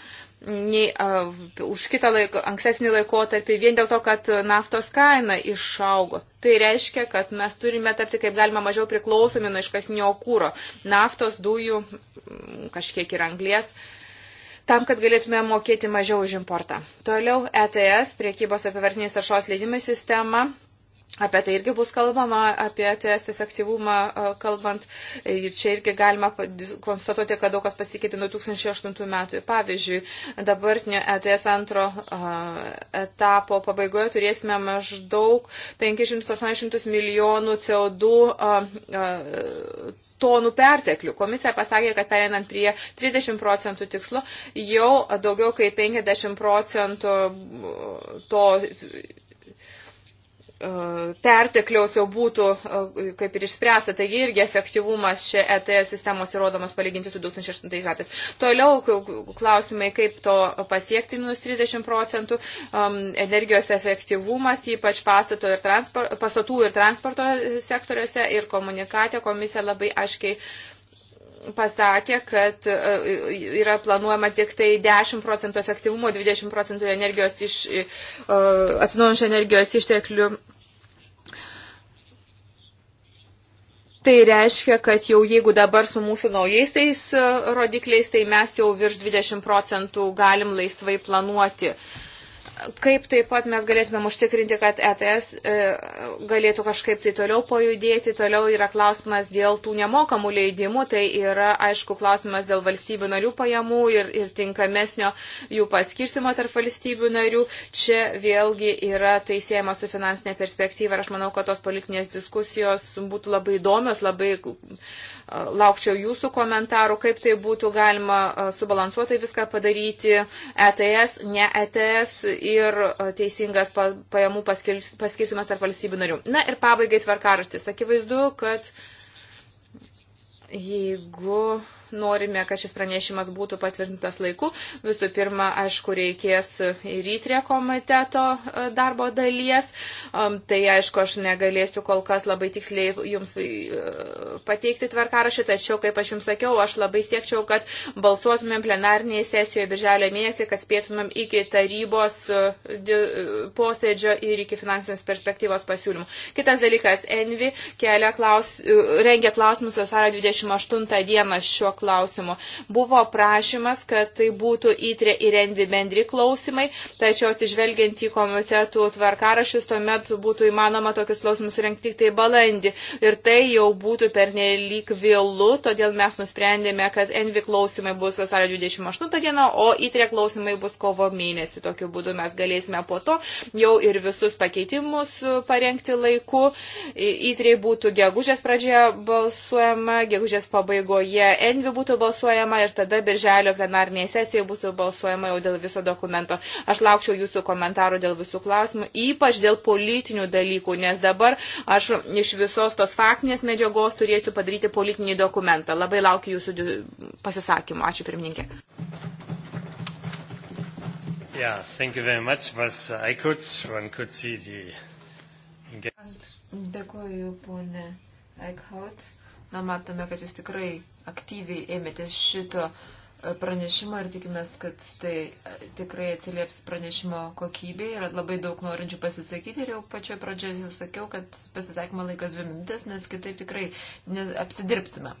nei uh, už kitą laiko, ankstesnį laikotarpį vien dėl to, kad naftos kaina išaugo. Tai reiškia, kad mes turime tapti kaip galima mažiau priklausomi nuo iškasnio kūro, naftos, dujų, mm, kažkiek ir anglės. Uh, tam, kad galėtume mokėti mažiau už importą. Toliau ETS, priekybos apivartiniais taršos leidimai sistema. Apie tai irgi bus kalbama, apie TS efektyvumą e, kalbant. Ir čia irgi galima konstatuoti, kad daug kas pasikeitė nuo 2008 metų. Pavyzdžiui, dabartinio ETS antro etapo pabaigoje turėsime maždaug 500-800 milijonų CO2 tonų perteklių. Komisija pasakė, kad pereinant prie 30 procentų tikslo, jau daugiau kaip 50 procentų to E, pertekliaus jau būtų e, kaip ir išspręsta, taigi irgi efektyvumas čia ETS sistemos įrodomas palyginti su 2008 metais. Toliau klausimai, kaip to pasiekti minus 30 procentų, energijos efektyvumas, ypač pastato ir pastatų ir transporto sektoriuose ir komunikatė komisija labai aiškiai pasakė, kad e, yra planuojama tik tai 10 procentų efektyvumo, 20 procentų energijos iš, atsinaujančio energijos išteklių Tai reiškia, kad jau jeigu dabar su mūsų naujaisiais e, rodikliais, tai mes jau virš 20 procentų galim laisvai planuoti. Uh, Kaip taip pat mes galėtumėm užtikrinti, kad ETS e, galėtų kažkaip tai toliau pajudėti, toliau yra klausimas dėl tų nemokamų leidimų, tai yra aišku klausimas dėl valstybių narių pajamų ir, ir tinkamesnio jų paskirstimo tarp valstybių narių. Čia vėlgi yra tai siejama su finansinė perspektyva ir aš manau, kad tos politinės diskusijos būtų labai įdomios, labai e, laukčiau jūsų komentarų, kaip tai būtų galima e, subalansuotai viską padaryti. ETS, ne ETS ir teisingas pajamų paskirstimas tarp valstybių narių. Na ir pabaigai tvarkaraštis. Akivaizdu, kad jeigu norime, kad šis pranešimas būtų patvirtintas laiku. Visų pirma, aišku, reikės rytrė komiteto e, darbo dalies. Tai aišku, aš negalėsiu kol kas labai tiksliai jums e, pateikti tvarkarašį, tačiau, kaip aš jums sakiau, aš labai siekčiau, kad balsuotumėm plenarnėje sesijoje birželio mėnesį, kad spėtumėm iki tarybos e, posėdžio ir iki finansinės perspektyvos pasiūlymų. Kitas dalykas, Envi kelia klaus, rengia klausimus vasarą 28 dieną šiuo klausimu. Buvo prašymas, kad tai būtų įtrė ir envi bendri klausimai, tačiau atsižvelgiant į komitetų tvarkarašius, tuomet būtų įmanoma tokius klausimus rengti tik tai balandį. Ir tai jau būtų pernelyg vėlų, todėl mes nusprendėme, kad envi klausimai bus vasario 28 dieną, o įtrė klausimai bus kovo mėnesį. Tokiu būdu mes galėsime po to jau ir visus pakeitimus parengti laiku. Įtrė būtų gegužės pradžioje balsuojama, gegužės pabaigoje envi envi būtų balsuojama ir tada birželio plenarnėje sesijoje būtų balsuojama jau dėl viso dokumento. Aš laukčiau jūsų komentarų dėl visų klausimų, ypač dėl politinių dalykų, nes dabar aš iš visos tos faktinės medžiagos turėsiu padaryti politinį dokumentą. Labai laukiu jūsų pasisakymų. Ačiū pirmininkė. Yeah, thank you very much. Was I could, one could see the... Dėkuoju, ponė Eichhout. Na, matome, kad jūs tikrai aktyviai ėmėtės šito e, pranešimo ir tikimės, kad tai e, tikrai atsilieps pranešimo kokybė. Yra labai daug norinčių pasisakyti ir jau pačioje pradžioje sakiau, kad pasisakymo laikas dvi minutės, nes kitaip tikrai apsidirbsime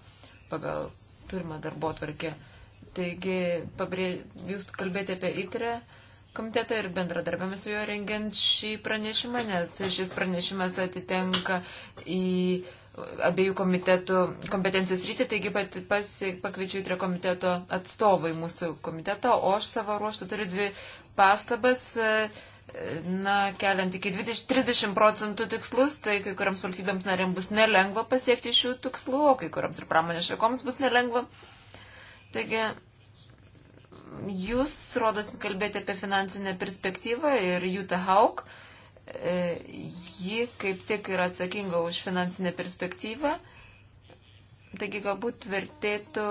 pagal turimą darbo tvarkę. Taigi, pabrė, jūs kalbėjote apie įtrę komitetą ir bendradarbiavimą su juo rengiant šį pranešimą, nes šis pranešimas atitenka į abiejų komitetų kompetencijos rytį, taigi pat, pas, pakviečiu į trio komiteto atstovai mūsų komiteto, o aš savo ruoštų turiu dvi pastabas, na, keliant iki 20, 30 procentų tikslus, tai kai kuriams valstybėms narėms bus nelengva pasiekti šių tikslų, o kai kuriams ir pramonės šakoms bus nelengva. Taigi, jūs, rodos, kalbėjote apie finansinę perspektyvą ir Jutta Hauk. Uh, E, ji kaip tik yra atsakinga už finansinę perspektyvą. Taigi galbūt vertėtų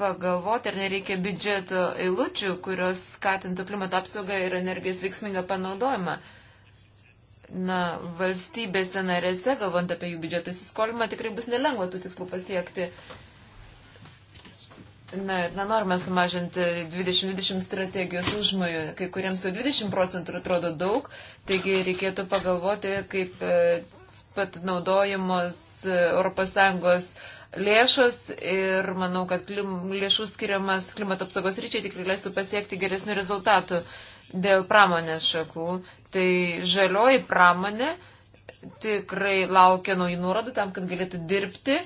pagalvoti, ar nereikia biudžeto eilučių, kurios skatintų klimato apsaugą ir energijos veiksmingą panaudojimą. Na, valstybėse narėse, galvant apie jų biudžeto įsiskolimą, tikrai bus nelengva tų tikslų pasiekti. Na ir nenorime sumažinti 2020 strategijos užmojų, kai kuriems jau 20 procentų atrodo daug, taigi reikėtų pagalvoti, kaip e, pat naudojamos ES lėšos ir manau, kad klim, lėšų skiriamas klimato apsaugos ryčiai tikrai leistų pasiekti geresnių rezultatų dėl pramonės šakų. Tai žalioji pramonė tikrai laukia naujų nuorodų tam, kad galėtų dirbti,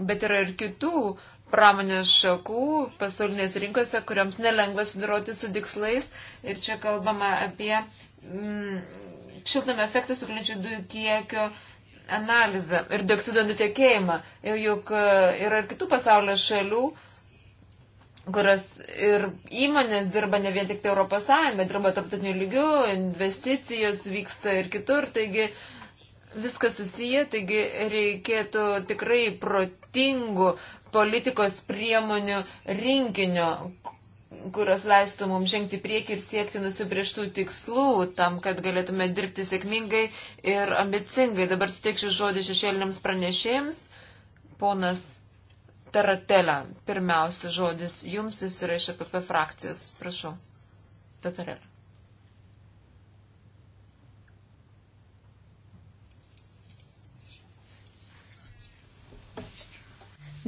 bet yra ir kitų uh, pramonės šakų pasaulinės rinkose, kuriams nelengva sudoroti su tikslais. Ir čia kalbama apie mm, šiltnamio efektą sukeliančių dujų kiekio analizę ir dioksido nutekėjimą. Ir juk e, yra ir kitų pasaulio šalių, kurios ir įmonės dirba ne vien tik tai Europos Sąjunga, dirba taptatiniu lygiu, investicijos vyksta ir kitur, taigi viskas susiję, taigi reikėtų tikrai protingų politikos priemonių rinkinio, kurios leistų mums žengti prieki ir siekti nusibrieštų tikslų, tam, kad galėtume dirbti sėkmingai ir ambicingai. Dabar suteiksiu žodį šešėliniams pranešėjams. Ponas Taratelė, pirmiausia žodis jums, jis yra iš APP frakcijos. Prašau. Tatarelė.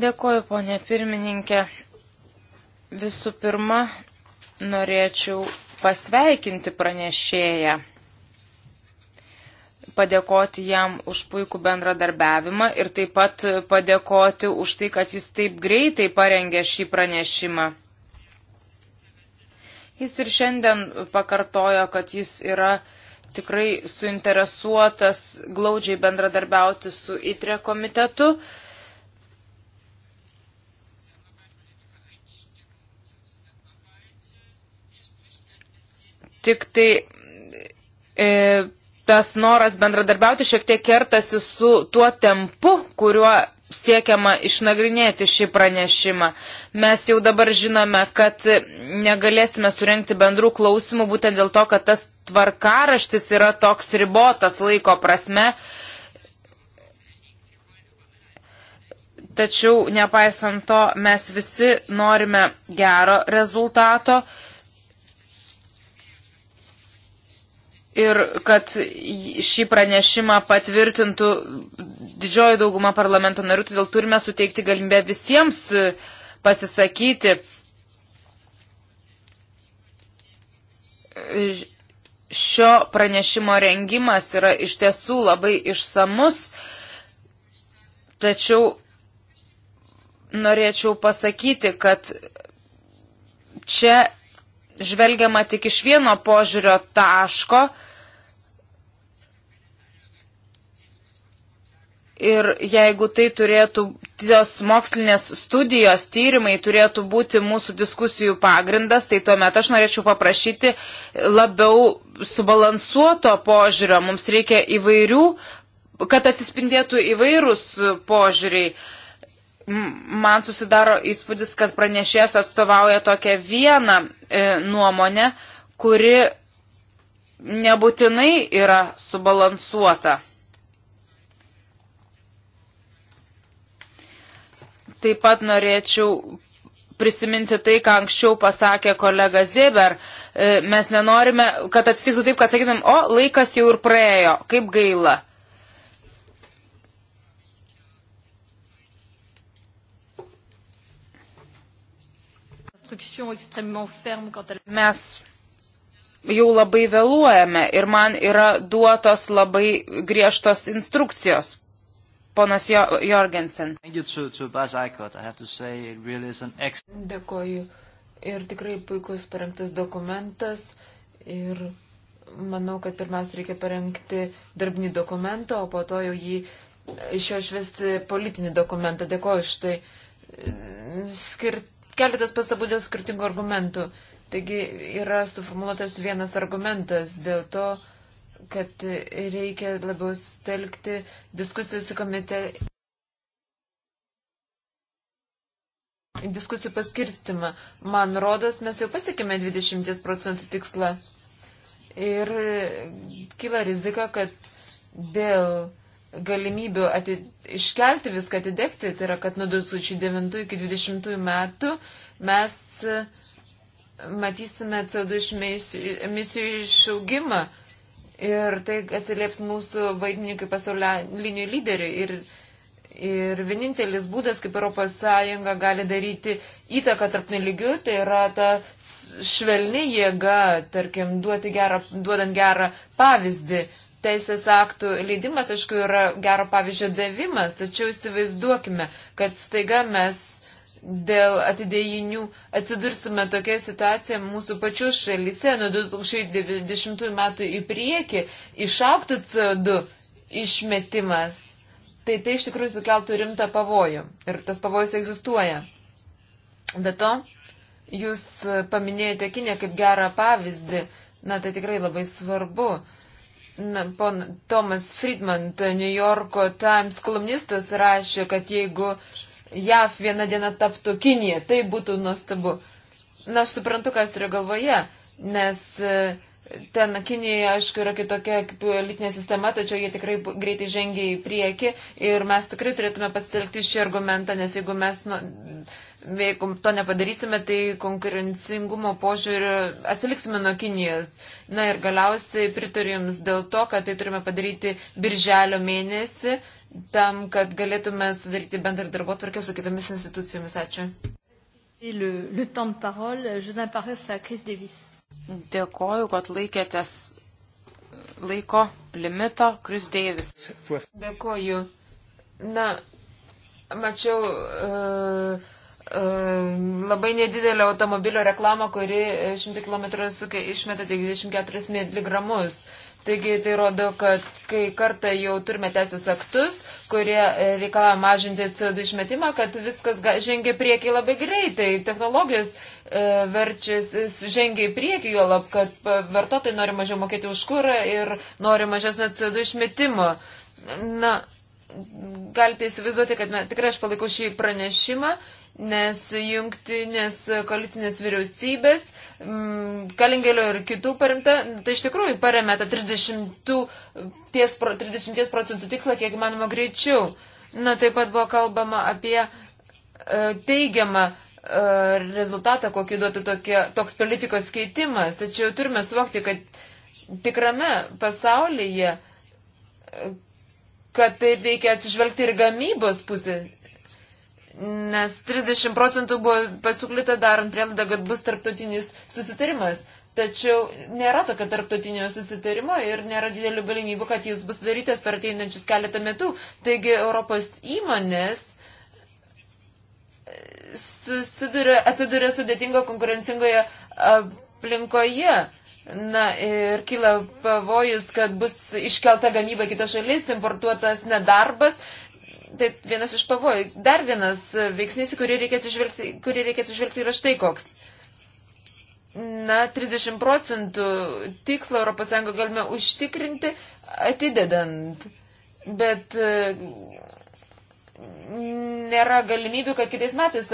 Dėkuoju, ponė pirmininkė. Visų pirma, norėčiau pasveikinti pranešėją, padėkoti jam už puikų bendradarbiavimą ir taip pat padėkoti už tai, kad jis taip greitai parengė šį pranešimą. Jis ir šiandien pakartojo, kad jis yra tikrai suinteresuotas glaudžiai bendradarbiauti su ITRE komitetu. Uh, tik tai e, tas noras bendradarbiauti šiek tiek kertasi su tuo tempu, kuriuo siekiama išnagrinėti šį pranešimą. Mes jau dabar žinome, kad negalėsime surenkti bendrų klausimų būtent dėl to, kad tas tvarkaraštis yra toks ribotas laiko prasme. Tačiau nepaisant to, mes visi norime gero rezultato ir kad šį pranešimą patvirtintų didžioji dauguma parlamento narių, todėl turime suteikti galimybę visiems e, pasisakyti. E, šio pranešimo rengimas yra iš tiesų labai išsamus, tačiau norėčiau pasakyti, kad čia žvelgiama tik iš vieno požiūrio taško. Ir jeigu tai turėtų, tos mokslinės studijos, tyrimai turėtų būti mūsų diskusijų pagrindas, tai tuomet aš norėčiau paprašyti labiau subalansuoto požiūrio. Mums reikia įvairių, kad atsispindėtų įvairūs požiūriai man susidaro įspūdis, kad pranešėjas atstovauja tokią vieną e, nuomonę, kuri nebūtinai yra subalansuota. Taip pat norėčiau prisiminti tai, ką anksčiau pasakė kolega Zeber. E, mes nenorime, kad atsitiktų taip, kad sakytum, o laikas jau ir praėjo, kaip gaila. Mes jau labai vėluojame ir man yra duotos labai griežtos instrukcijos. Ponas Jorgensen. Dėkoju. Ir tikrai puikus parengtas dokumentas. Ir manau, kad pirmiausia reikia parengti darbinį dokumentą, o po to jau jį iš jo išvesti politinį dokumentą. Dėkoju iš tai. Skirt Keletas pastabų dėl skirtingų argumentų. Taigi yra suformuoluotas vienas argumentas dėl to, kad reikia labiau stelkti diskusijos į komitetą. Diskusijų paskirstimą. Man rodos, mes jau pasiekime 20 procentų tikslą. Ir kyla rizika, kad dėl galimybių atid... iškelti viską, atidegti, tai yra, kad nuo 2009 iki 2020 metų mes e, matysime CO2 emisijų išaugimą ir tai atsilieps mūsų vaidmenį kaip pasaulinių lyderių. Ir, ir vienintelis būdas, kaip ES gali daryti įtaką tarp neligių, tai yra ta švelni jėga, tarkim, gerą, duodant gerą pavyzdį teisės aktų leidimas, aišku, yra gero pavyzdžio davimas, tačiau įsivaizduokime, kad staiga mes dėl atidėjinių atsidursime tokia situacija mūsų pačių šalyse nuo 2020 metų į priekį išauktų CO2 išmetimas. Tai tai iš tikrųjų sukeltų rimtą pavojų. Ir tas pavojus egzistuoja. Be to, jūs paminėjote Kinę kaip gerą pavyzdį. Na, tai tikrai labai svarbu. Pon Tomas Friedman, New Yorko Times kolumnistas, rašė, kad jeigu JAV vieną dieną taptų Kinija, tai būtų nuostabu. Na, aš suprantu, kas turiu galvoje, nes e, ten Kinijoje, aišku, yra kitokia politinė sistema, tačiau jie tikrai greitai žengia į priekį ir mes tikrai turėtume pasitelkti šį argumentą, nes jeigu mes nu, jeigu to nepadarysime, tai konkurencingumo požiūriu atsiliksime nuo Kinijos. Uh, Na ir galiausiai pritariu Jums dėl to, kad tai turime padaryti birželio mėnesį, tam, kad galėtume sudaryti bendrą darbo tvarkę su kitomis institucijomis. Ačiū. Dėkoju, kad laikėtės laiko limito, Kris Deivis. Dėkoju. Na, mačiau. Uh, Ehm, labai nedidelę automobilio reklamą, kuri 100 e, km išmeta 94 mg. Taigi tai rodo, kad kai kartą jau turime teisės aktus, kurie e, reikalauja mažinti CO2 išmetimą, kad viskas žengia priekį labai greitai. Technologijos e, verčias žengia į priekį, juolab, kad vartotojai nori mažiau mokėti už kurą ir nori mažesnio CO2 išmetimo. Na, galite įsivaizduoti, kad na, tikrai aš palaikau šį pranešimą nes jungtinės koalicinės vyriausybės, mm, Kalingelio ir kitų paremta, tai iš tikrųjų paremė tą 30, ties, 30 procentų tikslą kiek manoma greičiau. Na, taip pat buvo kalbama apie e, teigiamą e, rezultatą, kokį duotų tokie, toks politikos keitimas. Tačiau turime suvokti, kad tikrame pasaulyje, e, kad tai reikia atsižvelgti ir gamybos pusė, nes 30 procentų buvo pasuklyta darant prielaidą, kad bus tarptautinis susitarimas. Tačiau nėra tokio tarptautinio susitarimo ir nėra didelių galimybių, kad jis bus darytas per ateinančius keletą metų. Taigi Europos įmonės e, susiduria, atsiduria sudėtingo konkurencingoje aplinkoje. Na ir kyla pavojus, kad bus iškelta gamyba kitos šalis, importuotas nedarbas tai vienas iš pavojų. Dar vienas veiksnys, kurį reikia atsižvelgti, kurį reikia atsižvelgti yra štai koks. Na, 30 procentų tikslą ES galime užtikrinti atidedant, bet e, nėra galimybių, kad kitais metais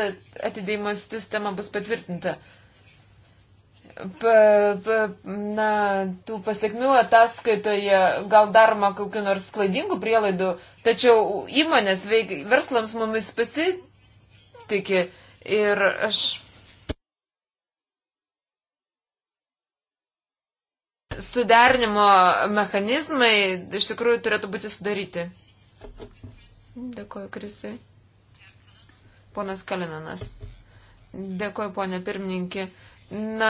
atidėjimo sistema bus patvirtinta na, tų pasiekmių ataskaitoje gal daroma kokiu nors klaidingų prielaidų, tačiau įmonės veik, verslams mumis pasitikė ir aš. Suderinimo mechanizmai iš tikrųjų turėtų būti sudaryti. Dėkuoju, Krisai. Ponas Kalinanas. Dėkuoju, ponė pirmininkė. Na,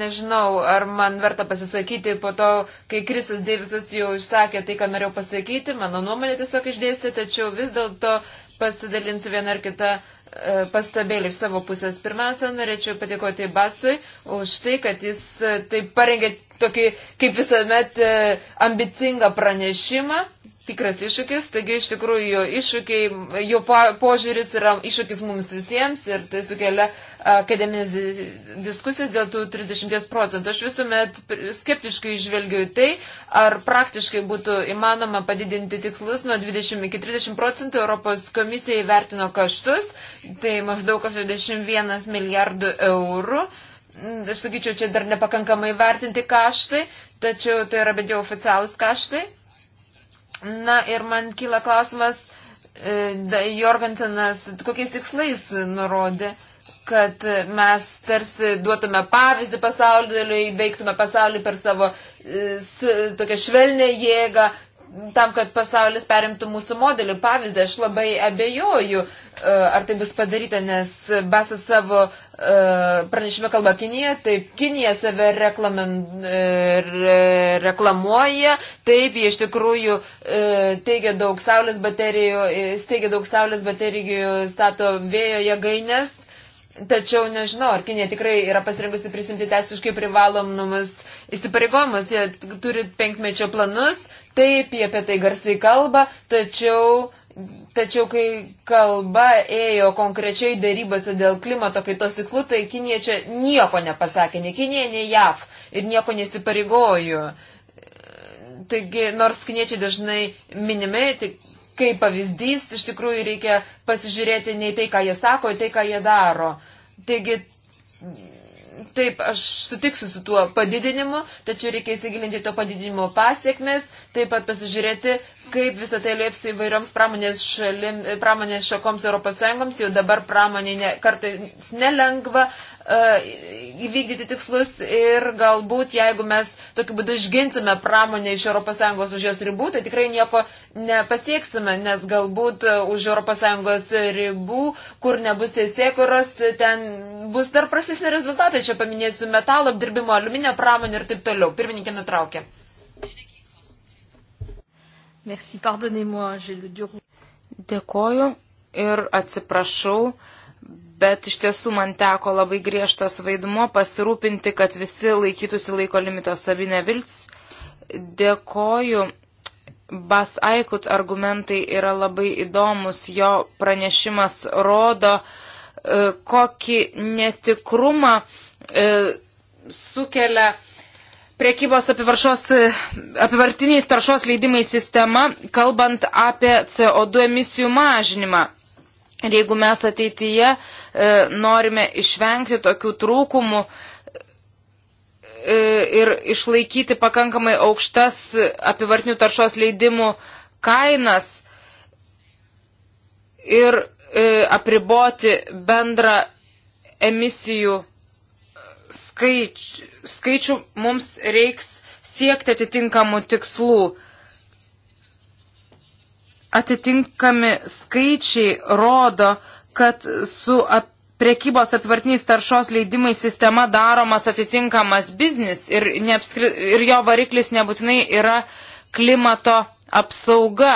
nežinau, ar man verta pasisakyti po to, kai Krisas Deivisas jau išsakė tai, ką norėjau pasakyti, mano nuomonė tiesiog išdėstė, tačiau vis dėlto pasidalinsiu vieną ar kitą e, pastabėlį iš savo pusės. Pirmiausia, norėčiau padėkoti Basui už tai, kad jis e, taip parengė tokį, kaip visuomet, e, ambicingą pranešimą. Tikras iššūkis, taigi iš tikrųjų jo iššūkiai, jo požiūris yra iššūkis mums visiems ir tai sukelia e, akademinės diskusijas dėl tų 30 procentų. Aš visuomet skeptiškai žvelgiu į tai, ar praktiškai būtų įmanoma padidinti tikslus nuo 20 iki 30 procentų. Europos komisija įvertino kaštus, tai maždaug 81 milijardų eurų. Mm, aš sakyčiau, čia dar nepakankamai vertinti kaštai, tačiau tai yra bent jau oficialus kaštai. Na ir man kyla klausimas, e, Jorgensenas kokiais tikslais nurodė, kad mes tarsi duotume pavyzdį pasauliui, veiktume pasaulį per savo e, tokią švelnę jėgą, tam, kad pasaulis perimtų mūsų modelį. Pavyzdį, aš labai abejoju, e, ar tai bus padaryta, nes Basas savo e, pranešime kalba Kinija, taip, Kinija save reklamen, e, re, reklamuoja, taip, jie iš tikrųjų teigia daug saulės baterijų, steigia daug saulės baterijų, stato vėjo jėgainės. Tačiau nežinau, ar Kinė tikrai yra pasirengusi prisimti teisiškai privalomus įsipareigojimus. Jie turi penkmečio planus, Taip, jie apie tai garsiai kalba, tačiau, tačiau kai kalba ėjo konkrečiai dėrybose dėl klimato kaitos tikslų, tai Kinija čia nieko nepasakė, nei Kinija, nei JAV ir nieko nesipareigojo. Taigi, nors kiniečiai dažnai minimi, tai kaip pavyzdys, iš tikrųjų reikia pasižiūrėti ne į tai, ką jie sako, į tai, ką jie daro. Taigi, Taip, aš sutiksiu su tuo padidinimu, tačiau reikia įsigilinti to padidinimo pasiekmes, taip pat pasižiūrėti, kaip visą tai lieps įvairioms pramonės, šalim, pramonės šakoms ES, jau dabar pramonė ne, kartais nelengva, E, įvykdyti tikslus ir galbūt jeigu mes tokiu būdu išginsime pramonę iš ES už jos ribų, tai tikrai nieko nepasieksime, nes galbūt e, už ES ribų, kur nebus teisėkuros, ten bus dar prastesni rezultatai. Čia paminėsiu metalo apdirbimo, aliuminio pramonę ir taip toliau. Pirmininkė nutraukė. Merci, pardonnez-moi, j'ai le dur. Dėkoju ir atsiprašau bet iš tiesų man teko labai griežtas vaidmuo pasirūpinti, kad visi laikytųsi laiko limito Sabinė Vilts. Dėkoju. Bas Aikut argumentai yra labai įdomus, jo pranešimas rodo, e, kokį netikrumą e, sukelia priekybos e, apivartiniais taršos leidimais sistema, kalbant apie CO2 emisijų mažinimą. Ir jeigu mes ateityje e, norime išvengti tokių trūkumų e, ir išlaikyti pakankamai aukštas apivartinių taršos leidimų kainas ir e, apriboti bendrą emisijų skaičių, skaičių, mums reiks siekti atitinkamų tikslų atitinkami skaičiai rodo, kad su ap prekybos apivartiniais taršos leidimai sistema daromas atitinkamas biznis ir, neapskri, ir jo variklis nebūtinai yra klimato apsauga.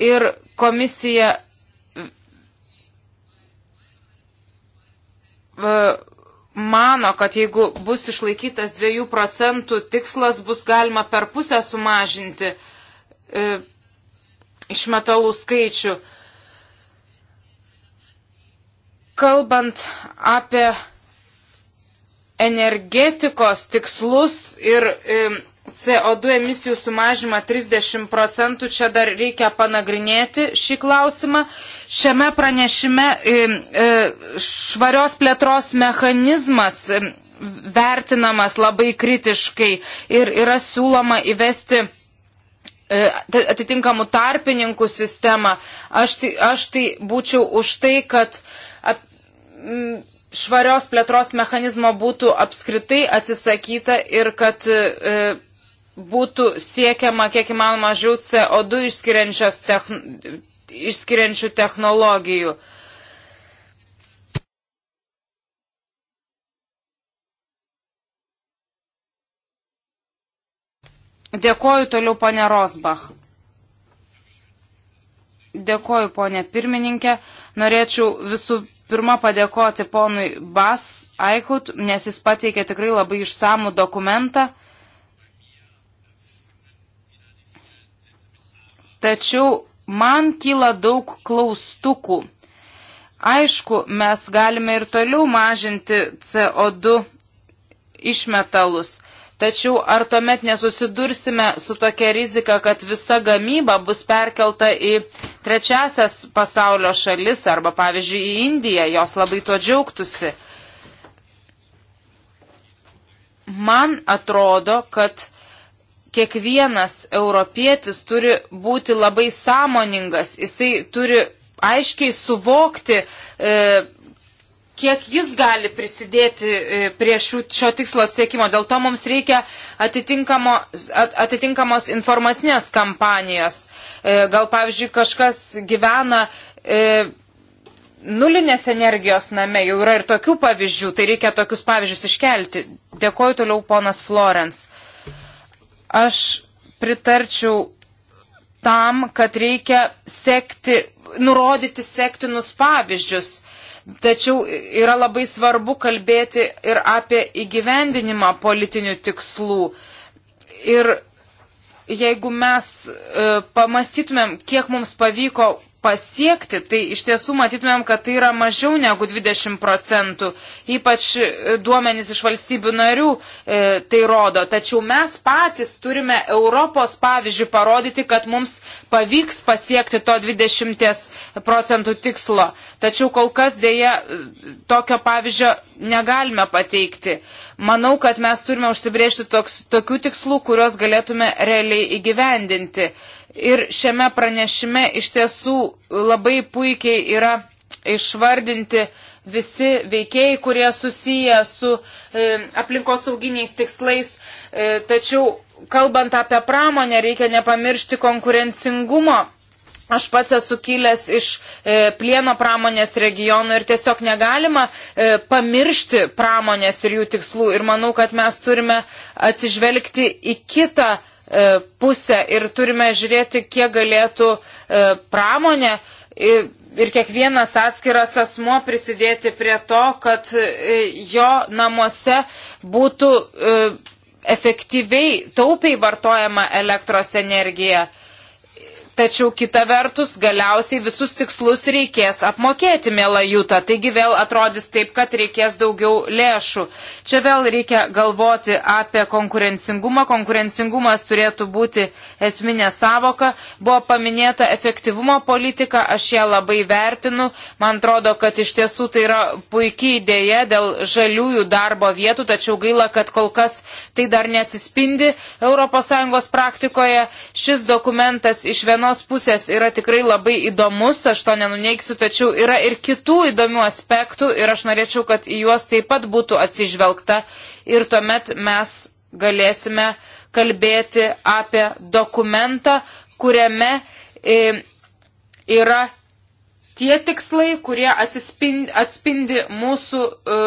Ir komisija mano, kad jeigu bus išlaikytas 2 procentų tikslas, bus galima per pusę sumažinti uh, e, išmetalų skaičių. Kalbant apie energetikos tikslus ir e, CO2 emisijų sumažimą 30 procentų, čia dar reikia panagrinėti šį klausimą. Šiame pranešime e, e, švarios plėtros mechanizmas e, vertinamas labai kritiškai ir yra siūloma įvesti E, atitinkamų tarpininkų sistemą. Aš tai, aš tai būčiau už tai, kad at, m, švarios plėtros mechanizmo būtų apskritai atsisakyta ir kad e, e būtų siekiama kiek įmanoma mažiau CO2 išskiriančių technologijų. E, Dėkoju toliau ponė Rosbach. Dėkoju ponė pirmininkė. Norėčiau visų pirma padėkoti ponui Bas Aikut, nes jis pateikė tikrai labai išsamų dokumentą. Tačiau man kyla daug klaustukų. Aišku, mes galime ir toliau mažinti CO2 išmetalus, Tačiau ar tuomet nesusidursime su tokia rizika, kad visa gamyba bus perkelta į trečiasias pasaulio šalis arba, pavyzdžiui, į Indiją, jos labai to džiaugtųsi? Man atrodo, kad kiekvienas europietis turi būti labai sąmoningas, jisai turi aiškiai suvokti, e, kiek jis gali prisidėti e, prie šių, šio tikslo atsiekimo. Dėl to mums reikia atitinkamo, at, atitinkamos informacinės kampanijos. E, gal, pavyzdžiui, kažkas gyvena e, nulinės energijos name, jau yra ir tokių pavyzdžių, tai reikia tokius pavyzdžius iškelti. Dėkoju toliau, ponas Florence. Aš pritarčiau tam, kad reikia sekti, nurodyti sektinus pavyzdžius Tačiau yra labai svarbu kalbėti ir apie įgyvendinimą politinių tikslų. Ir jeigu mes e, pamastytumėm, kiek mums pavyko pasiekti, tai iš tiesų matytumėm, kad tai yra mažiau negu 20 procentų, ypač e, duomenys iš valstybių narių e, tai rodo. Tačiau mes patys turime Europos pavyzdžių parodyti, kad mums pavyks pasiekti to 20 procentų tikslo. Tačiau kol kas dėja e, tokio pavyzdžio negalime pateikti. Manau, kad mes turime užsibriežti toks, tokių tikslų, kuriuos galėtume realiai įgyvendinti. Ir šiame pranešime iš tiesų labai puikiai yra išvardinti visi veikėjai, kurie susiję su e, aplinkosauginiais tikslais. E, tačiau, kalbant apie pramonę, reikia nepamiršti konkurencingumo Aš pats esu kilęs iš e, plieno pramonės regionų ir tiesiog negalima e, pamiršti pramonės ir jų tikslų. Ir manau, kad mes turime atsižvelgti į kitą E, pusę ir turime žiūrėti, kiek galėtų e, pramonė ir kiekvienas atskiras asmo prisidėti prie to, kad e, jo namuose būtų efektyviai, taupiai vartojama elektros energija tačiau kita vertus galiausiai visus tikslus reikės apmokėti, mėla Jūta. Taigi vėl atrodys taip, kad reikės daugiau lėšų. Čia vėl reikia galvoti apie konkurencingumą. Konkurencingumas turėtų būti esminė savoka. Buvo paminėta efektyvumo politika, aš ją labai vertinu. Man atrodo, kad iš tiesų tai yra puikiai idėja dėl žaliųjų darbo vietų, tačiau gaila, kad kol kas tai dar neatsispindi ES praktikoje. Šis dokumentas iš vienos vienos pusės yra tikrai labai įdomus, aš to nenuneiksiu, tačiau yra ir kitų įdomių aspektų ir aš norėčiau, kad į juos taip pat būtų atsižvelgta ir tuomet mes galėsime kalbėti apie dokumentą, kuriame e, yra tie tikslai, kurie atsispindi, atspindi mūsų e,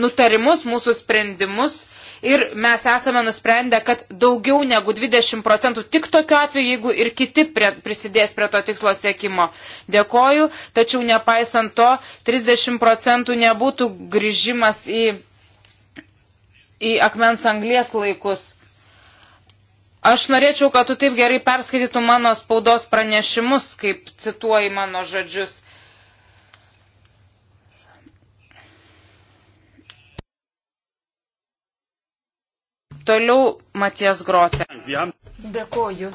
nutarimus, mūsų sprendimus ir mes esame nusprendę, kad daugiau negu 20 procentų tik tokiu atveju, jeigu ir kiti prie, prisidės prie to tikslo siekimo. Dėkoju, tačiau nepaisant to, 30 procentų nebūtų grįžimas į, į akmens anglės laikus. Aš norėčiau, kad tu taip gerai perskaitytų mano spaudos pranešimus, kaip cituoji mano žodžius. Toliau Matijas Grotė. Dėkoju.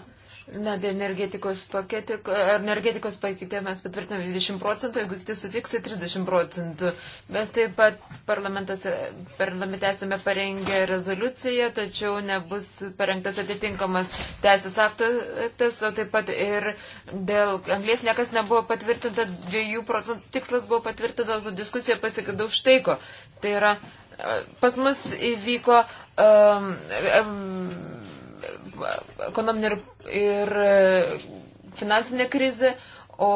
Na, dėl energetikos pakete, energetikos pakete mes patvirtiname 20 procentų, jeigu kiti sutiks, tai 30 procentų. Mes taip pat parlamente esame parengę rezoliuciją, tačiau nebus parengtas atitinkamas teisės aktas, o taip pat ir dėl anglės niekas nebuvo patvirtinta, 2 procentų tikslas buvo patvirtintas, o diskusija pasikėdau štaiko. Tai yra Pas mus įvyko um, um, ekonominė ir, ir finansinė krizė, o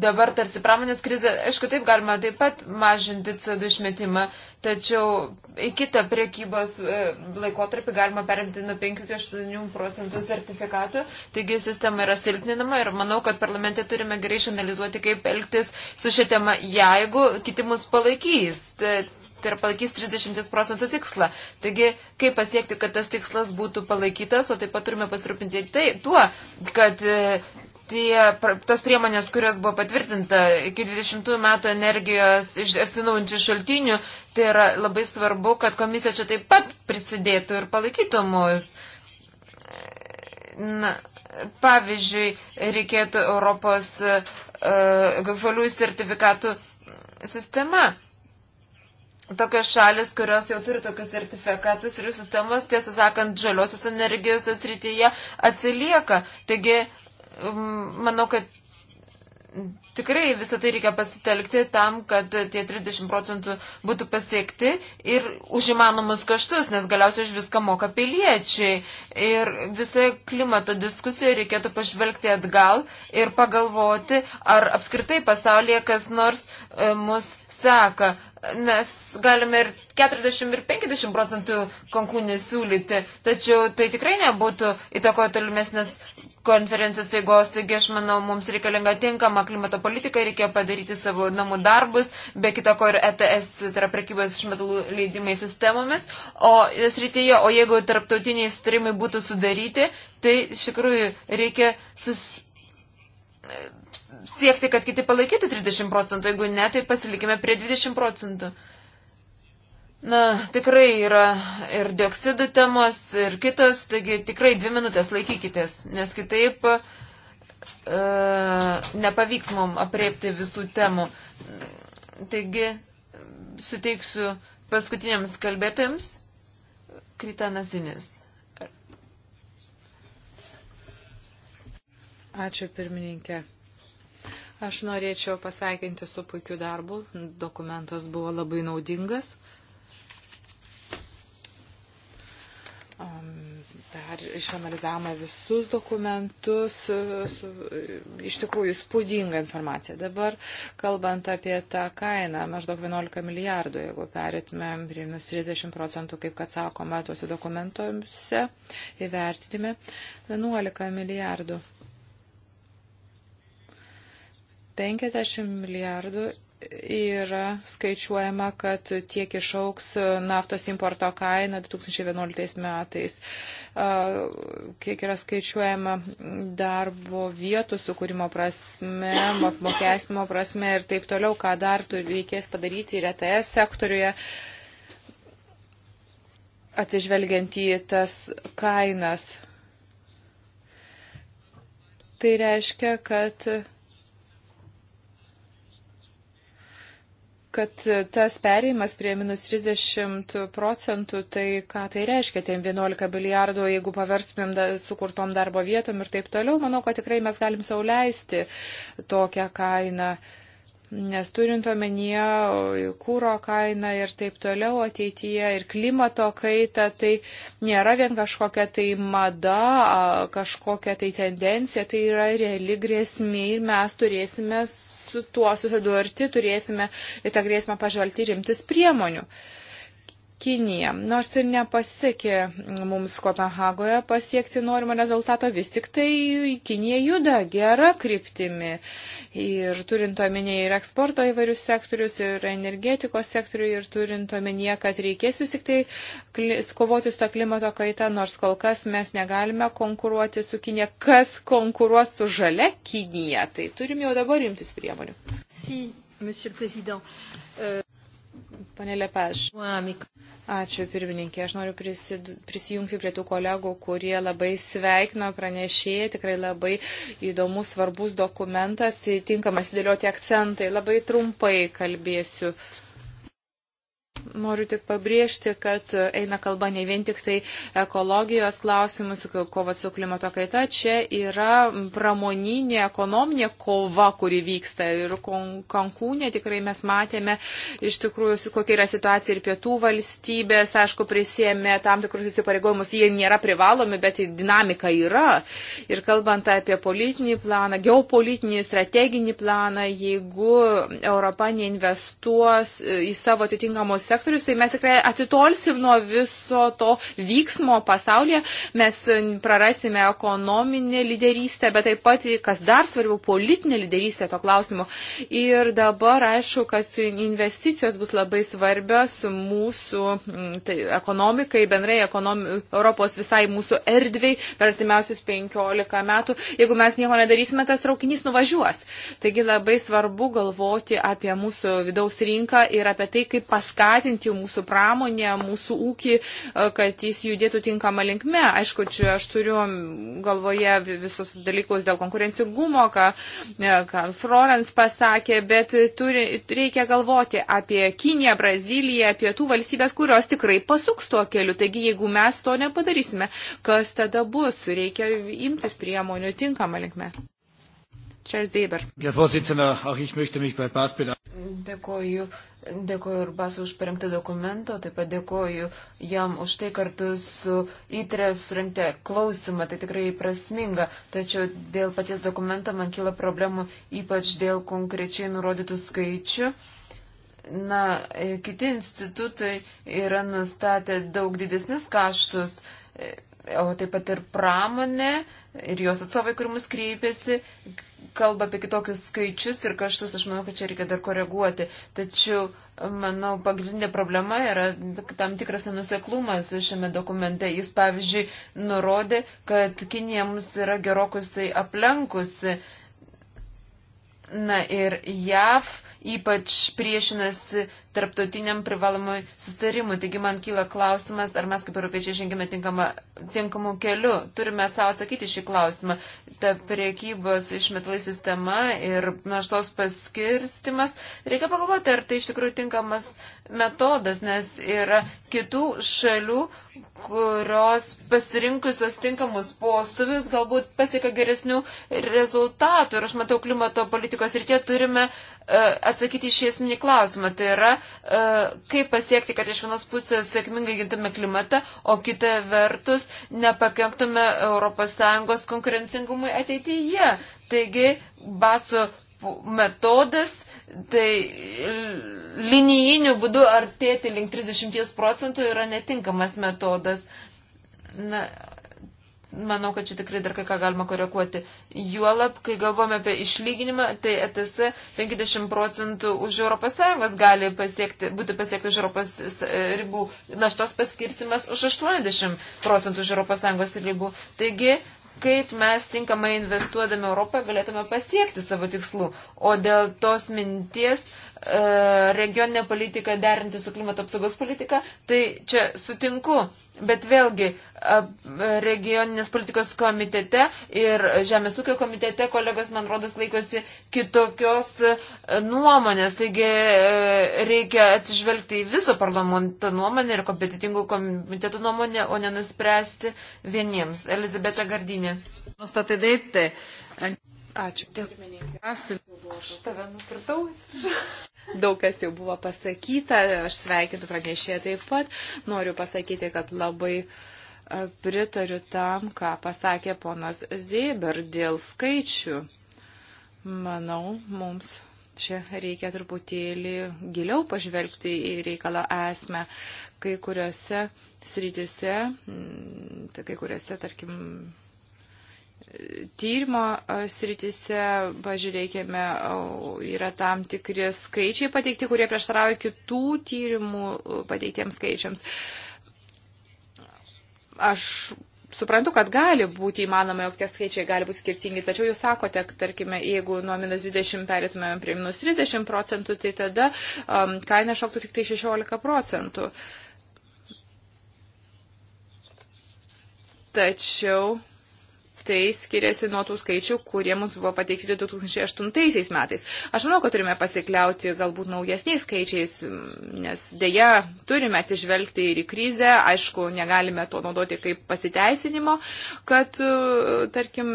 dabar tarsi pramonės krizė, aišku, taip galima taip pat mažinti CO2 išmetimą, tačiau į kitą priekybos e, laikotarpį galima perimti nuo 5-8 procentų sertifikatų, taigi sistema yra silpninama ir manau, kad parlamente turime gerai išanalizuoti, kaip elgtis su šia tema, jeigu kiti mus palaikys. Tai, tai yra palaikys 30 procentų tikslą. Taigi, kaip pasiekti, kad tas tikslas būtų palaikytas, o taip pat turime pasirūpinti tai, tuo, kad e, tie, tos priemonės, kurios buvo patvirtinta iki 20 metų energijos iš atsinaujančių šaltinių, tai yra labai svarbu, kad komisija čia taip pat prisidėtų ir palaikytų mus. Na, pavyzdžiui, reikėtų Europos uh, e, žalių sertifikatų sistema. Tokios šalis, kurios jau turi tokius sertifikatus ir jų sistemas, tiesą sakant, žaliosios energijos atsrityje atsilieka. Taigi, uh, Mm, manau, kad tikrai visą tai reikia pasitelkti tam, kad tie 30 procentų būtų pasiekti ir už įmanomus kaštus, nes galiausiai už viską moka piliečiai. Ir visoje klimato diskusijoje reikėtų pažvelgti atgal ir pagalvoti, ar apskritai pasaulyje kas nors e, mus seka. Nes galime ir 40 ir 50 procentų kankūnį siūlyti, tačiau tai tikrai nebūtų įtakoja tolimesnės konferencijos eigos, taigi aš manau, mums reikalinga tinkama klimato politika, reikia padaryti savo namų darbus, be kita ko ir ETS, tai yra prekybos išmetalų leidimai sistemomis, o srityje, o jeigu tarptautiniai sutarimai būtų sudaryti, tai iš tikrųjų reikia sus... siekti, kad kiti palaikytų 30 procentų, jeigu ne, tai pasilikime prie 20 procentų. Na, tikrai yra ir dioksidų temos, ir kitos, taigi tikrai dvi minutės laikykitės, nes kitaip e, nepavyks mum apriepti visų temų. Taigi, suteiksiu paskutiniams kalbėtojams Kritanasinis. Ačiū pirmininkė. Aš norėčiau pasveikinti su puikiu darbu. Dokumentas buvo labai naudingas. Uh, Dar išanalizavome visus dokumentus, e, su, e, iš tikrųjų spūdinga informacija. Dabar, kalbant apie tą kainą, maždaug 11 milijardų, jeigu perėtumėm prie minus 30 procentų, kaip kad sakoma, tuose dokumentuose įvertinime, 11 milijardų. 50 milijardų yra skaičiuojama, kad tiek išauks naftos importo kaina 2011 metais, kiek yra skaičiuojama darbo vietų sukūrimo prasme, apmokestimo prasme ir taip toliau, ką dar reikės padaryti ir ETS sektoriuje, atsižvelgiant į tas kainas. Tai reiškia, kad kad tas perėjimas prie minus 30 procentų, tai ką tai reiškia, tiem 11 bilijardo, jeigu paverstumėm da, sukurtom darbo vietom ir taip toliau, manau, kad tikrai mes galim sauliaisti tokią kainą. Nes turint omenyje e, kūro kainą ir taip toliau ateityje ir klimato kaitą, tai nėra vien kažkokia tai mada, kažkokia tai tendencija, tai yra reali grėsmė ir mes turėsime su tuo susidurti, turėsime į tą grėsmę pažvelgti rimtis priemonių. Uh, Kinija. Nors ir nepasiekė mums Kopenhagoje pasiekti norimo rezultato, vis tik tai Kinija juda gera kryptimi. Ir turint omenyje ir eksporto įvairius sektorius, ir energetikos sektorių, ir turint omenyje, kad reikės vis tik tai kovoti su to klimato kaita, nors kol kas mes negalime konkuruoti su Kinija. Kas konkuruos su žalia Kinija? Tai turim jau dabar imtis priemonių. Si, Pane Lepeš. Ačiū pirmininkė. Aš noriu prisid, prisijungti prie tų kolegų, kurie labai sveikino pranešėją. Tikrai labai įdomus, svarbus dokumentas, tinkamas dėlioti akcentai. Labai trumpai kalbėsiu. Uh, Noriu tik pabrėžti, kad eina kalba ne vien tik tai ekologijos klausimus, kova su klimato kaita, čia yra pramoninė, ekonominė kova, kuri vyksta. Ir Kankūnė tikrai mes matėme iš tikrųjų, kokia yra situacija ir pietų valstybės, aišku, prisėmė tam tikrus įsipareigojimus, jie nėra privalomi, bet dinamika yra. Ir kalbant apie politinį planą, geopolitinį, strateginį planą, jeigu Europa neinvestuos e, į savo atitinkamus sektorius, tai mes tikrai atitolsim nuo viso to vyksmo pasaulyje, mes prarasime ekonominę lyderystę, bet taip pat, kas dar svarbiau, politinę lyderystę to klausimu. Ir dabar, aišku, kas investicijos bus labai svarbios mūsų tai, ekonomikai, bendrai ekonomi, Europos visai mūsų erdvei per artimiausius 15 metų. Jeigu mes nieko nedarysime, tas traukinys nuvažiuos. Taigi labai svarbu galvoti apie mūsų vidaus rinką ir apie tai, kaip paskatinti skatinti mūsų pramonę, mūsų ūkį, e, kad jis judėtų tinkamą linkme. Aišku, čia aš turiu galvoje visus dalykus dėl konkurencingumo, ką, e, ką Florence pasakė, bet turi, reikia galvoti apie Kiniją, Braziliją, apie tų valstybės, kurios tikrai pasuks tuo keliu. Taigi, jeigu mes to nepadarysime, kas tada bus? Reikia imtis priemonių tinkamą linkme. Čia Zeber. Dėkoju Dėkuoju ir Basu už parengtą dokumentą, taip pat dėkuoju jam už tai kartu su ITRE surengtę klausimą, tai tikrai prasminga, tačiau dėl paties dokumento man kila problemų ypač dėl konkrečiai nurodytų skaičių. Na, e, kiti institutai yra nustatę daug didesnius kaštus e, o taip pat ir pramonė ir jos atstovai, kur mus kreipėsi, kalba apie kitokius skaičius ir kaštus, aš manau, kad čia reikia dar koreguoti. Tačiau, manau, pagrindinė problema yra tam tikras nenuseklumas šiame dokumente. Jis, pavyzdžiui, nurodė, kad Kinija mus yra gerokusiai aplenkusi. Na ir JAV ypač priešinasi tarptautiniam privalomui sustarimui. Taigi man kyla klausimas, ar mes kaip europiečiai žengime tinkamų kelių. Turime savo atsakyti šį klausimą. Ta priekybos išmetalai sistema ir naštos paskirstimas. Reikia pagalvoti, ar tai iš tikrųjų tinkamas metodas, nes yra kitų šalių, kurios pasirinkusios tinkamus postuvius galbūt pasiekia geresnių rezultatų. Ir aš matau, klimato politikos rytie turime uh, atsakyti šį esminį klausimą. Tai yra, e, kaip pasiekti, kad iš vienos pusės sėkmingai gintume klimatą, o kita vertus nepakenktume ES konkurencingumui ateityje. Taigi, baso metodas, tai linijiniu būdu artėti link 30 procentų yra netinkamas metodas. Na, manau, kad čia tikrai dar kai ką galima koreguoti. Juolab, kai galvome apie išlyginimą, tai ETS 50 procentų už ES gali pasiekti, būti pasiekti už ES e, ribų, naštos paskirsimas už 80 procentų už ES ribų. Taigi, kaip mes tinkamai investuodami Europoje galėtume pasiekti savo tikslų. O dėl tos minties e, regioninę politiką derinti su klimato apsaugos politika, tai čia sutinku Bet vėlgi, regioninės politikos komitete ir Žemės ūkio komitete kolegos, man rodos, laikosi kitokios nuomonės. Taigi reikia atsižvelgti į viso parlamento nuomonę ir kompetitingų komitetų nuomonę, o nenuspręsti vieniems. Elizabeta Gardinė. Ačiū. Aš tave nupirtau. Daug kas jau buvo pasakyta, aš sveikinu pranešėją taip pat. Noriu pasakyti, kad labai e, pritariu tam, ką pasakė ponas Zeber dėl skaičių. Manau, mums čia reikia truputėlį giliau pažvelgti į reikalo esmę. Kai kuriuose srityse, tai kai kuriuose, tarkim, tyrimo sritise, pažiūrėkime, yra tam tikri skaičiai pateikti, kurie prieštarauja kitų tyrimų pateiktiems skaičiams. Aš suprantu, kad gali būti įmanoma, jog tie skaičiai gali būti skirtingi, tačiau jūs sakote, tarkime, jeigu nuo minus 20 perėtumėm prie minus 30 procentų, tai tada um, kaina šoktų tik tai 16 procentų. Tačiau tai skiriasi nuo tų skaičių, kurie mums buvo pateikti 2008 metais. Aš manau, kad turime pasikliauti galbūt naujesniais skaičiais, mm, nes dėja turime atsižvelgti ir į krizę, aišku, negalime to naudoti kaip pasiteisinimo, kad, e, tarkim,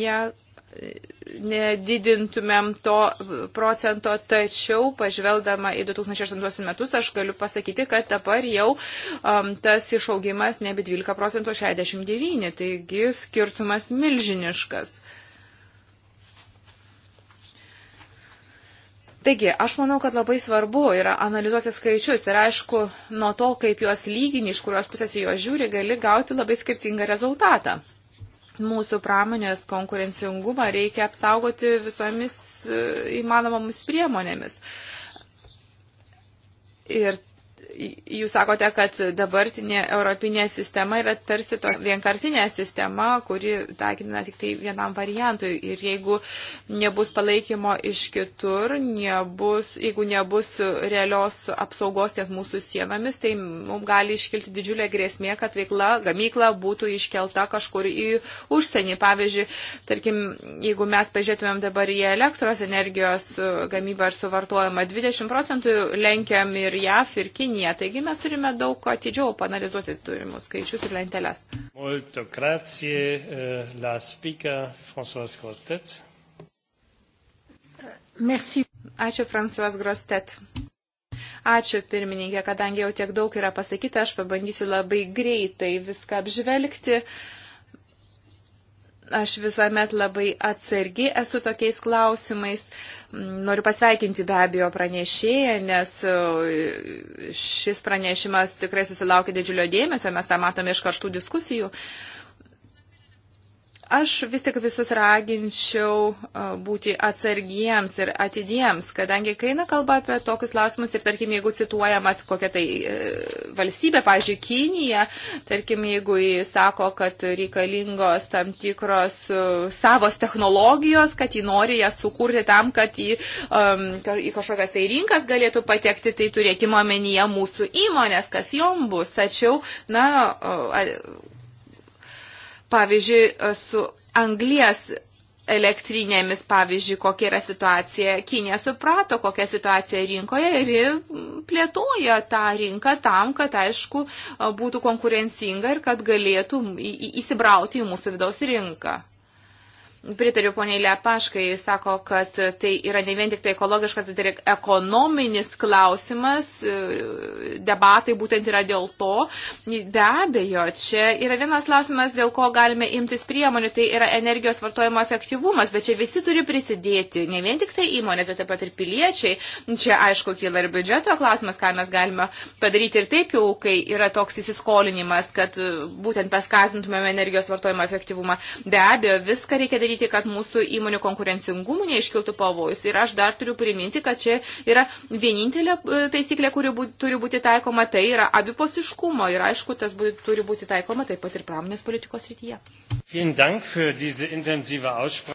ne nedidintumėm to procento, tačiau pažvelgdama į 2008 metus, aš galiu pasakyti, kad dabar jau um, tas išaugimas nebe 12 procentų, 69, taigi skirtumas milžiniškas. Taigi, aš manau, kad labai svarbu yra analizuoti skaičius ir aišku, nuo to, kaip juos lygini, iš kurios pusės juos žiūri, gali gauti labai skirtingą rezultatą mūsų pramonės konkurencingumą reikia apsaugoti visomis e, įmanomomis priemonėmis. Ir jūs sakote, kad dabartinė europinė sistema yra tarsi to vienkartinė sistema, kuri taikina tik tai vienam variantui. Ir jeigu nebus palaikymo iš kitur, nebus, jeigu nebus realios apsaugos ties mūsų sienomis, tai mums gali iškilti didžiulė grėsmė, kad veikla, gamykla būtų iškelta kažkur į užsienį. Pavyzdžiui, tarkim, jeigu mes pažiūrėtumėm dabar į elektros energijos gamybą ir suvartojimą, 20 procentų lenkiam ir JAF, ir Kinija Kinija. Taigi mes turime daug atidžiau panalizuoti turimus skaičius ir lenteles. Molto grazie, eh, la speaker François Grostet. Merci. Ačiū, François Grostet. Ačiū pirmininkė, kadangi jau tiek daug yra pasakyta, aš pabandysiu labai greitai viską apžvelgti. Uh, Aš visuomet labai atsargi esu tokiais klausimais. Mm, Noriu pasveikinti be abejo pranešėją, nes e, šis pranešimas tikrai susilaukė didžiulio dėmesio, mes tą matome iš karštų diskusijų. Uh, Aš vis tik visus raginčiau būti atsargiems ir atidiems, kadangi kai eina kalba apie tokius klausimus ir, tarkim, jeigu cituojama kokia tai e, valstybė, pažiūrėjau, Kinija, tarkim, jeigu jis sako, kad reikalingos tam tikros e, savos technologijos, kad jį nori jas sukurti tam, kad jį um, į kažkokias tai rinkas galėtų patekti, tai turėkime omenyje mūsų įmonės, kas jom bus. Tačiau, na, Pavyzdžiui, e, su anglies elektrinėmis, pavyzdžiui, kokia yra situacija. Kinė suprato, kokia situacija rinkoje ir plėtoja tą rinką tam, kad, aišku, e, būtų konkurencinga ir kad galėtų įsibrauti į mūsų vidaus rinką. Pritariu poniai Lepaškai, jis sako, kad tai yra ne vien tik tai ekologiškas, bet tai ir ekonominis klausimas, debatai būtent yra dėl to. Be abejo, čia yra vienas klausimas, dėl ko galime imtis priemonių, tai yra energijos vartojimo efektyvumas, bet čia visi turi prisidėti, ne vien tik tai įmonės, bet taip pat ir piliečiai. Čia aišku, kyla ir biudžeto klausimas, ką mes galime padaryti ir taip jau, kai yra toks įsiskolinimas, kad būtent paskatintumėme energijos vartojimo efektyvumą. Be abejo, viską reikia daryti padaryti, kad mūsų įmonių konkurencingumų neiškiltų pavojus. Ir aš dar turiu priminti, kad čia yra vienintelė e, taisyklė, kuri bū, turi būti taikoma, tai yra abiposiškumo. Ir aišku, tas bū, turi būti taikoma taip pat ir pramonės politikos rytyje.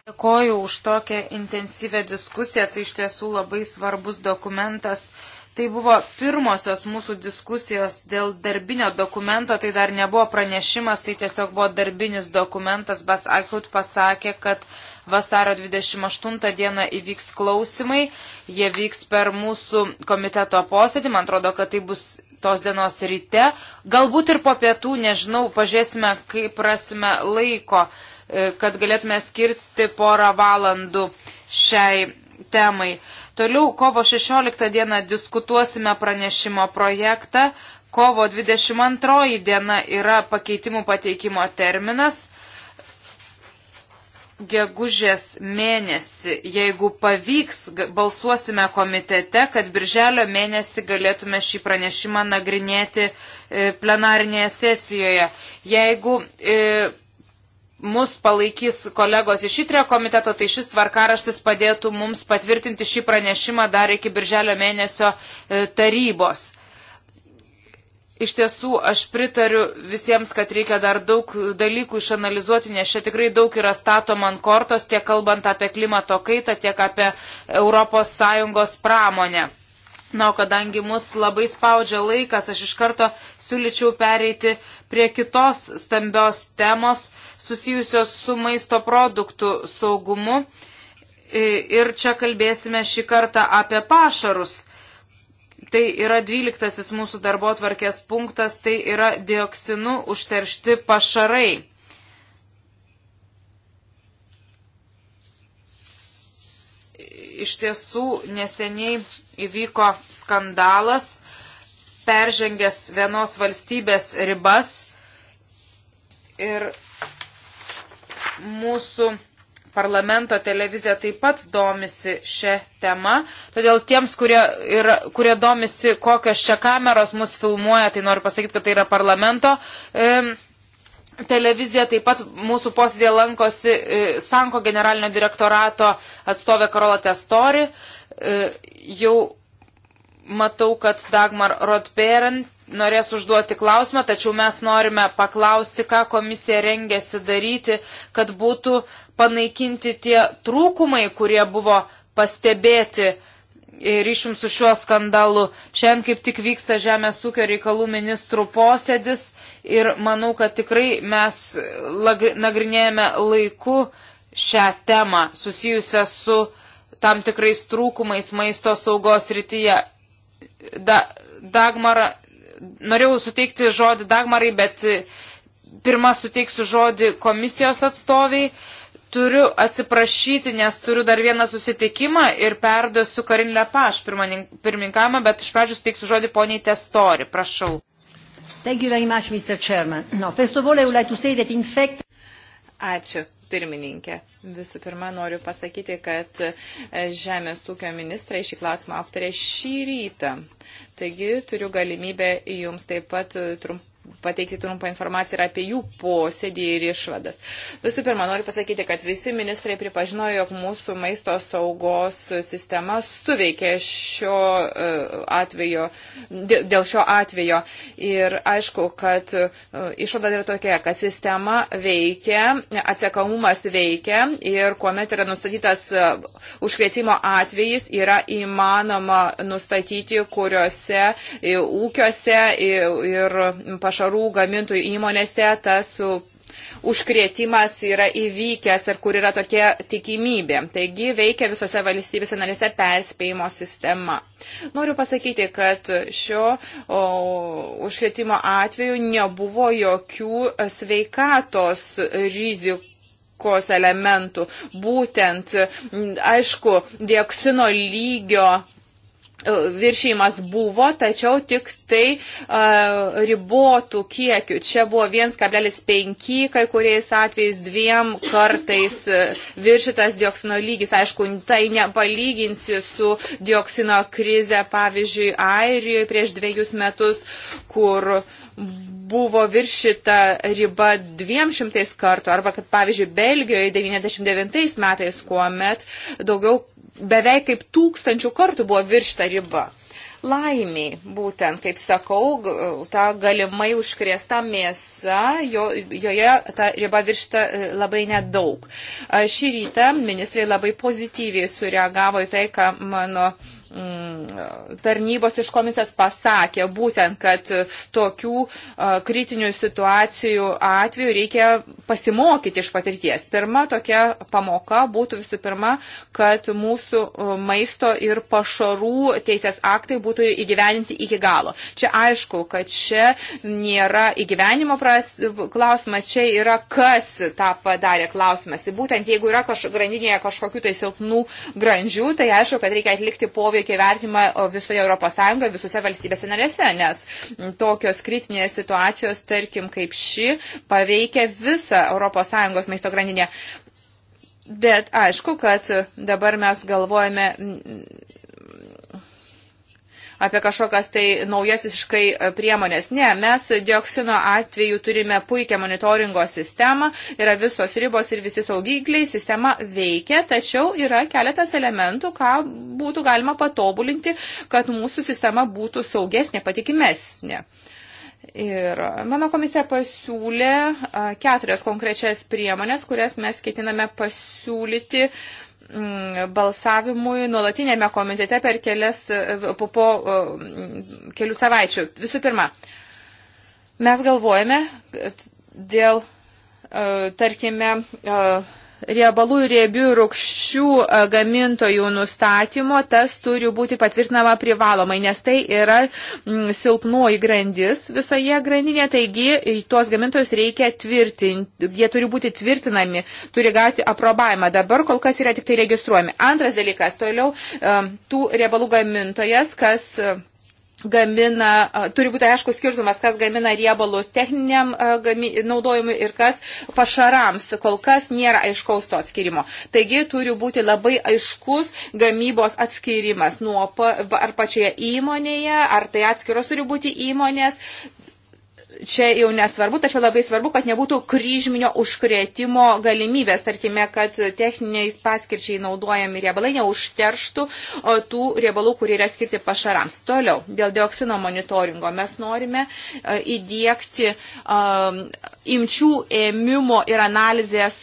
Dėkoju už tokią intensyvę diskusiją, tai iš tiesų labai svarbus dokumentas. Tai buvo pirmosios mūsų diskusijos dėl darbinio dokumento, tai dar nebuvo pranešimas, tai tiesiog buvo darbinis dokumentas. Bas Aikut pasakė, kad vasario 28 dieną įvyks klausimai, jie vyks per mūsų komiteto posėdį, man atrodo, kad tai bus tos dienos ryte, galbūt ir po pietų, nežinau, pažiūrėsime, kaip rasime laiko, e, kad galėtume skirti porą valandų šiai temai. Toliau kovo 16 dieną diskutuosime pranešimo projektą. Kovo 22 diena yra pakeitimų pateikimo terminas. Gegužės mėnesį, jeigu pavyks, balsuosime komitete, kad birželio mėnesį galėtume šį pranešimą nagrinėti e, plenarinėje sesijoje. Jeigu e, mus palaikys kolegos iš ITRE komiteto, tai šis tvarkaraštis padėtų mums patvirtinti šį pranešimą dar iki birželio mėnesio e, tarybos. Iš tiesų, aš pritariu visiems, kad reikia dar daug dalykų išanalizuoti, nes čia tikrai daug yra statoma ant kortos, tiek kalbant apie klimato kaitą, tiek apie ES pramonę. Na, o kadangi mus labai spaudžia laikas, aš iš karto siūlyčiau pereiti prie kitos stambios temos, uh, susijusios su maisto produktų saugumu. Ir čia kalbėsime šį kartą apie pašarus. Tai yra dvyliktasis mūsų darbo tvarkės punktas, tai yra dioksinų užteršti pašarai. Iš tiesų neseniai įvyko skandalas, peržengęs vienos valstybės ribas ir mūsų parlamento televizija taip pat domisi šią temą. Todėl tiems, kurie, yra, kurie domisi, kokios čia kameros mus filmuoja, tai noriu pasakyti, kad tai yra parlamento. E, Televizija taip pat mūsų posėdėje lankosi e, Sanko generalinio direktorato atstovė Karola Testori. E, jau matau, kad Dagmar Rodperent norės užduoti klausimą, tačiau mes norime paklausti, ką komisija rengėsi daryti, kad būtų panaikinti tie trūkumai, kurie buvo pastebėti ryšim su šiuo skandalu. Šiandien kaip tik vyksta Žemės ūkio reikalų ministrų posėdis ir manau, kad tikrai mes nagrinėjame laiku šią temą susijusią su tam tikrais trūkumais maisto saugos rytyje. Da, Dagmara norėjau suteikti žodį Dagmarai, bet e, pirmą suteiksiu žodį komisijos atstoviai. Turiu atsiprašyti, nes turiu dar vieną susitikimą ir perduosiu Karin Lepaš pirmininkamą, bet iš pradžių suteiksiu žodį poniai Testori. Prašau. Thank you very much, Mr. Chairman. No, first of all, I would like to say that in fact... Ačiū pirmininkė. Visų pirma, noriu pasakyti, kad e, Žemės ūkio ministrai šį klausimą aptarė šį rytą. Taigi turiu galimybę jums taip pat e, trumpai pateikti trumpą informaciją ir apie jų posėdį ir išvadas. Visų pirma, noriu pasakyti, kad visi ministrai pripažino, jog mūsų maisto saugos sistema suveikė šio e, atvejo, dėl šio atvejo. Ir aišku, kad e, išvada yra tokia, kad sistema veikia, atsiekamumas veikia ir kuomet yra nustatytas e, užkrėtimo atvejis, yra įmanoma nustatyti, kuriuose ūkiuose ir pasaulyje pašarų gamintojų įmonėse tas užkrėtimas yra įvykęs ir kur yra tokia tikimybė. Taigi veikia visose valstybėse narėse perspėjimo sistema. Noriu pasakyti, kad šio o, užkrėtimo atveju nebuvo jokių sveikatos rizikų elementų. Būtent, aišku, dioksino lygio E, viršėjimas buvo, tačiau tik tai uh, ribotų kiekių. Čia buvo 1,5, kai kuriais atvejais dviem kartais e, viršytas dioksino lygis. Aišku, tai nepalyginsi su dioksino krize, pavyzdžiui, Airijoje prieš dviejus metus, kur uh, buvo viršita riba 200 kartų, arba kad, pavyzdžiui, Belgijoje 99 metais, kuomet daugiau beveik kaip tūkstančių kartų buvo viršita riba. Laimiai, būtent, kaip sakau, ta galimai užkrėsta mėsa, jo, joje ta riba viršta e, labai nedaug. Šį rytą ministrai labai pozityviai sureagavo į tai, ką mano uh, Mm, tarnybos iš komisijos pasakė būtent, kad tokių kritinių situacijų atveju reikia pasimokyti iš patirties. Pirma tokia pamoka būtų visų pirma, kad mūsų maisto ir pašarų teisės aktai būtų įgyveninti iki galo. Čia aišku, kad čia nėra įgyvenimo pras, klausimas, čia yra kas tą padarė klausimas. Tai būtent jeigu yra kaž, grandinėje kažkokių tai silpnų grandžių, tai aišku, kad reikia atlikti poveikį poveikio vertimą visoje ES, visose valstybėse narėse, nes tokios kritinės situacijos, tarkim, kaip ši, paveikia visą ES maisto grandinę. Bet aišku, kad dabar mes galvojame apie kažkokias tai naujas visiškai e, priemonės. Ne, mes dioksino atveju turime puikią monitoringo sistemą, yra visos ribos ir visi saugikliai, sistema veikia, tačiau yra keletas elementų, ką būtų galima patobulinti, kad mūsų sistema būtų saugesnė, patikimesnė. Ir mano komisija pasiūlė keturias konkrečias priemonės, kurias mes ketiname pasiūlyti uh, Mm, balsavimui nuolatinėme komitete per kelias, e, po, po e, kelių savaičių. Visų pirma, mes galvojame dėl, e, tarkime, riebalų ir riebių rūkščių e, gamintojų nustatymo, tas turi būti patvirtinama privalomai, nes tai yra mm, silpnoji grandis visoje grandinėje, taigi e, tuos gamintojus reikia tvirtinti, jie turi būti tvirtinami, turi gauti aprobavimą. Dabar kol kas yra tik tai registruojami. Antras dalykas, toliau e, tų riebalų gamintojas, kas gamina, turi būti aišku skirtumas, kas gamina riebalus techniniam naudojimui ir kas pašarams. Kol kas nėra aiškaus to atskirimo. Taigi turi būti labai aiškus gamybos atskirimas nuo ar pačioje įmonėje, ar tai atskiros turi būti įmonės čia jau nesvarbu, tačiau labai svarbu, kad nebūtų kryžminio užkrėtimo galimybės, tarkime, kad techniniais paskirčiai naudojami riebalai neužterštų tų riebalų, kurie yra skirti pašarams. Toliau, dėl dioksino monitoringo mes norime e, įdėkti um, imčių ėmimo ir analizės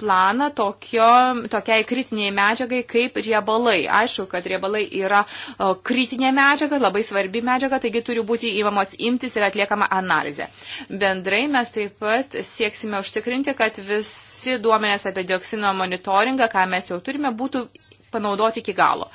planą tokio, tokiai kritiniai medžiagai kaip riebalai. Aišku, kad riebalai yra kritinė medžiaga, labai svarbi medžiaga, taigi turi būti įvamos imtis ir atliekama analizė analizę. Bendrai mes taip pat sieksime užtikrinti, kad visi duomenės apie dioksino monitoringą, ką mes jau turime, būtų panaudoti iki galo.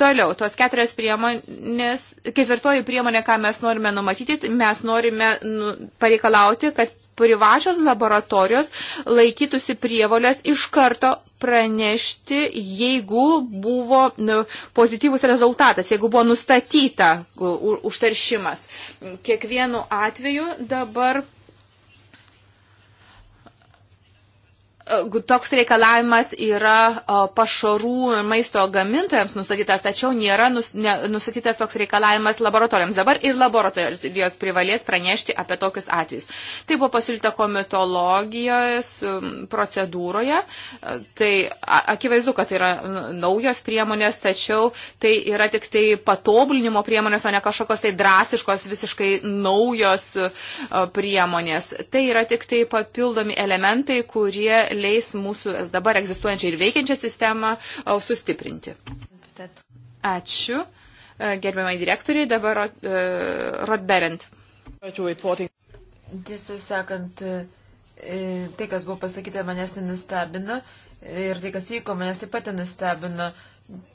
Toliau, tos keturios priemonės, ketvirtoji priemonė, ką mes norime numatyti, mes norime nu, pareikalauti, kad privačios laboratorijos laikytųsi prievolės iš karto pranešti, jeigu buvo nu, pozityvus rezultatas, jeigu buvo nustatyta užteršimas. Kiekvienu atveju dabar Toks reikalavimas yra pašarų ir maisto gamintojams nustatytas, tačiau nėra nus, ne, nustatytas toks reikalavimas laboratorijams. Dabar ir laboratorijos privalės pranešti apie tokius atvejus. Tai buvo pasiūlyta komitologijos um, procedūroje. Tai akivaizdu, kad tai yra naujos priemonės, tačiau tai yra tik tai patobulinimo priemonės, o ne kažkokios tai drastiškos, visiškai naujos priemonės. Tai yra tik tai papildomi elementai, kurie leis mūsų dabar egzistuojančią ir veikiančią sistemą sustiprinti. Ačiū. E, gerbiamai direktoriai, dabar e, Rodberent. Tiesą sakant, e, tai, kas buvo pasakyta, manęs nenustebino ir tai, kas vyko, manęs taip pat nenustebino.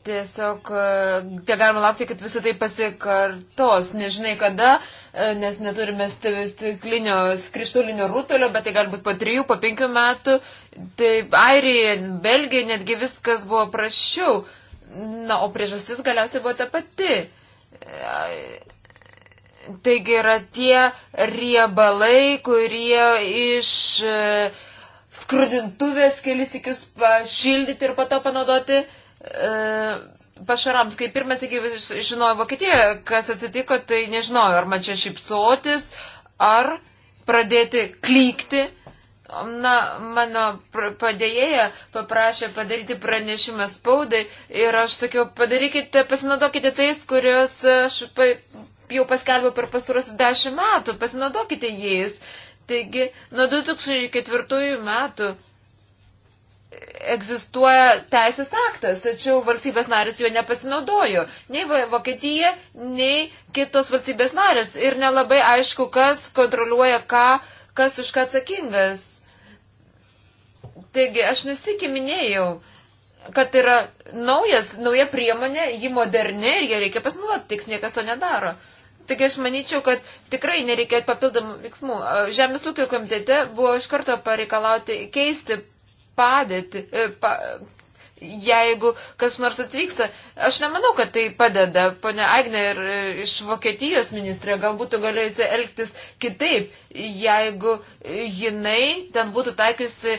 Tiesiog tie e, galima laukti, kad visą tai pasikartos. Nežinai kada, e, nes neturime stiklinio, krištolinio rutulio, bet tai galbūt po trijų, po penkių metų. Tai Airijoje, Belgijoje netgi viskas buvo praščiau. Na, o priežastis galiausiai buvo ta pati. Taigi yra tie riebalai, kurie iš e, skrudintuvės kelis įkius pašildyti ir po to panaudoti E, pašarams, kai pirmas, iki žinojo Vokietijoje, kas atsitiko, tai nežinojo, ar man čia šipsotis, ar pradėti klykti. Na, mano padėjėja paprašė padaryti pranešimą spaudai ir aš sakiau, padarykite, pasinaudokite tais, kuriuos aš pa, jau paskelbiau per pastarosius dešimt metų, pasinaudokite jais. Taigi, nuo 2004 metų egzistuoja teisės aktas, tačiau valstybės narės juo nepasinaudojo. Nei Vokietija, nei kitos valstybės narės. Ir nelabai aišku, kas kontroliuoja ką, kas už ką atsakingas. Taigi, aš nesikiminėjau, kad yra naujas, nauja priemonė, ji moderni ir ją reikia pasinaudoti, tik niekas to nedaro. Taigi aš manyčiau, kad tikrai nereikia papildomų veiksmų. Žemės ūkio komitete buvo iš karto pareikalauti keisti padėti, e, pa, jeigu kas nors atvyksta. Aš nemanau, kad tai padeda. Pone Agne ir e, iš Vokietijos ministrė galbūt galėjusi elgtis kitaip, jeigu jinai ten būtų taikiusi e,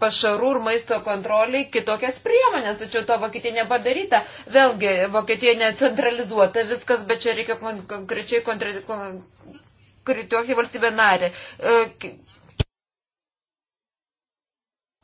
pašarų ir maisto kontroliai kitokias priemonės, tačiau to Vokietija nepadaryta. Vėlgi, Vokietija necentralizuota viskas, bet čia reikia konkrečiai konkrečiai valstybė narė.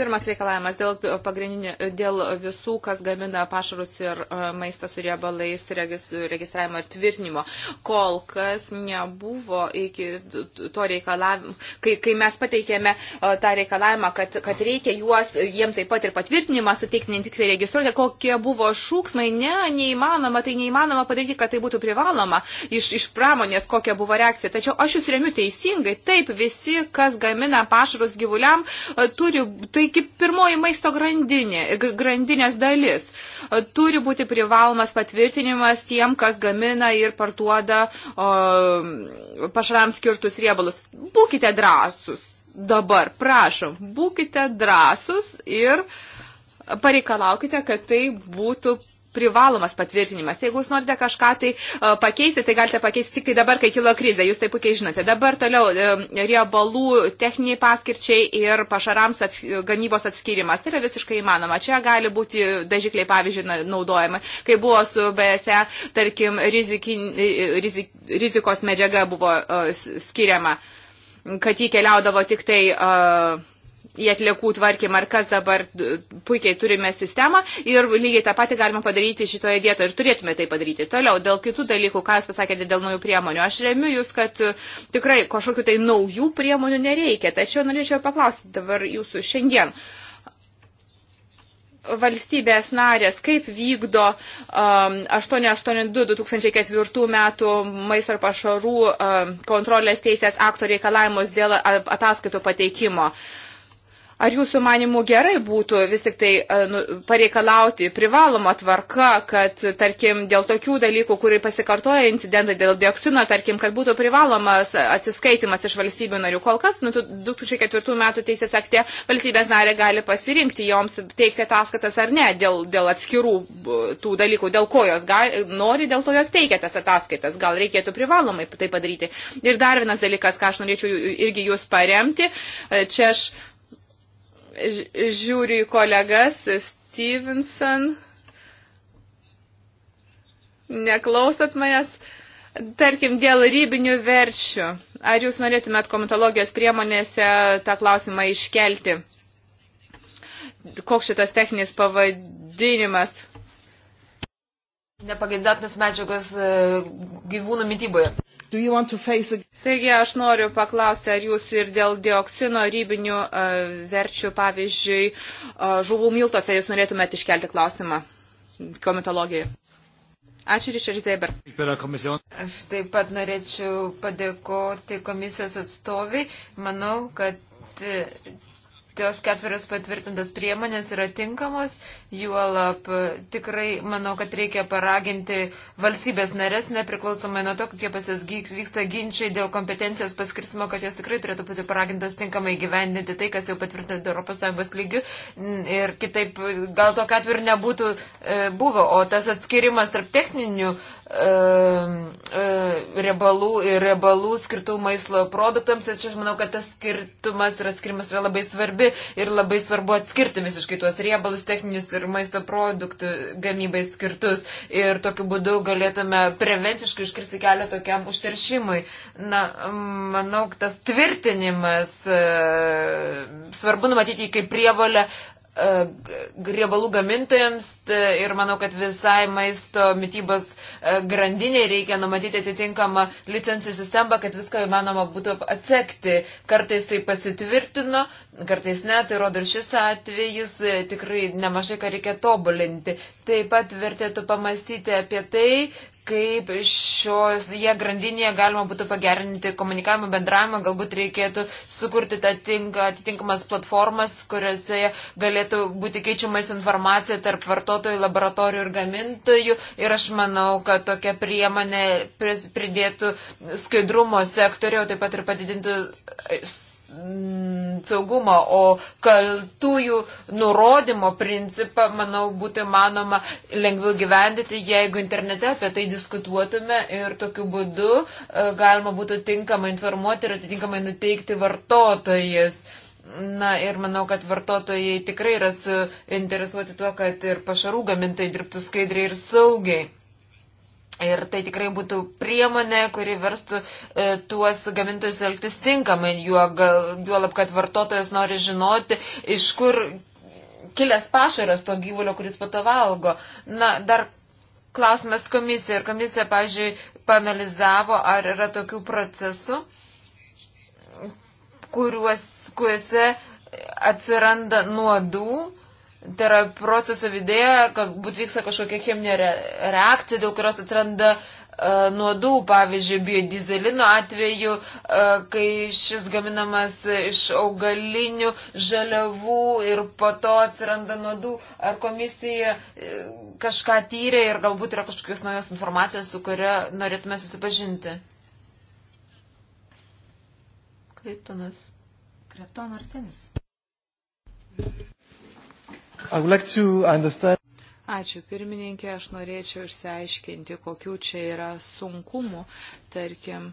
Pirmas reikalavimas dėl, dėl visų, kas gamina pašarus ir e, maistą su riebalais registravimo ir tvirtinimo. Kol kas nebuvo iki to reikalavimo, kai, kai mes pateikėme e, tą reikalavimą, kad, kad reikia juos, jiem taip pat ir patvirtinimą suteikti, ne tik tai registruoti, kokie buvo šūksmai, ne, neįmanoma, tai neįmanoma padaryti, kad tai būtų privaloma iš, iš pramonės, kokia buvo reakcija. Tačiau aš jūs remiu teisingai, taip visi, kas gamina pašarus gyvuliam, e, turi tai iki pirmoji maisto grandinė, grandinės dalis. Turi būti privalomas patvirtinimas tiem, kas gamina ir parduoda pašarams skirtus riebalus. Būkite drąsus dabar, prašom, būkite drąsus ir pareikalaukite, kad tai būtų privalomas patvirtinimas. Jeigu jūs norite kažką tai e, pakeisti, tai galite pakeisti tik tai dabar, kai kilo krizė. Jūs tai puikiai žinote. Dabar toliau e, riebalų techniniai paskirčiai ir pašarams ats, gamybos atskirimas. Tai yra visiškai įmanoma. Čia gali būti dažikliai, pavyzdžiui, naudojami. Kai buvo su BSE, tarkim, rizikin, rizik, rizikos medžiaga buvo e, skiriama, kad jį keliaudavo tik tai uh, į atliekų tvarkymą ir kas dabar puikiai turime sistemą ir lygiai tą patį galima padaryti šitoje vietoje ir turėtume tai padaryti. Toliau, dėl kitų dalykų, ką jūs pasakėte dėl naujų priemonių, aš remiu jūs, kad e, tikrai kažkokiu tai naujų priemonių nereikia, tačiau norėčiau paklausti dabar jūsų šiandien. Valstybės narės, kaip vykdo um, 882-2004 metų maisto ir pašarų um, kontrolės teisės akto reikalavimus dėl ataskaitų pateikimo. Uh, Ar jūsų manimų gerai būtų vis tik tai e, nu, pareikalauti privalomą tvarką, kad, tarkim, dėl tokių dalykų, kurie pasikartoja incidentai dėl dioksino, tarkim, kad būtų privalomas atsiskaitimas iš valstybių narių. Kol kas, nu, 2004 metų teisės akte valstybės narė gali pasirinkti joms teikti ataskaitas ar ne dėl, dėl atskirų tų dalykų, dėl ko jos gali, nori, dėl to jos teikia tas ataskaitas. Gal reikėtų privalomai tai padaryti. Ir dar vienas dalykas, ką aš norėčiau irgi jūs paremti. E, čia aš žiūriu į kolegas Stevenson. Neklausot manęs, tarkim, dėl rybinių verčių. Ar jūs norėtumėt komitologijos priemonėse tą klausimą iškelti? Koks šitas techninis pavadinimas? Nepageidotinas medžiagas e, gyvūnų mytyboje. Taigi aš noriu paklausti, ar jūs ir dėl dioksino rybinių uh, e, verčių, pavyzdžiui, uh, žuvų miltose jūs norėtumėte iškelti klausimą komitologijoje. Ačiū, Richard Zeber. Aš taip pat norėčiau padėkoti komisijos atstoviai. Manau, kad tos ketverios patvirtintos priemonės yra tinkamos, juolap e, tikrai manau, kad reikia paraginti valstybės narės, nepriklausomai nuo to, kokie pas jos vyksta ginčiai dėl kompetencijos paskirsimo, kad jos tikrai turėtų būti paragintos tinkamai gyvendinti tai, kas jau patvirtinta ES lygių ir kitaip gal to ketvirio nebūtų e, buvę, o tas atskirimas tarp techninių e, Ehm, e, riebalų ir riebalų skirtų maisto produktams. Ir čia aš manau, kad tas skirtumas ir atskirimas yra labai svarbi ir labai svarbu atskirti visiškai tuos riebalus techninius ir maisto produktų gamybai skirtus. Ir tokiu būdu galėtume prevenciškai iškirsti kelią tokiam užteršimui. Na, manau, tas tvirtinimas e, svarbu numatyti kaip prievalę E, riebalų gamintojams ir manau, kad visai maisto mytybos e, grandiniai reikia numatyti atitinkamą licencijų sistemą, kad viską įmanoma būtų atsekti. Kartais tai pasitvirtino, kartais ne, tai rodo ir šis atvejis, e, tikrai nemažai ką reikia tobulinti. Taip pat vertėtų pamastyti apie tai, kaip šioje grandinėje galima būtų pagerinti komunikavimą, bendravimą, galbūt reikėtų sukurti tinka, atitinkamas platformas, kuriuose galėtų būti keičiamas informacija tarp vartotojų, laboratorijų ir gamintojų. Ir aš manau, kad tokia priemonė pridėtų skaidrumo sektoriau, taip pat ir padidintų Mm, saugumo, o kaltųjų nurodymo principą, manau, būtų manoma lengviau gyvendyti, jeigu internete apie tai diskutuotume ir tokiu būdu e, galima būtų tinkamai informuoti ir atitinkamai nuteikti vartotojas. Na ir manau, kad vartotojai tikrai yra suinteresuoti tuo, kad ir pašarų gamintai dirbtų skaidriai ir saugiai. Ir tai tikrai būtų priemonė, kuri verstų e, tuos gamintojus elgtis tinkamai, juolab, kad vartotojas nori žinoti, iš kur kilęs pašaras to gyvulio, kuris pato valgo. Na, dar klausimas komisija. Ir komisija, pavyzdžiui, panalizavo, ar yra tokių procesų, kuriuos, kuriuose atsiranda nuodų Tai yra proceso vidėje, galbūt vyksta kažkokia cheminė reakcija, dėl kurios atsiranda uh, nuodų, pavyzdžiui, biodizelino atveju, uh, kai šis gaminamas iš augalinių žaliavų ir po to atsiranda nuodų, ar komisija uh, kažką tyrė ir galbūt yra kažkokios naujos informacijos, su kuria norėtume susipažinti. Kreitonas. Kreton Arsenis. Like Ačiū pirmininkė, aš norėčiau išsiaiškinti, kokių čia yra sunkumų, tarkim,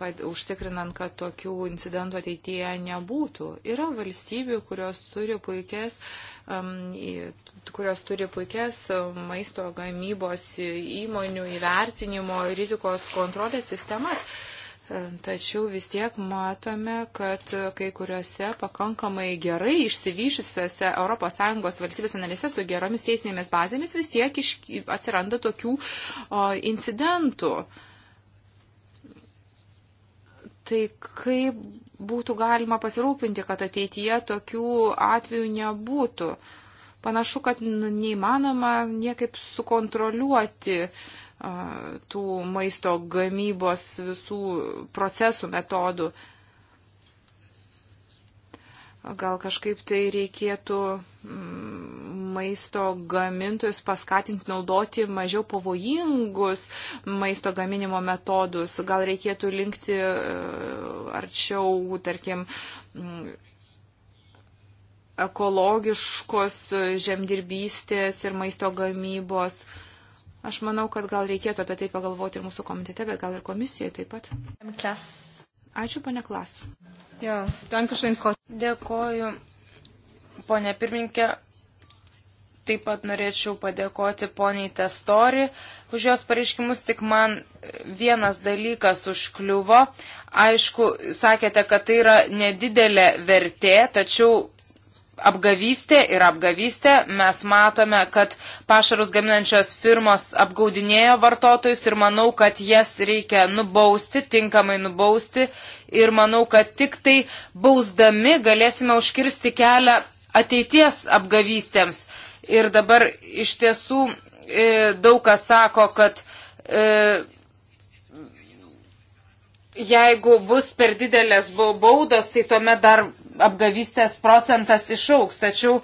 pad, užtikrinant, kad tokių incidentų ateityje nebūtų. Yra valstybių, kurios turi puikias, um, kurios turi puikias maisto gamybos įmonių įvertinimo rizikos kontrolės sistemas Tačiau vis tiek matome, kad kai kuriuose pakankamai gerai išsivyšusiuose ES valstybės analise su geromis teisinėmis bazėmis vis tiek iš, atsiranda tokių o, incidentų. Tai kaip būtų galima pasirūpinti, kad ateityje tokių atvejų nebūtų? Panašu, kad neįmanoma niekaip sukontroliuoti uh, tų maisto gamybos visų procesų metodų. Gal kažkaip tai reikėtų mm, maisto gamintojus paskatinti naudoti mažiau pavojingus maisto gaminimo metodus. Gal reikėtų linkti e, arčiau, tarkim, mm, ekologiškos žemdirbystės ir maisto gamybos. Uh, Aš manau, kad gal reikėtų apie tai pagalvoti ir mūsų komitete, bet gal ir komisijoje taip pat. Klas. Ačiū, pane Klas. Ja, dankušin, Frau. Dėkoju, ponė pirmininkė. Taip pat norėčiau padėkoti poniai Testori už jos pareiškimus, tik man vienas dalykas užkliuvo. Aišku, sakėte, kad tai yra nedidelė vertė, tačiau apgavystė ir apgavystė. Mes matome, kad pašarus gaminančios firmos apgaudinėjo vartotojus ir manau, kad jas reikia nubausti, tinkamai nubausti ir manau, kad tik tai bausdami galėsime užkirsti kelią ateities apgavystėms. Ir dabar iš tiesų e, daug kas sako, kad e, jeigu bus per didelės baudos, tai tuomet dar apgavystės procentas išauks, tačiau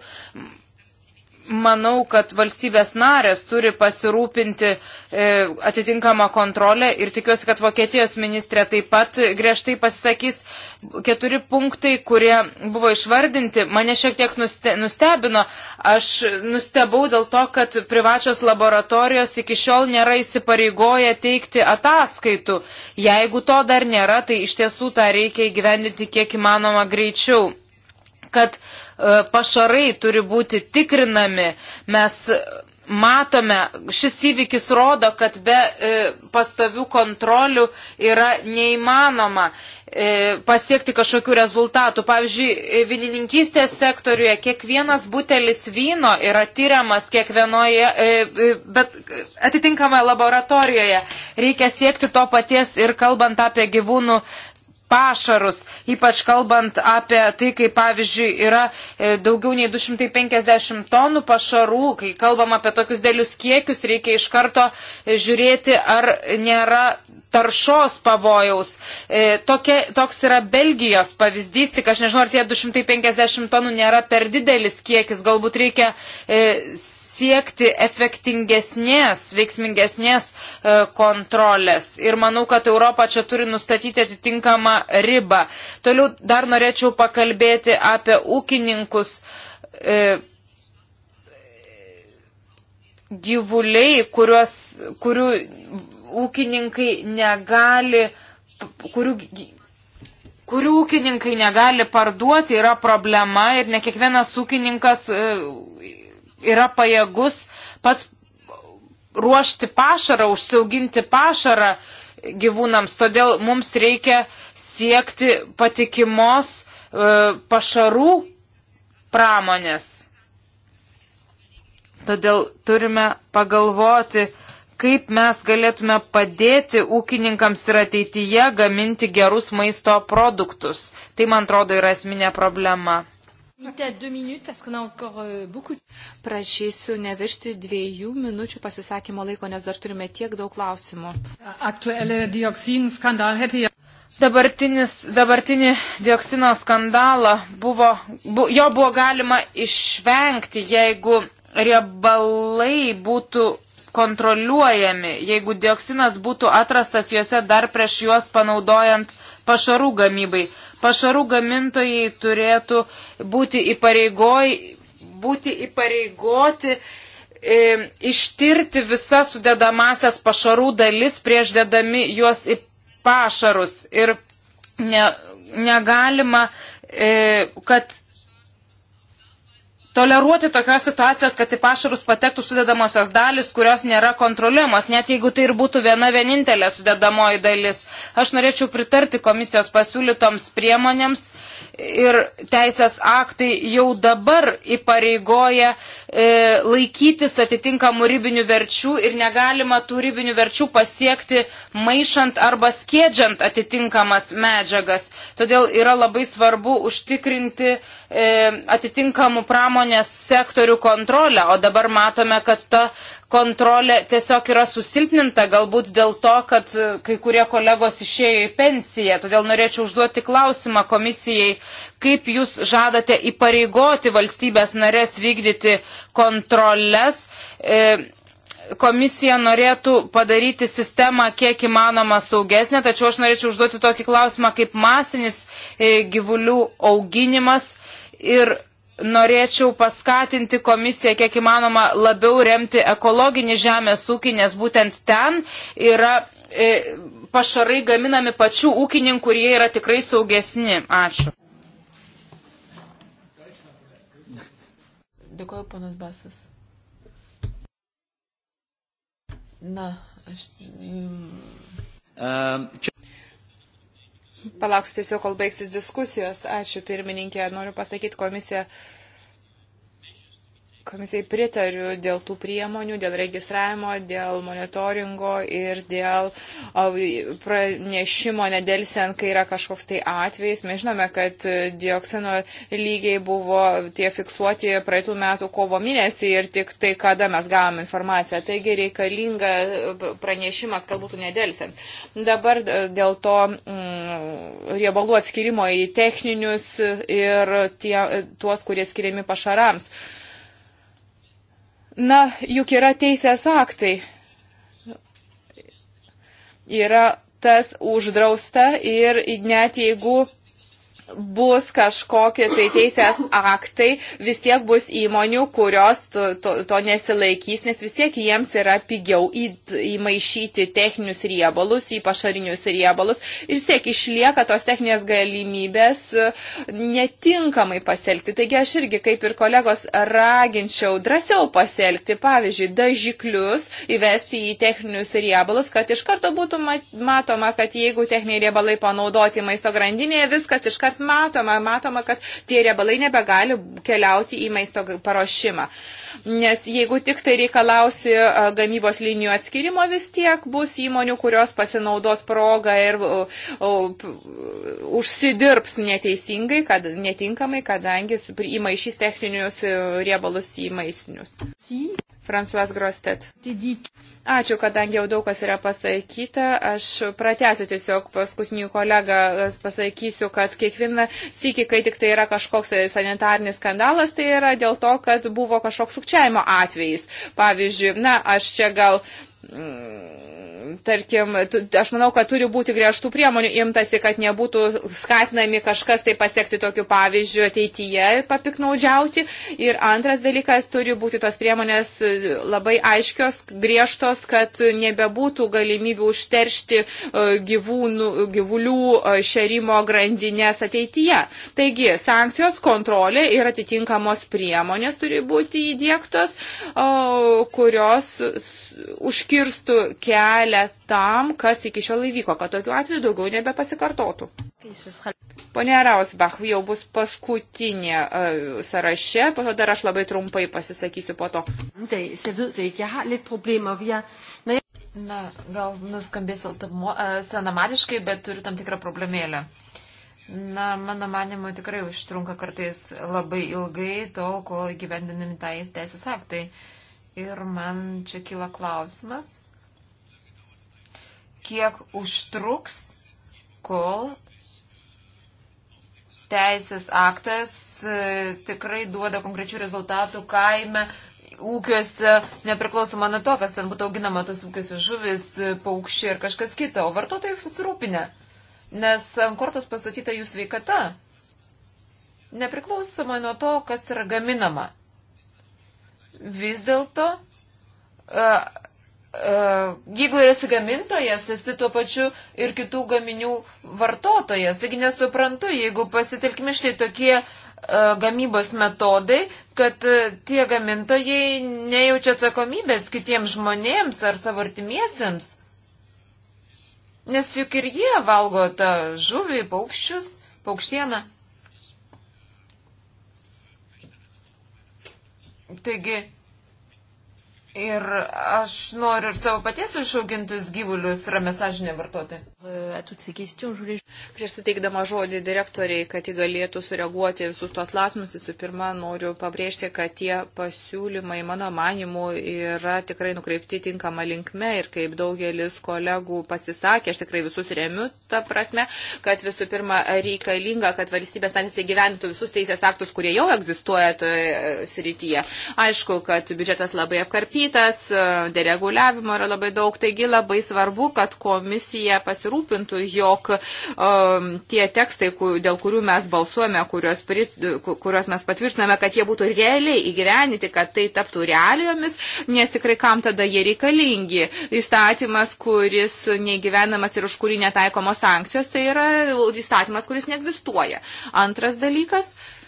manau, kad valstybės narės turi pasirūpinti e, atitinkamą kontrolę ir tikiuosi, kad Vokietijos ministrė taip pat griežtai pasisakys. Keturi punktai, kurie buvo išvardinti, mane šiek tiek nuste, nustebino. Aš nustebau dėl to, kad privačios laboratorijos iki šiol nėra įsipareigoję teikti ataskaitų. Jeigu to dar nėra, tai iš tiesų tą reikia įgyvendinti kiek įmanoma greičiau kad uh, E, pašarai turi būti tikrinami. Mes matome, šis įvykis rodo, kad be e, pastovių kontrolių yra neįmanoma e, pasiekti kažkokių rezultatų. Pavyzdžiui, vynininkystės sektoriuje kiekvienas butelis vyno yra tyriamas kiekvienoje, bet atitinkamoje laboratorijoje. Reikia siekti to paties ir kalbant apie gyvūnų pašarus, ypač kalbant apie tai, kaip pavyzdžiui yra e, daugiau nei 250 tonų pašarų, kai kalbam apie tokius dėlius kiekius, reikia iš karto e, žiūrėti, ar nėra taršos pavojaus. E, tokia, toks yra Belgijos pavyzdys, tik aš nežinau, ar tie 250 tonų nėra per didelis kiekis, galbūt reikia siekti efektingesnės, veiksmingesnės e, kontrolės. Ir manau, kad Europa čia turi nustatyti atitinkamą ribą. Toliau dar norėčiau pakalbėti apie ūkininkus. E, gyvuliai, kuriuos, kurių ūkininkai negali, kurių kurių ūkininkai negali parduoti, yra problema ir ne kiekvienas ūkininkas e, yra pajėgus pats ruošti pašarą, užsiauginti pašarą gyvūnams. Todėl mums reikia siekti patikimos e, pašarų pramonės. Todėl turime pagalvoti, kaip mes galėtume padėti ūkininkams ir ateityje gaminti gerus maisto produktus. Tai, man atrodo, yra esminė problema. Euh, Prašysiu neviršti dviejų minučių pasisakymo laiko, nes dar turime tiek daug klausimų. Dabartinis, dabartinį dioksino skandalą buvo, bu, jo buvo galima išvengti, jeigu riebalai būtų kontroliuojami, jeigu dioksinas būtų atrastas juose dar prieš juos panaudojant pašarų gamybai pašarų gamintojai turėtų būti, įpareigoj, būti įpareigoti e, ištirti visas sudedamasias pašarų dalis prieš dedami juos į pašarus. Ir ne, negalima, e, kad toleruoti tokios situacijos, kad į pašarus patektų sudedamosios dalis, kurios nėra kontroliuojamos, net jeigu tai ir būtų viena vienintelė sudedamoji dalis. Aš norėčiau pritarti komisijos pasiūlytoms priemonėms ir teisės aktai jau dabar įpareigoja e, laikytis atitinkamų ribinių verčių ir negalima tų ribinių verčių pasiekti maišant arba skėdžiant atitinkamas medžiagas. Todėl yra labai svarbu užtikrinti e, atitinkamų pramonės sektorių kontrolę, o dabar matome, kad ta kontrolė tiesiog yra susilpninta galbūt dėl to, kad e, kai kurie kolegos išėjo į pensiją. Todėl norėčiau užduoti klausimą komisijai, kaip jūs žadate įpareigoti valstybės narės vykdyti kontrolės. E, Komisija norėtų padaryti sistemą kiek įmanoma saugesnė, tačiau aš norėčiau užduoti tokį klausimą kaip masinis e, gyvulių auginimas ir norėčiau paskatinti komisiją kiek įmanoma labiau remti ekologinį žemės ūkį, nes būtent ten yra e, pašarai gaminami pačių ūkininkų, kurie yra tikrai saugesni. Ačiū. Dėkuoju, panas Basas. Na, aš. Mm. Um, čia... Palauksiu tiesiog, kol baigsis diskusijos. Ačiū pirmininkė. Noriu pasakyti, komisija Komisijai pritariu dėl tų priemonių, dėl registravimo, dėl monitoringo ir dėl pranešimo nedelsiant, kai yra kažkoks tai atvejs. Mes žinome, kad dioksino lygiai buvo tie fiksuoti praeitų metų kovo mėnesį ir tik tai kada mes gavom informaciją. Taigi reikalinga pranešimas, kad būtų nedelsiant. Dabar dėl to mm, riebalų atskirimo į techninius ir tie, tuos, kurie skiriami pašarams. Na, juk yra teisės aktai. Yra tas uždrausta ir net jeigu bus kažkokie tai teisės aktai, vis tiek bus įmonių, kurios to, to, to nesilaikys, nes vis tiek jiems yra pigiau į, įmaišyti techninius riebalus, į pašarinius riebalus ir vis tiek išlieka tos techninės galimybės e, netinkamai pasielgti. Taigi aš irgi, kaip ir kolegos, raginčiau drąsiau pasielgti, pavyzdžiui, dažiklius įvesti į techninius riebalus, kad iš karto būtų matoma, kad jeigu techniniai riebalai panaudoti maisto grandinėje, viskas iškart matoma. Matoma, kad tie riebalai nebegali keliauti į maisto paruošimą. Nes jeigu tik tai reikalausi e, gamybos linijų atskirimo, vis tiek bus įmonių, kurios pasinaudos progą ir e, o, o, užsidirbs neteisingai, kad, netinkamai, kadangi įmaišys techninius e, riebalus į maisinius. Fransuas Grostet. Ačiū, kadangi jau daug kas yra pasakyta. Aš pratęsiu tiesiog paskutinį kolegą, pasakysiu, kad kiekvieną sykį, kai tik tai yra kažkoks sanitarnis skandalas, tai yra dėl to, kad buvo kažkoks sukčiavimo atvejis. Pavyzdžiui, na, aš čia gal. Mm, tarkim, aš manau, kad turi būti griežtų priemonių imtasi, kad nebūtų skatinami kažkas tai pasiekti tokiu pavyzdžiu ateityje papiknaudžiauti. Ir antras dalykas, turi būti tos priemonės e, labai aiškios, griežtos, kad nebebūtų galimybių užteršti e, gyvūnų, gyvulių e, šerimo grandinės ateityje. Taigi, sankcijos, kontrolė ir atitinkamos priemonės turi būti įdėktos, kurios užkirstų kelią tam, kas iki šiol įvyko, kad tokiu atveju daugiau nebepasikartotų. Pone Rausbach, jau bus paskutinė uh, sąraše, po to dar aš labai trumpai pasisakysiu po to. Na, gal nuskambės e, senamadiškai, bet turiu tam tikrą problemėlę. Na, mano manimo tikrai užtrunka kartais labai ilgai, tol, kol gyvendinami tai teisės aktai. Uh, ir man čia kyla klausimas, kiek užtruks, kol teisės aktas e, tikrai duoda konkrečių rezultatų kaime, ūkiuose, nepriklausoma nuo to, kas ten būtų auginama tos ūkiuose žuvis, e, paukščiai ir kažkas kita, o vartotojai susirūpinę, nes ant kortos pastatyta jų sveikata, nepriklausoma nuo to, kas yra gaminama vis dėlto, e, e, jeigu esi gamintojas, esi tuo pačiu ir kitų gaminių vartotojas. Taigi nesuprantu, jeigu pasitelkime štai tokie e, gamybos metodai, kad tie gamintojai nejaučia atsakomybės kitiems žmonėms ar savo artimiesiems. Nes juk ir jie valgo tą žuvį, paukščius, paukštieną. Taigi, Ir aš noriu ir savo paties išaugintus gyvulius ramę sąžinę vartoti. E, prieš suteikdama žodį direktoriai, kad ji galėtų sureaguoti visus tos lasmus, visų pirma, noriu pabrėžti, kad tie pasiūlymai, mano manimu, yra tikrai nukreipti tinkama linkme ir kaip daugelis kolegų pasisakė, aš tikrai visus remiu tą prasme, kad visų pirma reikalinga, kad valstybės narės įgyvenintų visus teisės aktus, kurie jau egzistuoja toje e, srityje. Aišku, kad biudžetas labai apkarpytas numatytas, e, dereguliavimo yra labai daug, taigi labai svarbu, kad komisija pasirūpintų, jog um, tie tekstai, dėl kurių mes balsuojame, kuriuos, prit, kuriuos mes patvirtiname, kad jie būtų realiai įgyvenyti, kad tai taptų realijomis, nes tikrai kam tada jie reikalingi. Įstatymas, kuris neįgyvenamas ir už kurį netaikomos sankcijos, tai yra įstatymas, kuris neegzistuoja. Antras dalykas. Uh,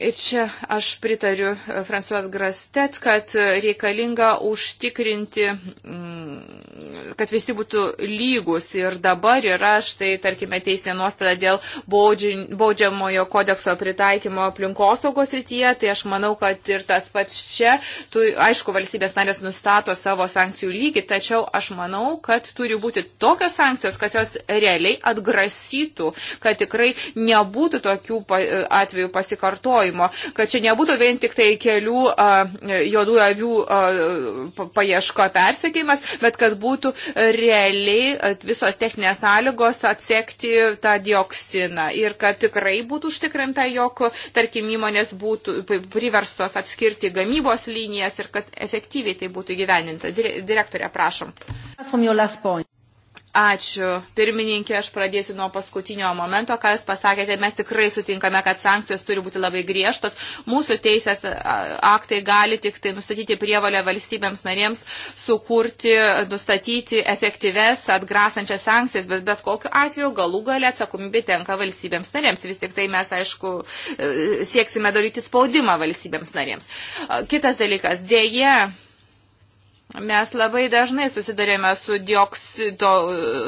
Ir čia aš pritariu e, Fransuos Grastet, kad e, reikalinga užtikrinti, mm, kad visi būtų lygus. Ir dabar yra štai, tarkime, teisinė nuostada dėl baudžiamojo kodekso pritaikymo aplinkosaugos rytyje. Tai aš manau, kad ir tas pats čia, tu, aišku, valstybės narės nustato savo sankcijų lygį, tačiau aš manau, kad turi būti tokios sankcijos, kad jos realiai atgrasytų, kad tikrai nebūtų tokių e, atvejų pasikartojimų ieškojimo, kad čia nebūtų vien tik tai kelių a, juodų avių a, paieško persekėjimas, bet kad būtų realiai visos techninės sąlygos atsekti tą dioksiną ir kad tikrai būtų užtikrinta, jog, tarkim, įmonės būtų priverstos atskirti gamybos linijas ir kad efektyviai tai būtų gyveninta. Direktorė, prašom. Ačiū. Pirmininkė, aš pradėsiu nuo paskutinio momento, ką Jūs pasakėte. Mes tikrai sutinkame, kad sankcijos turi būti labai griežtos. Mūsų teisės aktai gali tik tai nustatyti prievalę valstybėms narėms, sukurti, nustatyti efektyves, atgrasančias sankcijas, bet bet kokiu atveju galų galę atsakomybė tenka valstybėms narėms. Vis tik tai mes, aišku, e, sieksime daryti spaudimą valstybėms narėms. Kitas dalykas, dėje Mes labai dažnai susidarėme su, dioksido,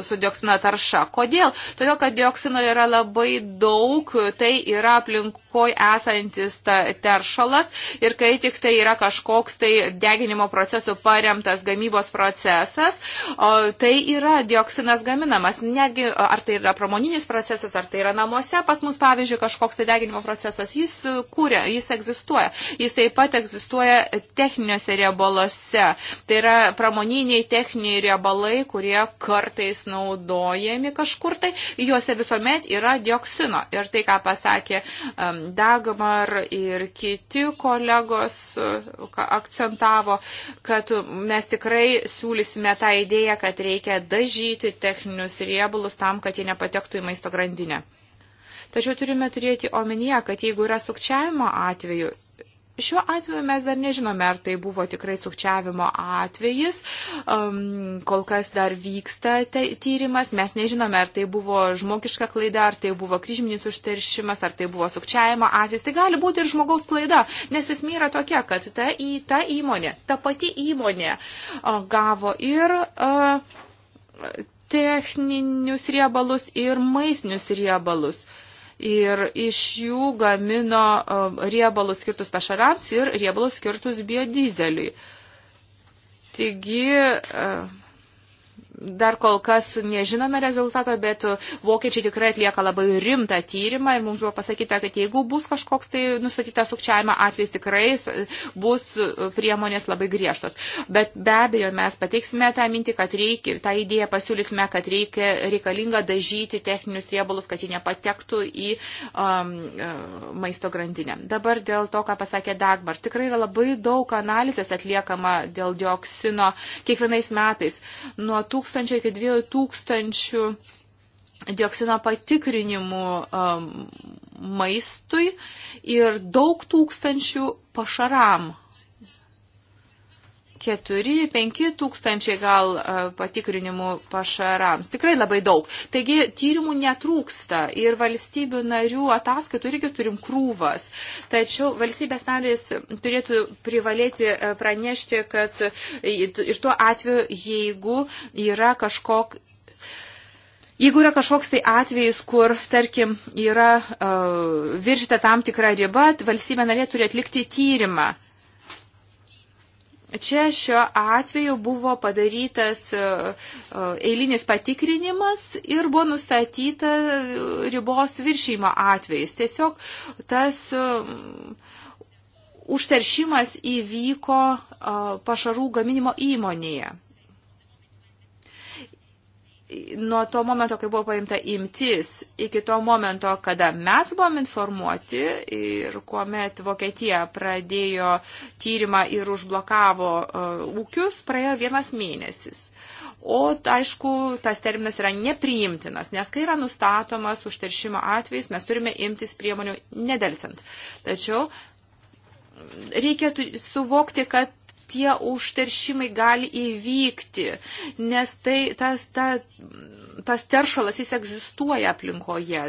su dioksino tarša. Kodėl? Todėl, kad dioksino yra labai daug, tai yra aplinkoje esantis teršalas ir kai tik tai yra kažkoks tai deginimo procesų paremtas gamybos procesas, o, tai yra dioksinas gaminamas. Netgi ar tai yra pramoninis procesas, ar tai yra namuose pas mus, pavyzdžiui, kažkoks tai deginimo procesas, jis kūrė, jis egzistuoja. Jis taip pat egzistuoja techniniuose riebaluose. Tai yra pramoniniai techniniai riebalai, kurie kartais naudojami kažkur tai, juose visuomet yra dioksino. Ir tai, ką pasakė Dagmar ir kiti kolegos e, akcentavo, kad mes tikrai siūlysime tą idėją, kad reikia dažyti techninius riebalus tam, kad jie nepatektų į maisto grandinę. Tačiau turime turėti omenyje, kad jeigu yra sukčiavimo atveju, Šiuo atveju mes dar nežinome, ar tai buvo tikrai sukčiavimo atvejis, um, kol kas dar vyksta te, tyrimas, mes nežinome, ar tai buvo žmogiška klaida, ar tai buvo kryžminis užteršimas, ar tai buvo sukčiavimo atvejis. Tai gali būti ir žmogaus klaida, nes esmė yra tokia, kad ta, į, ta įmonė, ta pati įmonė o, gavo ir. O, techninius riebalus ir maistinius riebalus. Uh, ir iš jų gamino e, riebalus skirtus pašarams ir riebalus skirtus biodizeliui. Taigi e, dar kol kas nežinome rezultato, bet vokiečiai tikrai atlieka labai rimtą tyrimą ir mums buvo pasakyta, kad jeigu bus kažkoks tai nustatytas sukčiavimo atvejs, tikrai bus priemonės labai griežtos. Bet be abejo mes pateiksime tą mintį, kad reikia, tą idėją pasiūlysime, kad reikia, reikalinga dažyti techninius riebalus, kad jie nepatektų į um, maisto grandinę. Dabar dėl to, ką pasakė Dagmar. Tikrai yra labai daug analizės atliekama dėl dioksino kiekvienais metais. Nuo 1000 tūkstančio iki dviejų tūkstančių dioksino patikrinimų um, maistui ir daug tūkstančių pašaram. 4-5 tūkstančiai gal e, patikrinimų pašarams. Tikrai labai daug. Taigi tyrimų netrūksta ir valstybių narių ataskaitų irgi turim krūvas. Tačiau valstybės narės turėtų privalėti e, pranešti, kad ir tuo atveju, jeigu yra kažkok. Jeigu yra kažkoks tai atvejis, kur, tarkim, yra uh, e, viršita tam tikra riba, valstybė narė turi atlikti tyrimą. Uh, Čia šiuo atveju buvo padarytas e, e, eilinis patikrinimas ir buvo nustatyta e, ribos viršymo atvejais. Tiesiog tas užteršimas įvyko pašarų gaminimo įmonėje nuo to momento, kai buvo paimta imtis, iki to momento, kada mes buvom informuoti ir kuomet Vokietija pradėjo tyrimą ir užblokavo uh, ūkius, praėjo vienas mėnesis. O aišku, tas terminas yra nepriimtinas, nes kai yra nustatomas užteršimo atvejs, mes turime imtis priemonių nedelsant. Tačiau reikėtų suvokti, kad tie užteršimai gali įvykti, nes tai tas ta tas teršalas, jis egzistuoja aplinkoje.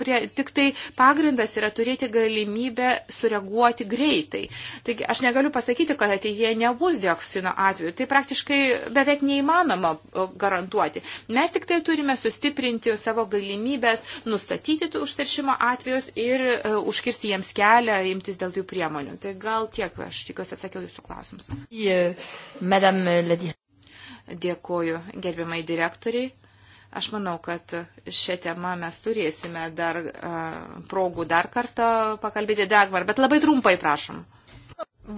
Prie, tik tai pagrindas yra turėti galimybę sureaguoti greitai. Taigi aš negaliu pasakyti, kad ateityje nebus dioksino atveju. Tai praktiškai beveik neįmanoma garantuoti. Mes tik tai turime sustiprinti savo galimybės nustatyti tų užteršimo atvejus ir uh, užkirsti jiems kelią, imtis dėl jų priemonių. Tai gal tiek, aš tikiuosi atsakiau jūsų klausimus. Dėkuoju gerbiamai direktoriai. Aš manau, kad šią temą mes turėsime dar uh, progų dar kartą pakalbėti Dagmar, bet labai trumpai prašom.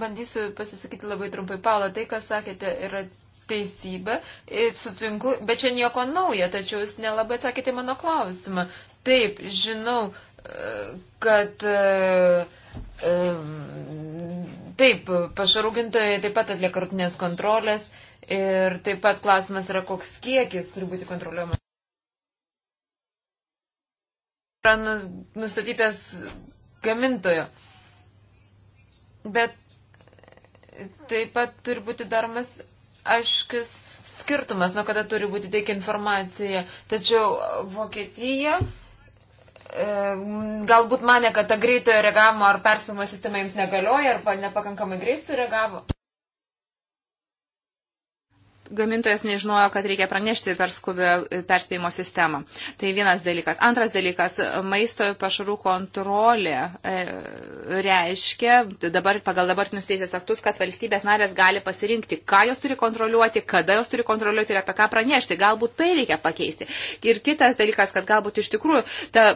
Bandysiu pasisakyti labai trumpai. Paula, tai, ką sakėte, yra teisybė. Sutinku, bet čia nieko naujo, tačiau jūs nelabai atsakėte mano klausimą. Taip, žinau, e, kad. E, e, taip, pašarūgintojai taip pat atlieka rutinės kontrolės. Uh, Ir taip pat klausimas yra, koks kiekis turi būti kontroliuojamas. Yra nustatytas gamintojo. Bet taip pat turi būti daromas aiškis skirtumas, nuo kada turi būti teikia informacija. Tačiau Vokietija e, galbūt mane, kad ta greitojo reagavimo ar perspėjimo sistema jums negalioja, arba nepakankamai greit sureagavo gamintojas nežinojo, kad reikia pranešti per skubę e, perspėjimo sistemą. Tai vienas dalykas. Antras dalykas - maisto pašarų kontrolė e, reiškia dabar, pagal dabartinius teisės aktus, kad valstybės narės gali pasirinkti, ką jos turi kontroliuoti, kada jos turi kontroliuoti ir apie ką pranešti. Galbūt tai reikia pakeisti. Ir kitas dalykas, kad galbūt iš tikrųjų ta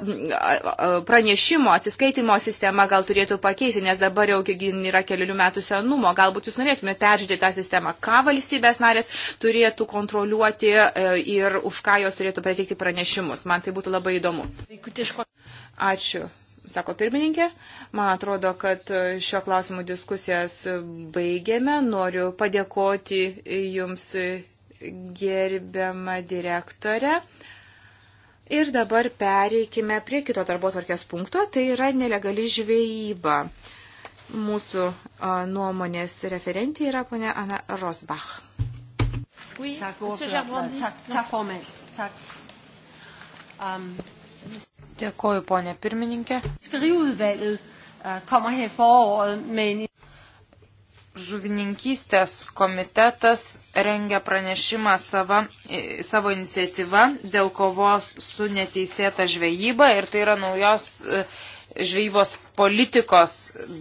pranešimo atsiskaitimo sistema gal turėtų pakeisti, nes dabar jau yra kelių metų senumo. Galbūt jūs norėtumėte peržiūrėti tą sistemą, ką valstybės narės turėtų kontroliuoti e, ir už ką jos turėtų pateikti pranešimus. Man tai būtų labai įdomu. Ačiū. Sako pirmininkė, man atrodo, kad e, šio klausimų diskusijas baigėme. Noriu padėkoti Jums, e, gerbiama direktorė. Ir dabar pereikime prie kito darbo tvarkės punkto, tai yra nelegali žvejyba. Mūsų nuomonės referentė yra ponia Ana Rosbach. Oui, Monsieur Gerbrandi. Um, Dėkoju, ponė pirmininkė. Uh, Žuvininkystės komitetas rengia pranešimą savo, savo iniciatyvą dėl kovos su neteisėta žvejyba ir tai yra naujos e, žvejybos politikos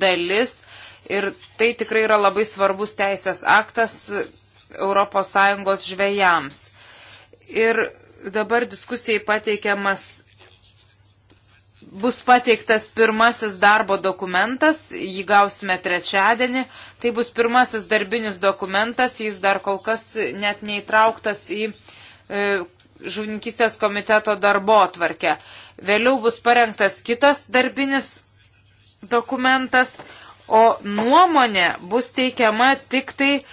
dalis. Ir tai tikrai yra labai svarbus teisės aktas, ES žvėjams. Ir dabar diskusijai pateikiamas bus pateiktas pirmasis darbo dokumentas, jį gausime trečiadienį. Tai bus pirmasis darbinis dokumentas, jis dar kol kas net neįtrauktas į e, žuvininkystės komiteto darbo atvarkę. Vėliau bus parengtas kitas darbinis dokumentas o nuomonė bus teikiama tik tai e,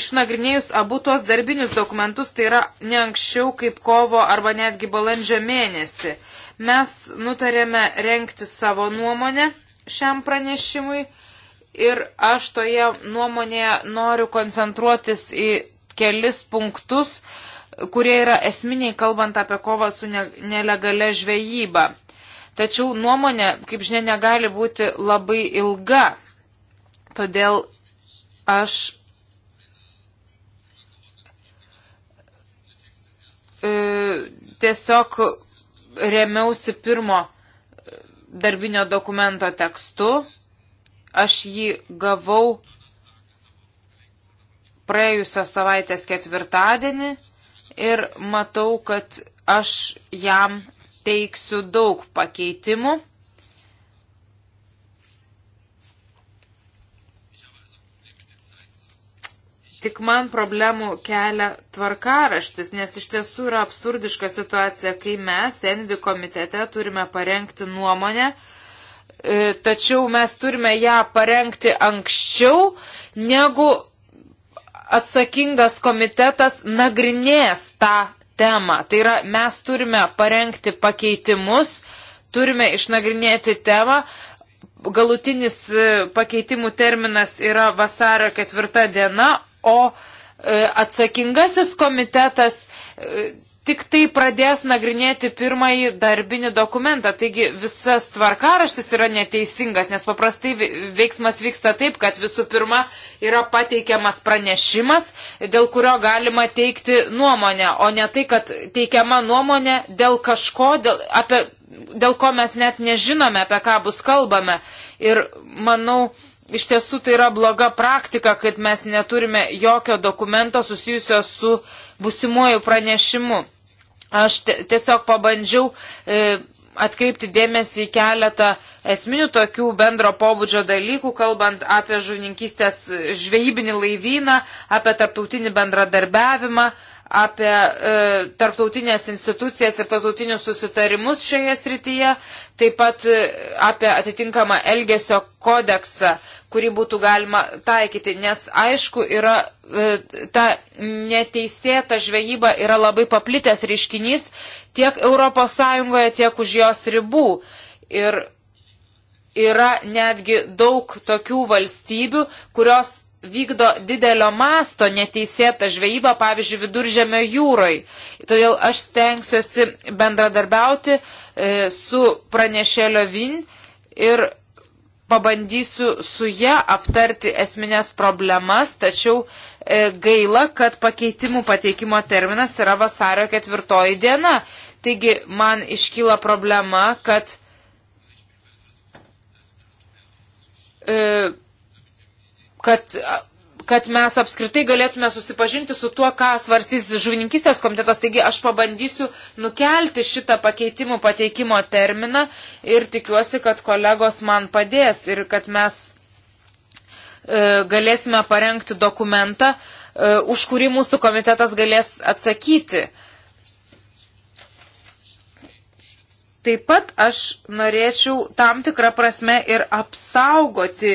išnagrinėjus abu tuos darbinius dokumentus, tai yra ne anksčiau kaip kovo arba netgi balandžio mėnesį. Mes nutarėme renkti savo nuomonę šiam pranešimui ir aš toje nuomonėje noriu koncentruotis į kelis punktus, kurie yra esminiai kalbant apie kovą su ne, nelegale žvejyba. E, Tačiau nuomonė, kaip žinia, negali būti labai ilga. Todėl aš e, tiesiog remiausi pirmo darbinio dokumento tekstu. Aš jį gavau praėjusios savaitės ketvirtadienį ir matau, kad aš jam teiksiu daug pakeitimų. Tik man problemų kelia tvarkaraštis, nes iš tiesų yra absurdiška situacija, kai mes, Envi komitete, turime parengti nuomonę, e, tačiau mes turime ją parengti anksčiau, negu atsakingas komitetas nagrinės tą temą. Tai yra, mes turime parengti pakeitimus, turime išnagrinėti temą. Galutinis e, pakeitimų terminas yra vasario ketvirta diena, o e, atsakingasis komitetas e, tik tai pradės nagrinėti pirmąjį darbinį dokumentą. Taigi visas tvarkaraštis yra neteisingas, nes paprastai veiksmas vyksta taip, kad visų pirma yra pateikiamas pranešimas, dėl kurio galima teikti nuomonę, o ne tai, kad teikiama nuomonė dėl kažko, dėl, apie, dėl ko mes net nežinome, apie ką bus kalbame. Ir manau, iš tiesų tai yra bloga praktika, kad mes neturime jokio dokumento susijusio su busimuoju pranešimu. Aš tiesiog pabandžiau e, atkreipti dėmesį į keletą esminių tokių bendro pobūdžio dalykų, kalbant apie žuvininkystės žvejybinį laivyną, apie tarptautinį bendradarbiavimą, apie e, tarptautinės institucijas ir tarptautinius susitarimus šioje srityje, taip pat e, apie atitinkamą elgesio kodeksą, kurį būtų galima taikyti, nes aišku, yra e, ta neteisėta žvejyba yra labai paplitęs reiškinys tiek ES, tiek už jos ribų. Ir yra netgi daug tokių valstybių, kurios vykdo didelio masto neteisėtą žvejybą, pavyzdžiui, viduržėmio jūroj. Todėl aš stengsiuosi bendradarbiauti e, su pranešėlio Vin ir pabandysiu su ją aptarti esminės problemas, tačiau e, gaila, kad pakeitimų pateikimo terminas yra vasario ketvirtoji diena. Taigi man iškyla problema, kad e, kad, kad mes apskritai galėtume susipažinti su tuo, ką svarstys žuvininkistės komitetas. Taigi aš pabandysiu nukelti šitą pakeitimų pateikimo terminą ir tikiuosi, kad kolegos man padės ir kad mes e, galėsime parengti dokumentą, e, už kurį mūsų komitetas galės atsakyti. Taip pat aš norėčiau tam tikrą prasme ir apsaugoti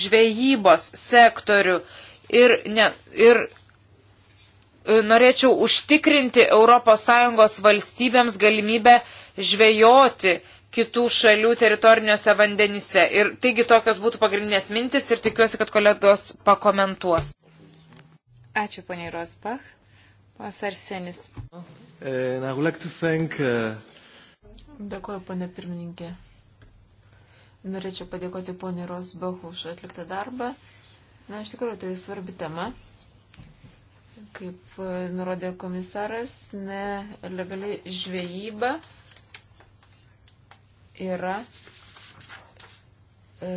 žvejybos sektorių ir, ne, ir e, norėčiau užtikrinti ES valstybėms galimybę žvejoti kitų šalių teritoriniuose vandenyse. Ir taigi tokios būtų pagrindinės mintis ir tikiuosi, kad kolegos pakomentuos. Ačiū, poniai Rosbach. Pas Arsenis. Uh, and I would like to thank uh, Dėkuoju, ponė pirmininkė. Norėčiau padėkoti poniai Rosbach už atliktą darbą. Na, iš tikrųjų, tai svarbi tema. Kaip e, nurodė komisaras, nelegali žvejyba yra e,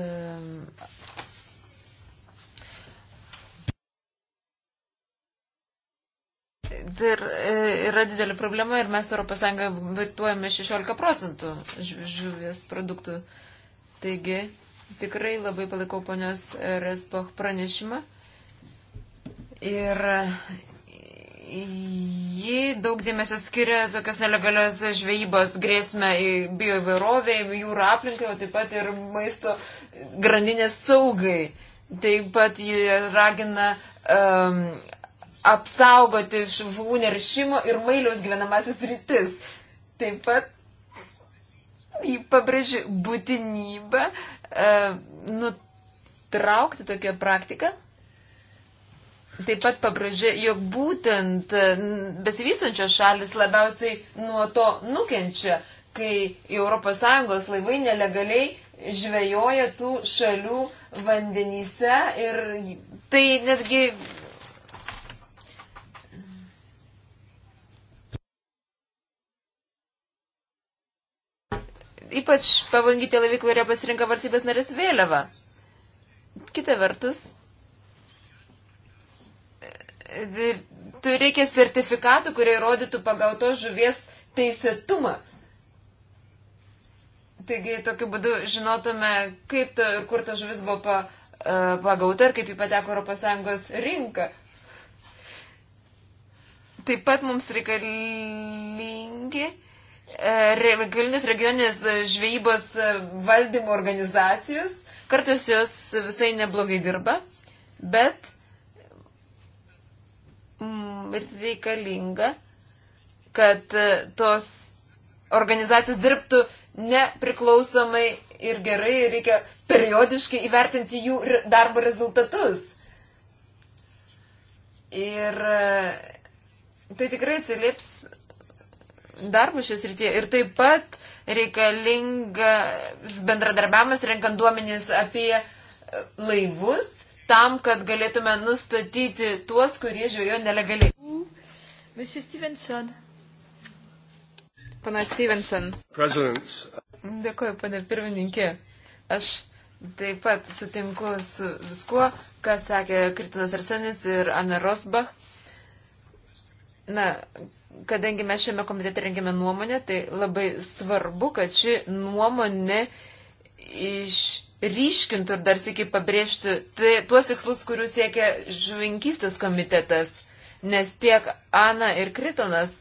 Tai yra didelė problema ir mes ES vetuojame 16 procentų žuvies produktų. Taigi tikrai labai palaikau ponios Respoch pranešimą. Ir ji daug dėmesio skiria tokios nelegalios žvejybos grėsmę į bioįvairovę, jūrų aplinkai, o taip pat ir maisto grandinės saugai. Taip pat ji ragina um, apsaugoti žuvų neršimo ir mailiaus gyvenamasis rytis. Taip pat pabrėžiu būtinybę e, nutraukti tokią praktiką. Taip pat pabrėžė, jog būtent e, besivystančios šalis labiausiai nuo to nukenčia, kai ES laivai nelegaliai žvejoja tų šalių vandenyse ir tai netgi Ypač pavojingi tie laivai, kurie pasirinka valstybės narės vėliavą. Kita vertus, e, tu reikia sertifikatų, kurie rodytų pagautos žuvies teisėtumą. Taigi tokiu būdu žinotume, kaip to, kur ta žuvis buvo pa, e, pagauta ir kaip ji pateko Europos Sąjungos rinką. Taip pat mums reikalingi regioninės regioninės žvejybos e, valdymo organizacijos. Kartais jos visai neblogai dirba, bet mm, reikalinga, kad e, tos organizacijos dirbtų nepriklausomai ir gerai, reikia periodiškai įvertinti jų darbo rezultatus. Ir e, tai tikrai atsilieps darbų šios rytyje ir taip pat reikalingas bendradarbiavimas renkant duomenys apie laivus tam, kad galėtume nustatyti tuos, kurie žvėjo nelegaliai. Monsieur Stevenson. Pana Stevenson. President. Dėkuoju, pane pirmininkė. Aš taip pat sutinku su viskuo, ką sakė Kritinas Arsenis ir Ana Rosbach. Na, kadangi mes šiame komitete rengiame nuomonę, tai labai svarbu, kad ši nuomonė išryškintų ir dar sėkiai pabrėžtų tai, tuos tikslus, kurių siekia žuvinkystės komitetas. Nes tiek Ana ir Kritonas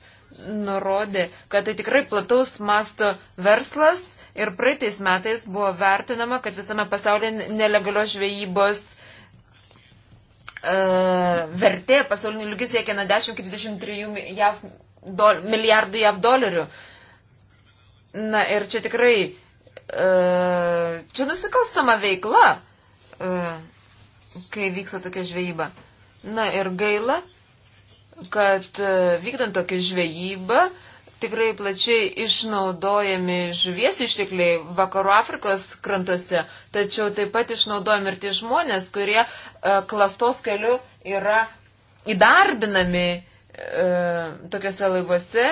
nurodė, kad tai tikrai plataus masto verslas ir praeitais metais buvo vertinama, kad visame pasaulyje nelegalios žvejybos E, vertė pasaulinių lygių siekia nuo 10 iki 23 JAV dol, milijardų JAV dolerių. Na ir čia tikrai, e, čia nusikalstama veikla, e, kai vyksta tokia žvejyba. Na ir gaila, kad vykdant tokią žvejybą, uh, tikrai plačiai išnaudojami žuvies ištekliai vakarų Afrikos krantuose, tačiau taip pat išnaudojami ir tie žmonės, kurie e, klastos keliu yra įdarbinami e, tokiuose laivuose.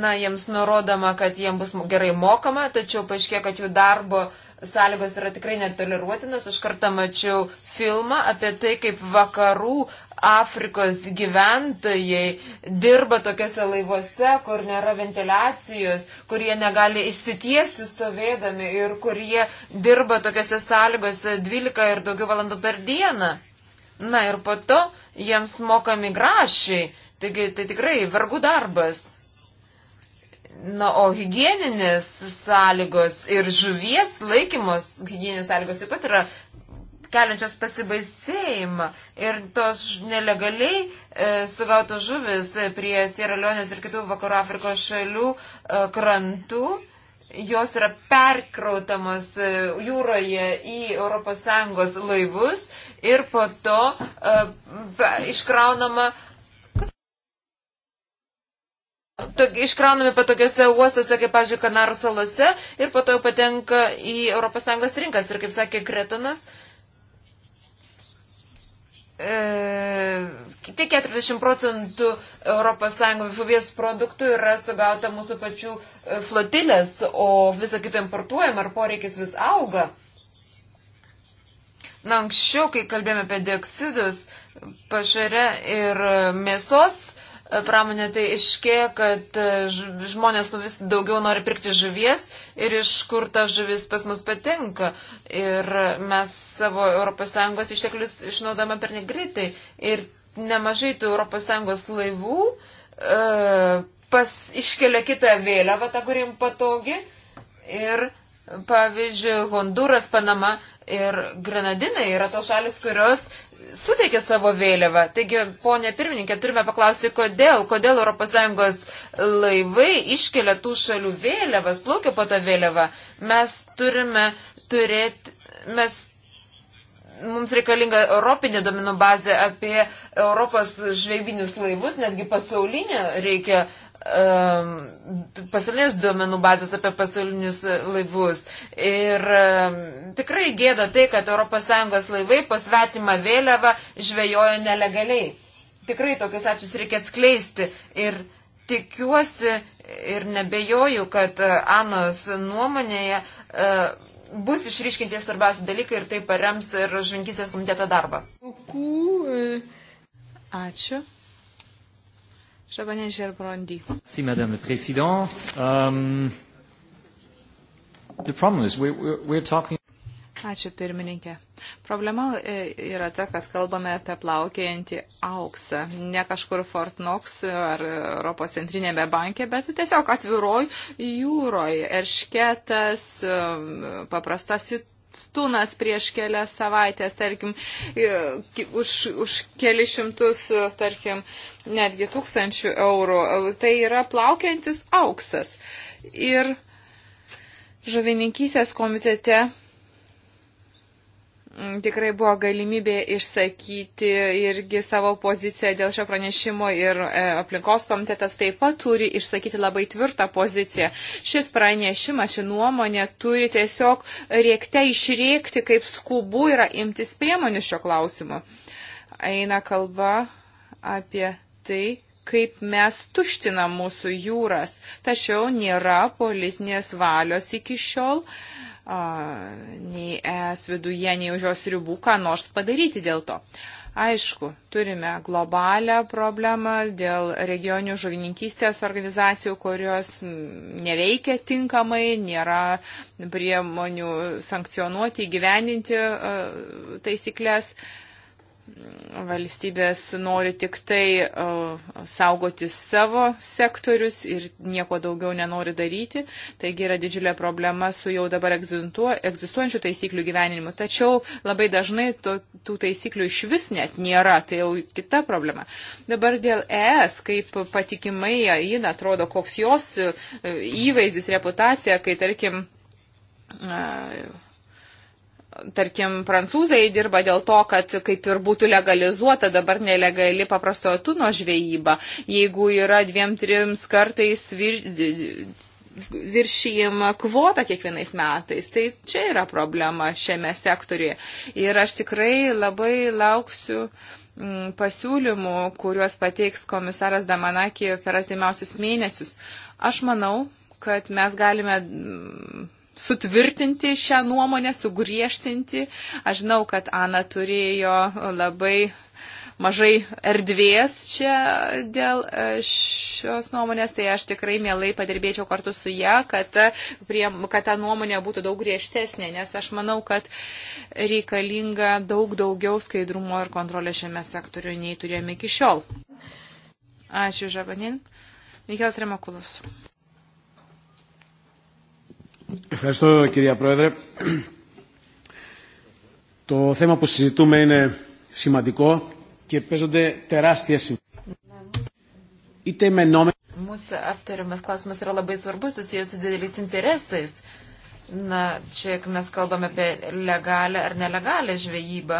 Na, jiems nurodoma, kad jiems bus gerai mokama, tačiau paaiškė, kad jų darbo e, sąlygos yra tikrai netoleruotinos. Aš kartą mačiau filmą apie tai, kaip vakarų Afrikos gyventojai dirba tokiuose laivuose, kur nėra ventiliacijos, kurie negali išsitiesti stovėdami ir kurie dirba tokiuose sąlygose 12 ir daugiau valandų per dieną. Na ir po to jiems mokami grašiai. Taigi tai tikrai vargu darbas. Na, o hygieninės sąlygos ir žuvies laikymos hygieninės sąlygos taip pat yra keliančios pasibaisėjimą. Ir tos nelegaliai e, sugautos žuvis prie Sieralionės ir kitų vakarų Afrikos šalių e, krantų, jos yra perkrautamos e, jūroje į ES laivus ir po to e, iškraunama e, iškraunami patogiose uostose, kaip, pažiūrėjau, Kanarų salose ir po to jau patenka į ES rinkas. Ir kaip sakė Kretonas, e, tik 40 procentų ES žuvies produktų yra sugauta mūsų pačių e, flotilės, o visa kita importuojama ir poreikis vis auga. Na, anksčiau, kai kalbėjome apie dioksidus, pašare ir e, mėsos, pramonė, tai iškėja, kad e, žmonės nu, vis daugiau nori pirkti žuvies ir iš kur ta žuvis pas mus patenka. Ir mes savo ES išteklius išnaudojame per negreitai. Ir nemažai tų ES laivų e, pas, iškelia kitą vėliavą, tą, kuri jums patogi. Ir pavyzdžiui, Honduras, Panama ir Grenadinai yra tos šalis, kurios suteikė savo vėliavą. Taigi, ponė pirmininkė, turime paklausti, kodėl, kodėl ES laivai iškelia tų šalių vėliavas, plaukia po tą vėliavą. Mes turime turėti, mes, mums reikalinga Europinė domenų bazė apie Europos žvejybinius laivus, netgi pasaulinė reikia Um, pasaulinės duomenų bazės apie pasaulinius laivus. Ir um, tikrai gėda tai, kad ES laivai pasvetimą vėliavą žvejojo nelegaliai. Tikrai tokius atvejus reikia atskleisti. Ir tikiuosi ir nebejoju, kad uh, Anos nuomonėje uh, bus išryškinti svarbiausi dalykai ir tai parems ir žvinkysės komiteto darbą. Euh, Ačiū. Žabanė Žerbrondi. Si, madame prezident. Um, the problem is we, we, we're talking. Ačiū pirmininkė. Problema e, yra ta, kad kalbame apie plaukėjantį auksą. Ne kažkur Fort Knox ar Europos centrinėme banke, bet tiesiog atviroj jūroj. Eršketas, e, paprastas tunas prieš kelias savaitės, tarkim, e, už, už kelišimtus, tarkim, netgi tūkstančių eurų. Tai yra plaukiantis auksas. Ir žuvininkysės komitete mm, tikrai buvo galimybė išsakyti irgi savo poziciją dėl šio pranešimo ir e, aplinkos komitetas taip pat turi išsakyti labai tvirtą poziciją. Šis pranešimas, ši nuomonė turi tiesiog rėkte išrėkti, kaip skubu yra imtis priemonių šio klausimu. Eina kalba apie tai, kaip mes tuštinam mūsų jūras, tačiau nėra politinės valios iki šiol. Uh, nei es viduje, nei už jos ribų, ką nors padaryti dėl to. Aišku, turime globalią problemą dėl regionių žuvininkystės organizacijų, kurios neveikia tinkamai, nėra priemonių sankcionuoti, įgyvendinti uh, taisyklės. Uh, valstybės nori tik tai uh, saugoti savo sektorius ir nieko daugiau nenori daryti. Taigi yra didžiulė problema su jau dabar egzistuojančių taisyklių gyvenimu. Tačiau labai dažnai to, tų taisyklių iš vis net nėra. Tai jau kita problema. Dabar dėl ES, kaip patikimai jin atrodo, koks jos uh, įvaizdis, reputacija, kai tarkim. Uh, tarkim, prancūzai dirba dėl to, kad kaip ir būtų legalizuota dabar nelegali paprastojo tuno žvejyba. Jeigu yra dviem, trims kartais vir, viršijama kvota kiekvienais metais, tai čia yra problema šiame sektoriuje. Ir aš tikrai labai lauksiu mm, pasiūlymų, kuriuos pateiks komisaras Damanakė per artimiausius mėnesius. Aš manau, kad mes galime mm, sutvirtinti šią nuomonę, sugriežtinti. Aš žinau, kad Ana turėjo labai mažai erdvės čia dėl e, šios nuomonės, tai aš tikrai mielai padirbėčiau kartu su ją, kad ta, e, prie, kad ta nuomonė būtų daug griežtesnė, nes aš manau, kad reikalinga daug daugiau skaidrumo ir kontrolės šiame sektoriuje nei turėjome iki šiol. Ačiū, Žabanin. Mikel Tremakulus. Ευχαριστώ κυρία Πρόεδρε. Το θέμα που συζητούμε είναι σημαντικό και παίζονται τεράστια συμβουλία. Είτε με νόμε... Mūsų aptariamas klausimas yra labai svarbus, susijęs su dideliais interesais. Na, čia mes kalbame apie legalę ar nelegalę žvejybą.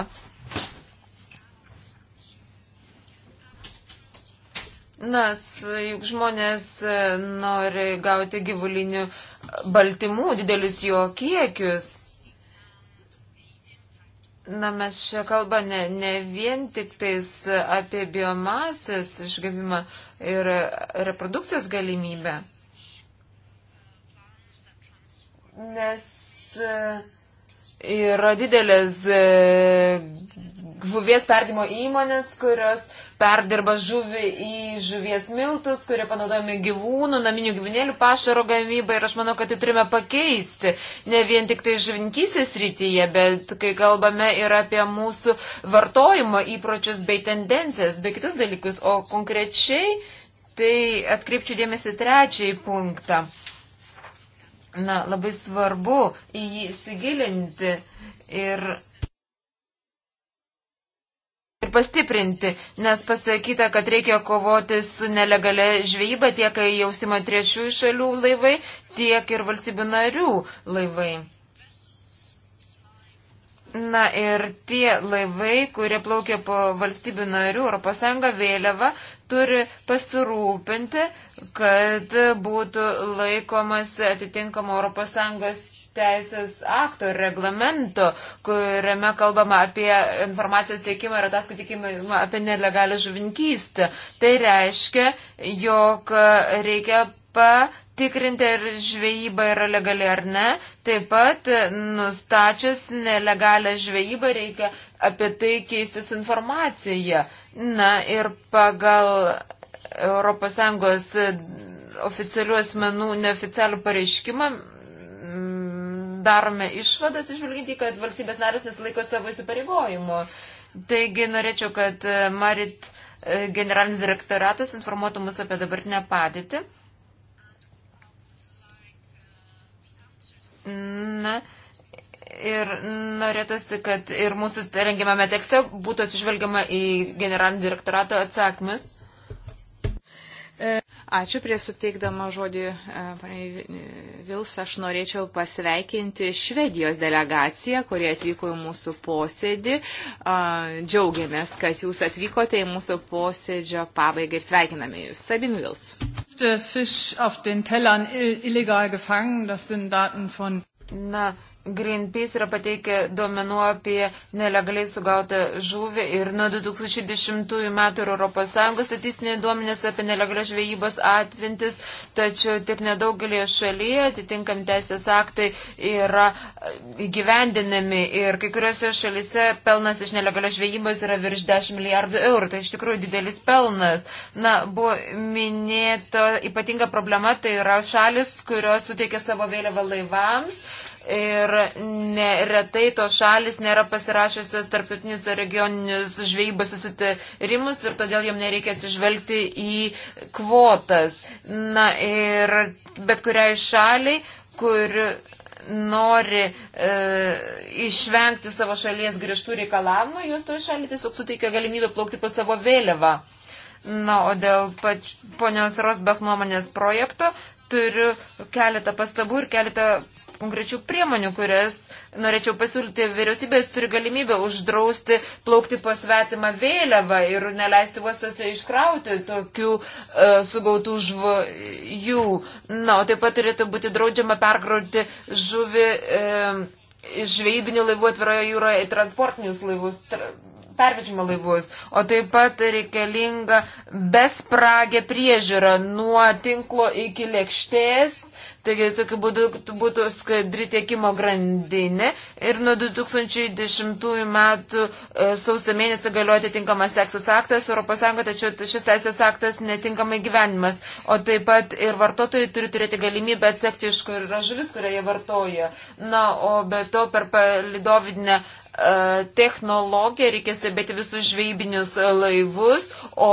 Nes juk žmonės e, nori gauti gyvulinių baltymų, didelius jo kiekius. Na, mes čia kalba ne, ne vien tik tais apie biomasės išgavimą ir reprodukcijos galimybę. Nes e, yra didelės e, žuvies perdimo įmonės, kurios perdirba žuvį į žuvies miltus, kurie panaudojami gyvūnų, naminių gyvūnėlių pašaro gamybą ir aš manau, kad tai turime pakeisti. Ne vien tik tai žuvinkysės rytyje, bet kai kalbame ir apie mūsų vartojimo įpročius bei tendencijas, bei kitus dalykus, o konkrečiai tai atkreipčiau dėmesį trečiai punktą. Na, labai svarbu į jį įsigilinti ir ir pastiprinti, nes pasakyta, kad reikia kovoti su nelegale žvejyba tiek, kai jausima trečiųjų šalių laivai, tiek ir valstybių narių laivai. Na ir tie laivai, kurie plaukia po valstybių narių, ES vėliava, turi pasirūpinti, kad būtų laikomas atitinkamo ES teisės akto ir reglamento, kuriame kalbama apie informacijos teikimą ir ataskaitų teikimą apie nelegalią žuvinkystę. Tai reiškia, jog reikia patikrinti, ar žvejyba yra legali ar ne. Taip pat nustačius nelegalią žvejybą reikia apie tai keistis informaciją. Na ir pagal ES oficialių asmenų neoficialių pareiškimą darome išvadas išvilginti, kad valstybės narės nesilaiko savo įsipareigojimo. Taigi norėčiau, kad e, Marit e, generalinis direktoratas informuotų mus apie dabartinę padėtį. Na, ir norėtųsi, kad ir mūsų rengiamame tekste būtų atsižvelgiama į generalinį direktorato atsakymus. Ačiū prie suteikdama žodį, e, panai Vils, aš norėčiau pasveikinti Švedijos delegaciją, kurie atvyko į mūsų posėdį. Džiaugiamės, kad jūs atvykote į mūsų posėdžio pabaigą ir sveikiname jūs. Sabin Vils. Na, Greenpeace yra pateikę duomenų apie nelegaliai sugautą žuvį ir nuo 2010 metų ir ES statistiniai duomenės apie nelegalios žvejybos atvintis, tačiau tik nedaugelį šalyje atitinkam teisės aktai yra įgyvendinami ir kai kuriuose šalyse pelnas iš nelegalios žvejybos yra virš 10 milijardų eurų, tai iš tikrųjų didelis pelnas. Na, buvo minėta ypatinga problema, tai yra šalis, kurios suteikia savo vėliavą laivams Ir neretai tos šalis nėra pasirašęsios tarptautinius regioninius žvejybos susitarimus ir todėl jom nereikia atsižvelgti į kvotas. Na ir bet kuriai šaliai, kur nori e, išvengti savo šalies griežtų reikalavimų, jos toj šaliai tiesiog suteikia galimybę plaukti po savo vėliavą. Na, o dėl pač, ponios Rosbach nuomonės projekto turiu keletą pastabų ir keletą konkrečių priemonių, kurias norėčiau pasiūlyti. Vyriausybės turi galimybę uždrausti plaukti po svetimą vėliavą ir neleisti uostose iškrauti tokių e, uh, sugautų žvėjų. Na, o taip pat turėtų būti draudžiama perkrauti žuvį e, uh, iš žvejybinių laivų atviroje jūroje į transportinius laivus. Tra pervežimo laivus, o taip pat reikalinga bespragė priežiūra nuo tinklo iki lėkštės Taigi tokiu būdu būtų skaidri tiekimo grandinė ir nuo 2010 metų e, sausio mėnesio galiuoti tinkamas teisės aktas ES, tačiau šis teisės aktas netinkamai gyvenimas. O taip pat ir vartotojai turi turėti galimybę atsekti, iš kur yra žuvis, kurią jie vartoja. Na, o be to per palidovinę E, technologiją, reikia stebėti visus žvejybinius laivus, o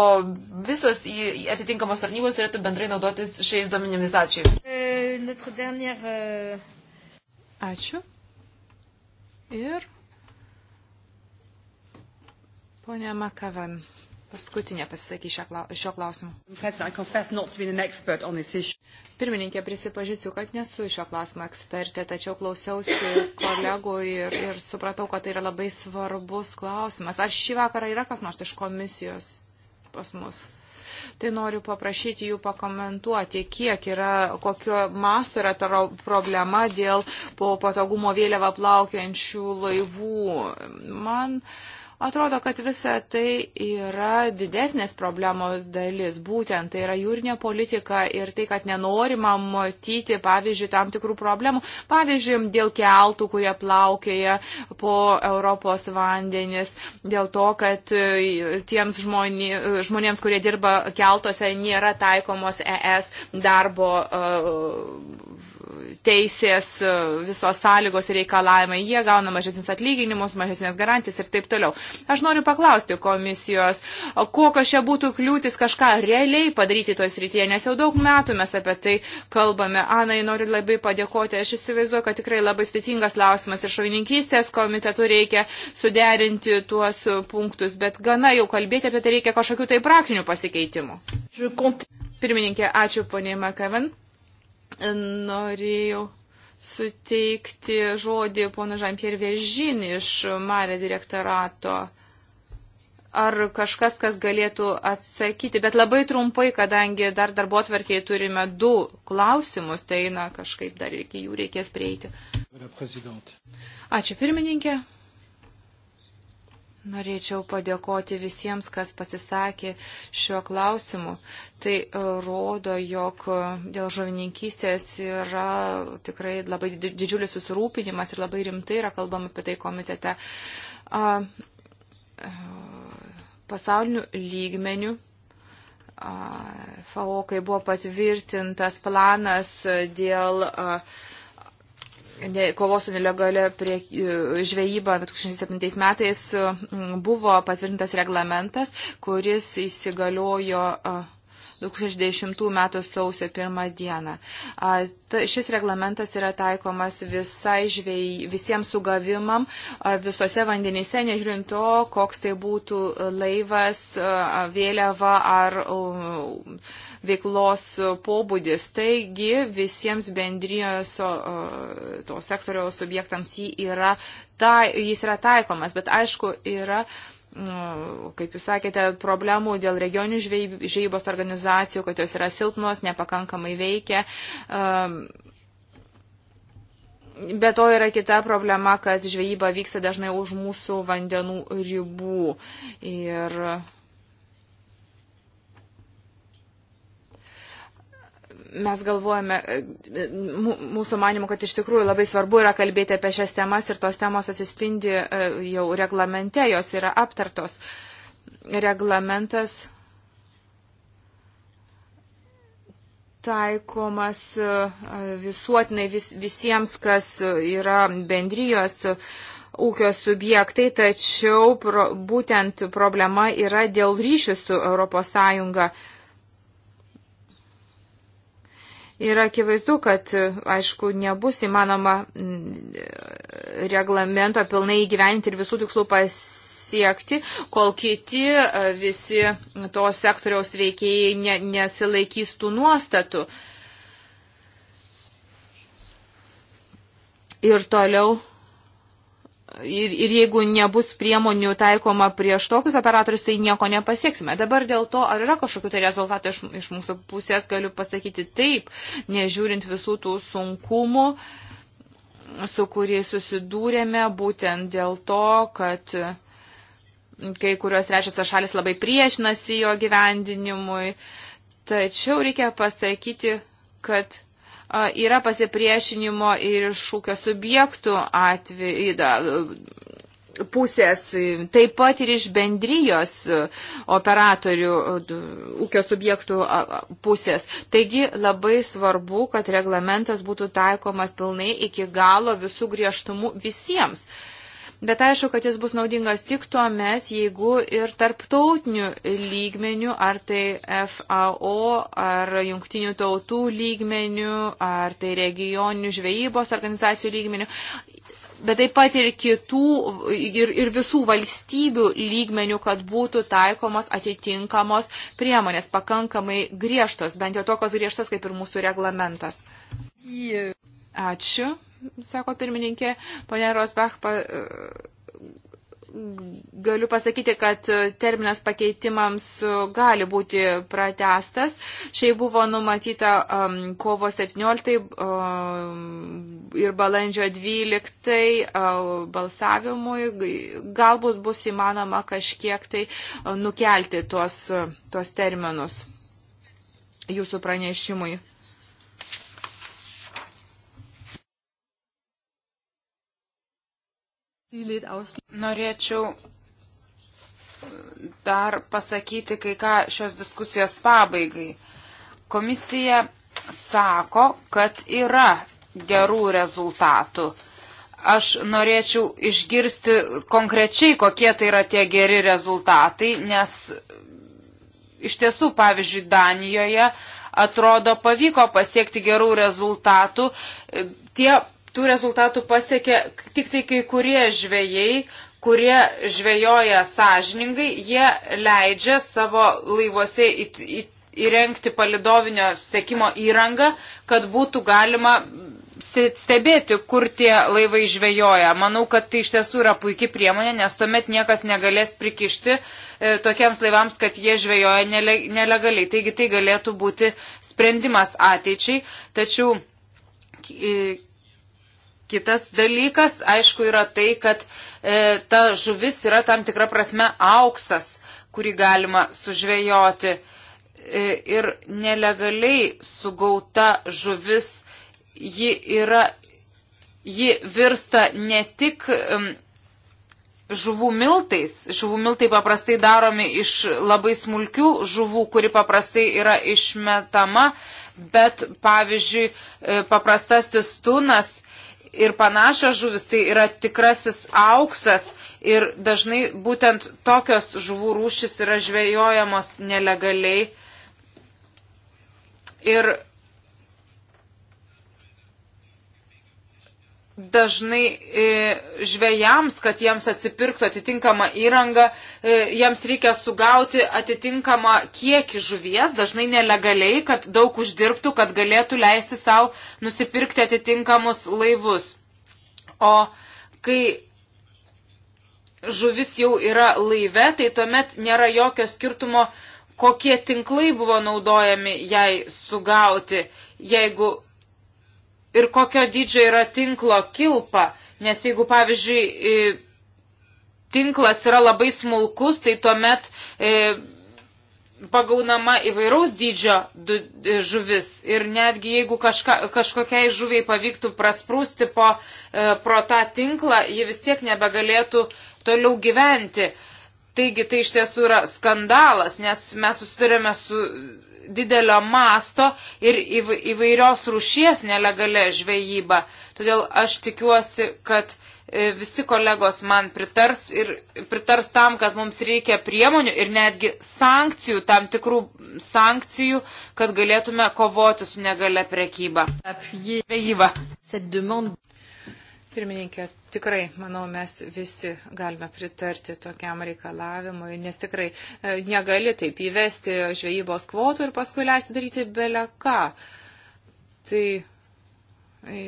visos atitinkamos tarnybos turėtų bendrai naudotis šiais duomenimis. Ačiū. E, e. Ačiū. Ir ponia Makavan paskutinė pasisakys šio klausimu. Pirmininkė, prisipažįsiu, kad nesu šio klausimo ekspertė, tačiau klausiausi kolegų ir, ir supratau, kad tai yra labai svarbus klausimas. Ar šį vakarą yra kas nors iš komisijos pas mus? Tai noriu paprašyti jų pakomentuoti, kiek yra, kokio masto yra ta problema dėl po patogumo vėliava plaukiančių laivų. Man uh, Atrodo, kad visa tai yra didesnės problemos dalis, būtent tai yra jūrinė politika ir tai, kad nenorima matyti, pavyzdžiui, tam tikrų problemų, pavyzdžiui, dėl keltų, kurie plaukėja po Europos vandenis, dėl to, kad e, tiems žmonė, žmonėms, kurie dirba keltose, nėra taikomos ES darbo uh, teisės, e, visos sąlygos ir reikalavimai, jie gauna mažesnis atlyginimus, mažesnės garantijas ir taip toliau. Aš noriu paklausti komisijos, kokios čia būtų kliūtis kažką realiai padaryti toj srityje, nes jau daug metų mes apie tai kalbame. Anai, noriu labai padėkoti, aš įsivaizduoju, kad tikrai labai sudėtingas klausimas ir šauninkystės komitetų reikia suderinti tuos punktus, bet gana jau kalbėti apie tai reikia kažkokių tai praktinių pasikeitimų. Pirmininkė, ačiū ponė Makavan norėjau suteikti žodį pono Žampier Veržin iš Marė direktorato. Ar kažkas, kas galėtų atsakyti, bet labai trumpai, kadangi dar darbo atverkiai turime du klausimus, tai na, kažkaip dar iki jų reikės prieiti. Ačiū pirmininkė. Norėčiau padėkoti visiems, kas pasisakė šiuo klausimu. Tai e, rodo, jog e, dėl žuvininkystės yra tikrai labai didžiulis susirūpinimas ir labai rimtai yra kalbama apie tai komitete. E, Pasaulinių lygmenių FAO, kai buvo patvirtintas planas dėl uh, kovos su nelegalia prie e, žvejyba 2007 metais buvo patvirtintas reglamentas, kuris įsigaliojo. Uh, 2010 m. sausio 1 dieną. Šis reglamentas yra taikomas visai žvėjai, visiems sugavimam visose vandenyse, nežiūrint to, koks tai būtų laivas, vėliava ar veiklos pobūdis. Taigi visiems bendrijos to sektoriaus subjektams jį yra, ta, jis yra taikomas, bet aišku, yra Nu, kaip jūs sakėte, problemų dėl regionių žvejybos organizacijų, kad jos yra silpnos, nepakankamai veikia. Um, be to yra kita problema, kad žvejyba vyksta dažnai už mūsų vandenų ribų. Ir mes galvojame, e, mūsų manimo, kad iš tikrųjų labai svarbu yra kalbėti apie šias temas ir tos temos atsispindi e, jau reglamente, jos yra aptartos. Reglamentas taikomas e, visuotinai vis, visiems, kas yra bendrijos ūkio subjektai, tačiau pro, būtent problema yra dėl ryšių su ES Ir akivaizdu, kad, aišku, nebus įmanoma mm, reglamento pilnai įgyventi ir visų tikslų pasiekti, kol kiti e, visi to sektoriaus veikėjai ne, nesilaikys tų nuostatų. Ir toliau Ir, ir jeigu nebus priemonių taikoma prieš tokius operatorius, tai nieko nepasieksime. Dabar dėl to, ar yra kažkokių tai rezultatų iš, iš mūsų pusės, galiu pasakyti taip, nežiūrint visų tų sunkumų, su kuriais susidūrėme, būtent dėl to, kad kai kurios trečiosios šalis labai priešinasi jo gyvendinimui. Tačiau reikia pasakyti, kad yra pasipriešinimo ir šūkio subjektų atveju pusės, taip pat ir iš bendrijos operatorių ūkio subjektų pusės. Taigi labai svarbu, kad reglamentas būtų taikomas pilnai iki galo visų griežtumų visiems. Uh, Bet aišku, kad jis bus naudingas tik tuo met, jeigu ir tarptautiniu lygmeniu, ar tai FAO, ar jungtinių tautų lygmeniu, ar tai regioninių žvejybos organizacijų lygmeniu, bet taip pat ir kitų, ir, ir visų valstybių lygmenių, kad būtų taikomos atitinkamos priemonės, pakankamai griežtos, bent jau tokios griežtos kaip ir mūsų reglamentas. Ačiū sako pirmininkė. Pone Rosbach, pa, galiu pasakyti, kad terminas pakeitimams gali būti pratestas. Šiai buvo numatyta um, kovo 17 um, ir balandžio 12 um, uh, balsavimui. Galbūt bus įmanoma kažkiek tai uh, nukelti tuos, tuos terminus jūsų pranešimui. Norėčiau dar pasakyti kai ką šios diskusijos pabaigai. Komisija sako, kad yra gerų rezultatų. Aš norėčiau išgirsti konkrečiai, kokie tai yra tie geri rezultatai, nes iš tiesų, pavyzdžiui, Danijoje atrodo pavyko pasiekti gerų rezultatų. Tie tų rezultatų pasiekė tik tai kai kurie žvėjai, kurie žvejoja sąžiningai, jie leidžia savo laivuose it, it, įrengti palidovinio sekimo įrangą, kad būtų galima stebėti, kur tie laivai žvejoja. Manau, kad tai iš tiesų yra puikia priemonė, nes tuomet niekas negalės prikišti e, tokiems laivams, kad jie žvejoja nele, nelegaliai. Taigi tai galėtų būti sprendimas ateičiai. Tačiau e, Kitas dalykas, aišku, yra tai, kad e, ta žuvis yra tam tikra prasme auksas, kurį galima sužvejoti. E, ir nelegaliai sugauta žuvis, ji, yra, ji virsta ne tik um, žuvų miltais. Žuvų miltai paprastai daromi iš labai smulkių žuvų, kuri paprastai yra išmetama, bet pavyzdžiui, e, paprastasis tunas ir panašios žuvis tai yra tikrasis auksas ir dažnai būtent tokios žuvų rūšis yra žvejojamos nelegaliai. Ir dažnai e, žvėjams, kad jiems atsipirktų atitinkamą įrangą, e, jiems reikia sugauti atitinkamą kiekį žuvies, dažnai nelegaliai, kad daug uždirbtų, kad galėtų leisti savo nusipirkti atitinkamus laivus. O kai žuvis jau yra laive, tai tuomet nėra jokio skirtumo, kokie tinklai buvo naudojami jai sugauti. Jeigu ir kokio dydžio yra tinklo kilpa. Nes jeigu, pavyzdžiui, e, tinklas yra labai smulkus, tai tuomet e, pagaunama įvairaus dydžio e, žuvis. Ir netgi jeigu kažka, kažkokiai žuviai pavyktų prasprūsti po, pro tą tinklą, ji vis tiek nebegalėtų toliau gyventi. Taigi tai iš tiesų yra skandalas, nes mes susidurėme su didelio masto ir įvairios rušies nelegalė žvejyba. Todėl aš tikiuosi, kad e, visi kolegos man pritars ir pritars tam, kad mums reikia priemonių ir netgi sankcijų, tam tikrų sankcijų, kad galėtume kovoti su negale prekyba. Pirmininkė, Tikrai, manau, mes visi galime pritarti tokiam reikalavimui, nes tikrai e, negali taip įvesti žvejybos kvotų ir paskui leisti daryti beleką. Tai e,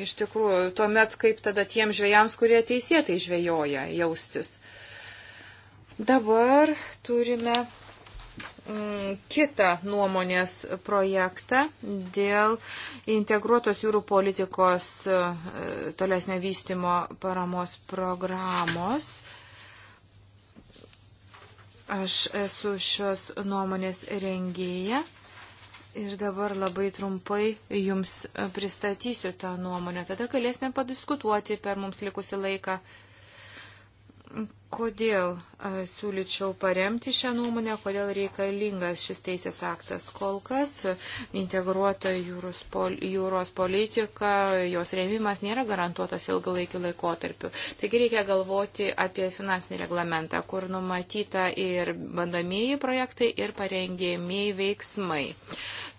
iš tikrųjų, tuomet kaip tada tiems žvėjams, kurie teisėtai žvejoja, jaustis. Dabar turime Mm, kitą nuomonės projektą dėl integruotos jūrų politikos e, tolesnio vystimo paramos programos. Aš esu šios nuomonės rengėja ir dabar labai trumpai jums pristatysiu tą nuomonę. Tada galėsime padiskutuoti per mums likusi laiką Kodėl siūlyčiau paremti šią nuomonę, kodėl reikalingas šis teisės aktas kol kas, integruota jūros, pol, jūros politika, jos remimas nėra garantuotas ilgalaikiu laikotarpiu. Taigi reikia galvoti apie finansinį reglamentą, kur numatyta ir bandomieji projektai, ir parengėmiai veiksmai.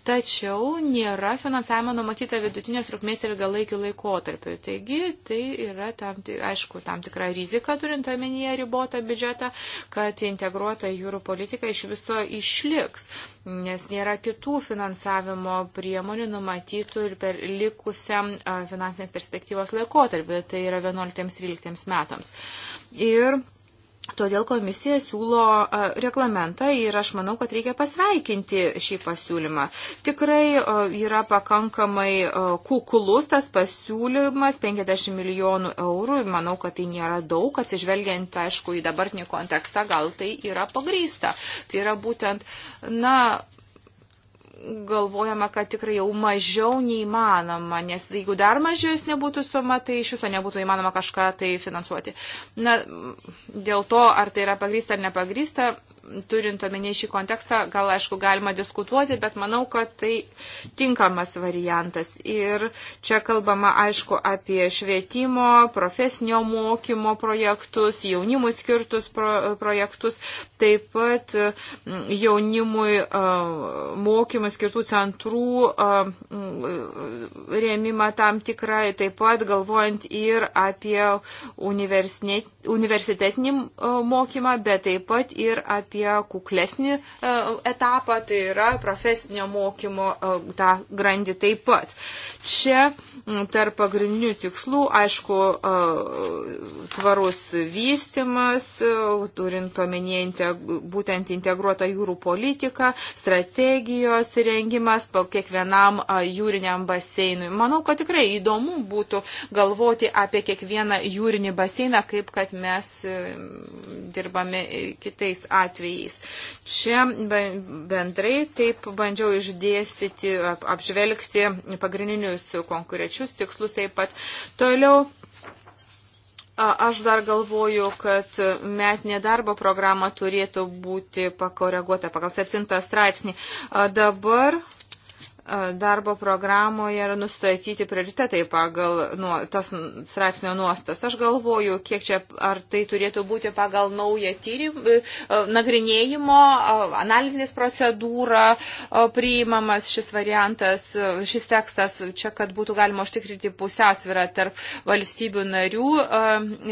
Tačiau nėra finansavimo numatyta vidutinės trukmės ir ilgalaikiu laikotarpiu. Taigi tai yra, tam, aišku, tam tikra rizika turint omenyje neribotą biudžetą, kad integruota jūrų politika iš viso išliks, nes nėra kitų finansavimo priemonių numatytų ir per likusiam finansinės perspektyvos laikotarpį, tai yra 11-13 metams. Ir Todėl komisija siūlo reglamentą ir aš manau, kad reikia pasveikinti šį pasiūlymą. Tikrai yra pakankamai kuklus tas pasiūlymas, 50 milijonų eurų, manau, kad tai nėra daug, atsižvelgiant, aišku, į dabartinį kontekstą, gal tai yra pagrysta. Tai yra būtent, na, galvojama, kad tikrai jau mažiau neįmanoma, nes jeigu dar mažesnė būtų suma, tai iš viso nebūtų įmanoma kažką tai finansuoti. Na, dėl to, ar tai yra pagrįsta ar nepagrįsta, turint omenyje šį kontekstą, gal aišku galima diskutuoti, bet manau, kad tai tinkamas variantas. Ir čia kalbama aišku apie švietimo, profesinio mokymo projektus, jaunimui skirtus pro, projektus, taip pat jaunimui mokymui skirtų centrų rėmimą tam tikrą, taip pat galvojant ir apie universitetinį universitetinį e, mokymą, bet taip pat ir apie kuklesnį e, etapą, tai yra profesinio mokymo e, tą grandį taip pat. Čia tarp pagrindinių tikslų, aišku, tvarus vystimas, turint omenyje būtent integruotą jūrų politiką, strategijos rengimas kiekvienam jūriniam baseinui. Manau, kad tikrai įdomu būtų galvoti apie kiekvieną jūrinį baseiną, kaip kad mes dirbame kitais atvejais. Čia bendrai taip bandžiau išdėstyti, apžvelgti pagrindinius konkurečius tikslus taip pat. Toliau Aš dar galvoju, kad metinė darbo programa turėtų būti pakoreguota pagal 7 straipsnį. Dabar darbo programoje yra nustatyti prioritetai pagal nuo, tas straipsnio nuostas. Aš galvoju, kiek čia, ar tai turėtų būti pagal naują tyrim, e, e, nagrinėjimo, analizinės procedūrą priimamas šis variantas, šis tekstas, čia, kad būtų galima užtikrinti pusiausvyrą tarp valstybių narių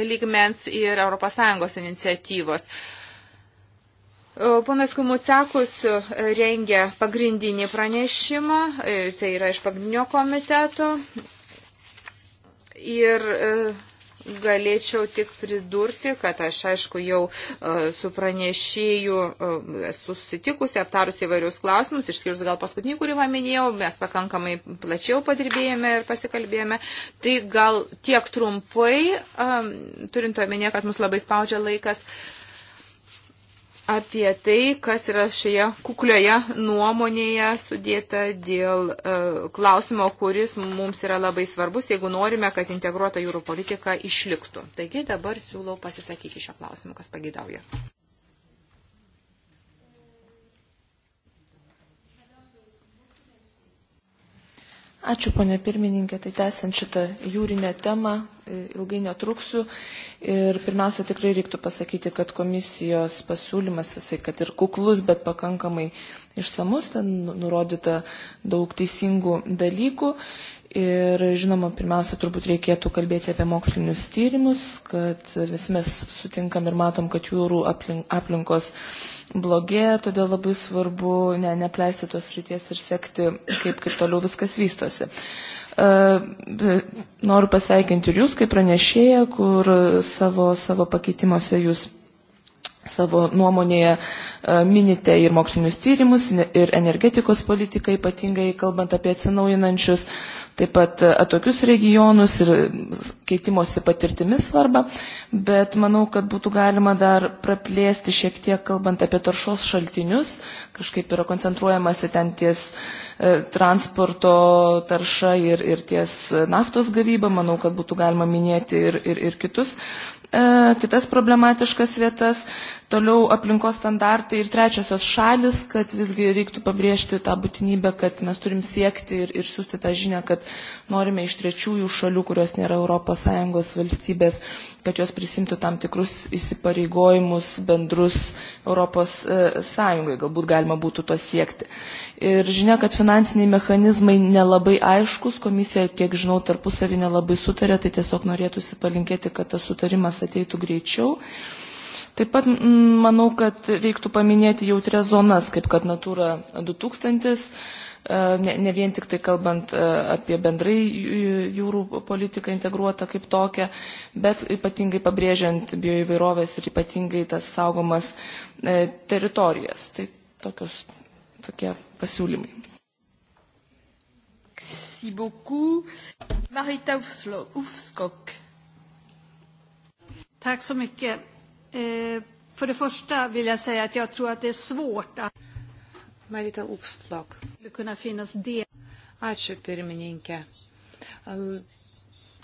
lygmens ir ES iniciatyvos. E, ponas Kumucekus rengia pagrindinį pranešimą, e, tai yra iš pagrindinio komiteto. Ir e, galėčiau tik pridurti, kad aš aišku jau su pranešėju esu susitikusi, aptarusi įvairius klausimus, išskyrus gal paskutinį, kurį man minėjau, mes pakankamai plačiau padirbėjome ir pasikalbėjome. Tai gal tiek trumpai, turint omenyje, kad mus labai spaudžia laikas apie tai, kas yra šioje kuklioje nuomonėje sudėta dėl e, klausimo, kuris mums yra labai svarbus, jeigu norime, kad integruota jūrų politika išliktų. Taigi dabar siūlau pasisakyti šio klausimu, kas pagidauja. Ačiū, ponė pirmininkė, tai tęsiant šitą jūrinę temą, E, ilgai netruksiu. Ir pirmiausia, tikrai reiktų pasakyti, kad komisijos pasiūlymas, jisai, kad ir kuklus, bet pakankamai išsamus, ten nu, nurodyta daug teisingų dalykų. Ir žinoma, pirmiausia, turbūt reikėtų kalbėti apie mokslinius tyrimus, kad visi mes sutinkam ir matom, kad jūrų aplink, aplinkos blogėja, todėl labai svarbu ne, nepleisti tos ryties ir sekti, kaip, kaip toliau viskas vystosi. Ehm, noriu pasveikinti ir jūs kaip pranešėją, kur savo, savo pakeitimuose jūs savo nuomonėje ehm, minite ir mokslinius tyrimus, ir energetikos politiką, ypatingai kalbant apie atsinaujinančius taip pat e, atokius regionus ir e, keitimosi patirtimis svarbą, bet manau, kad būtų galima dar praplėsti šiek tiek, kalbant apie taršos šaltinius, kažkaip yra koncentruojamasi ten ties e, transporto tarša ir, ir ties naftos gavyba, manau, kad būtų galima minėti ir, ir, ir kitus kitas problematiškas vietas toliau aplinkos standartai ir trečiosios šalis, kad visgi reiktų pabrėžti tą būtinybę, kad mes turim siekti ir, ir siūsti tą žinią, kad norime iš trečiųjų šalių, kurios nėra ES valstybės, kad jos prisimtų tam tikrus įsipareigojimus bendrus ES. E, Galbūt galima būtų to siekti. Ir žinia, kad finansiniai mechanizmai nelabai aiškus, komisija, kiek žinau, tarpusavį nelabai sutarė, tai tiesiog norėtųsi palinkėti, kad tas sutarimas ateitų greičiau. Taip pat mm, manau, kad reiktų paminėti jautrias zonas, kaip kad Natura 2000, e, ne, ne vien tik tai kalbant e, apie bendrai jūrų politiką integruotą kaip tokią, bet ypatingai pabrėžiant bioįvairovės ir ypatingai tas saugomas e, teritorijas. Tai tokios, tokie pasiūlymai. Merci beaucoup. Marita Ufskok. Tack så mycket. Eh, för det första vill jag säga att jag tror att det är svårt att Marita Upslok. kunna finnas del. Ačiū pirmininkė.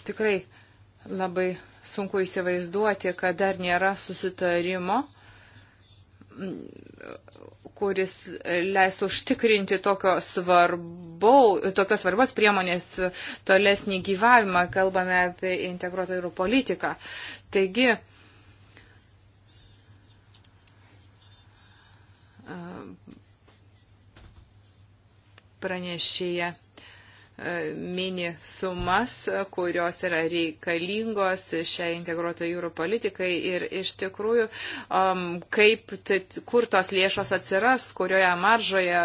Tikrai labai sunku įsivaizduoti, kad dar nėra susitarimo kuris leis užtikrinti tokio, svarbau, tokio svarbos priemonės tolesnį gyvavimą, kalbame apie integruotojų politiką. Taigi, pranešėja mini sumas, kurios yra reikalingos šiai integruoto jūrų politikai ir iš tikrųjų, um, kaip, kur tos lėšos atsiras, kurioje maržoje,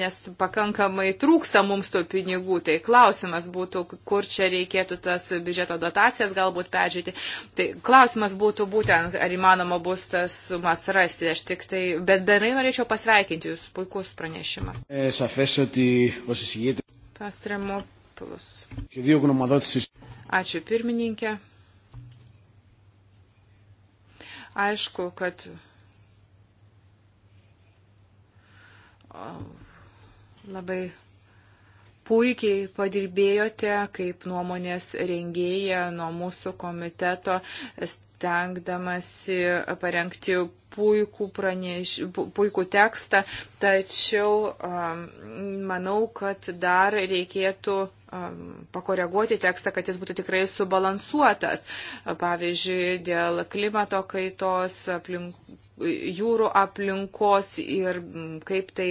nes pakankamai trūksta mums tų pinigų, tai klausimas būtų, kur čia reikėtų tas biudžeto dotacijas galbūt peržiūrėti. Tai klausimas būtų būtent, ar įmanoma bus tas sumas rasti. Aš tik tai, bet bendrai norėčiau pasveikinti jūs, puikus pranešimas. Pastremopulus. Ačiū pirmininkė. Aišku, kad labai puikiai padirbėjote kaip nuomonės rengėja nuo mūsų komiteto stengdamasi parengti puikų, praneš, puikų tekstą, tačiau um, manau, kad dar reikėtų um, pakoreguoti tekstą, kad jis būtų tikrai subalansuotas. Pavyzdžiui, dėl klimato kaitos, aplink, jūrų aplinkos ir mm, kaip tai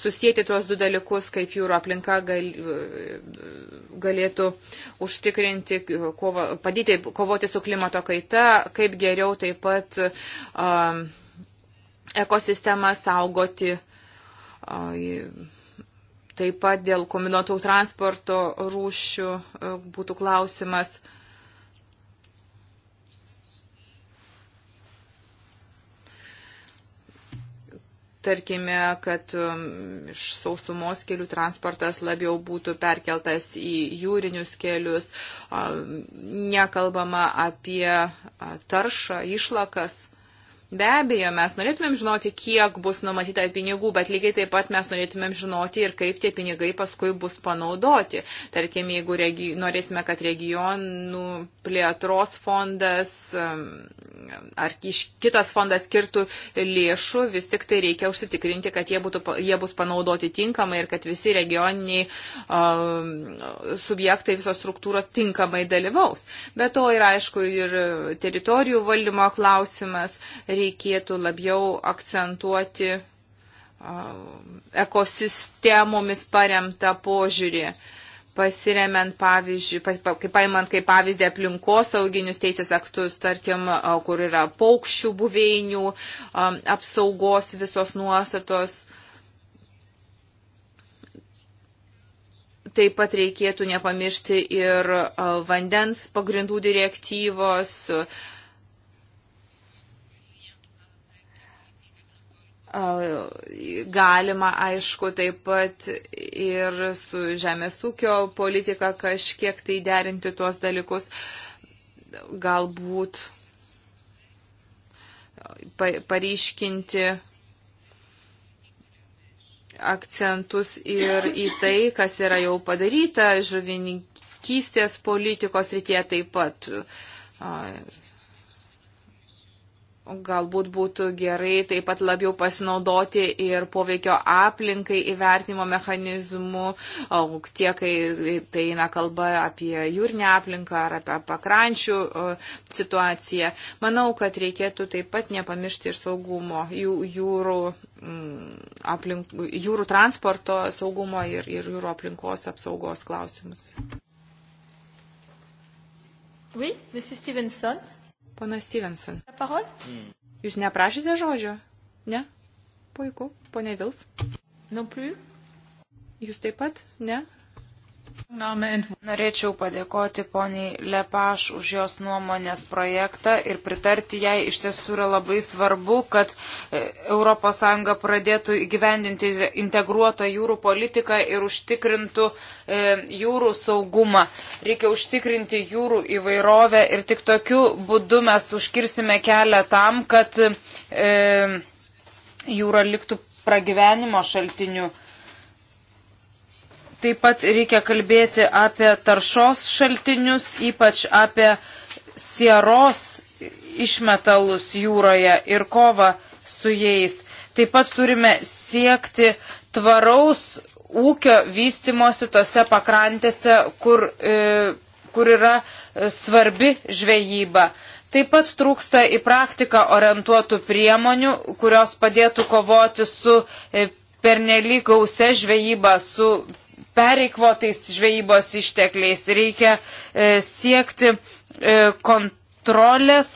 susijęti tuos du dalykus, kaip jūrų aplinka gal, e, galėtų užtikrinti, kovo, padėti kovoti su klimato kaita, kaip geriau taip pat um, ekosistemą saugoti. Um, taip pat dėl kombinuotų transporto rūšių e, būtų klausimas. Um, tarkime, kad um, iš sausumos kelių transportas labiau būtų perkeltas į jūrinius kelius, um, nekalbama apie uh, taršą, išlakas. Be abejo, mes norėtumėm žinoti, kiek bus numatyta pinigų, bet lygiai taip pat mes norėtumėm žinoti ir kaip tie pinigai paskui bus panaudoti. Tarkim, jeigu regi... norėsime, kad regionų plėtros fondas ar kitas fondas skirtų lėšų, vis tik tai reikia užsitikrinti, kad jie, būtų, jie bus panaudoti tinkamai ir kad visi regioniniai um, subjektai, visos struktūros tinkamai dalyvaus. Be to ir aišku ir teritorijų valdymo klausimas reikėtų labiau akcentuoti ekosistemomis paremtą požiūrį pasiremiant pavyzdžiui, pa, pa, kaip paimant kaip pavyzdį aplinkosauginius teisės aktus, tarkim, kur yra paukščių buveinių, apsaugos visos nuostatos. Taip pat reikėtų nepamiršti ir vandens pagrindų direktyvos, uh, Galima, aišku, taip pat ir su žemės ūkio politika kažkiek tai derinti tuos dalykus. Galbūt paryškinti akcentus ir į tai, kas yra jau padaryta žuvininkystės politikos rytie taip pat. Galbūt būtų gerai taip pat labiau pasinaudoti ir poveikio aplinkai įvertinimo mechanizmu, tiek, kai tai eina kalba apie jūrinę aplinką ar apie pakrančių situaciją. Manau, kad reikėtų taip pat nepamiršti ir saugumo, jūrų, mm, aplink, jūrų transporto saugumo ir, ir jūrų aplinkos apsaugos klausimus. Oui, Monsieur Stevenson. Pana Stevenson. Pahol? Hmm. Jūs neprašėte žodžio? Ne? Puiku. Pone Vils? Non plus. Jūs taip pat? Ne? Norėčiau padėkoti poniai Lepaš už jos nuomonės projektą ir pritarti jai iš tiesų yra labai svarbu, kad ES pradėtų įgyvendinti integruotą jūrų politiką ir užtikrintų e, jūrų saugumą. Reikia užtikrinti jūrų įvairovę ir tik tokiu būdu mes užkirsime kelią tam, kad e, jūra liktų pragyvenimo šaltiniu. Taip pat reikia kalbėti apie taršos šaltinius, ypač apie sieros išmetalus jūroje ir kovą su jais. Taip pat turime siekti tvaraus ūkio vystimosi tose pakrantėse, kur, e, kur yra e, svarbi žvejyba. Taip pat trūksta į praktiką orientuotų priemonių, kurios padėtų kovoti su e, pernelyg gausia žvejyba, su pereikvotais žvejybos ištekliais, reikia e, siekti e, kontrolės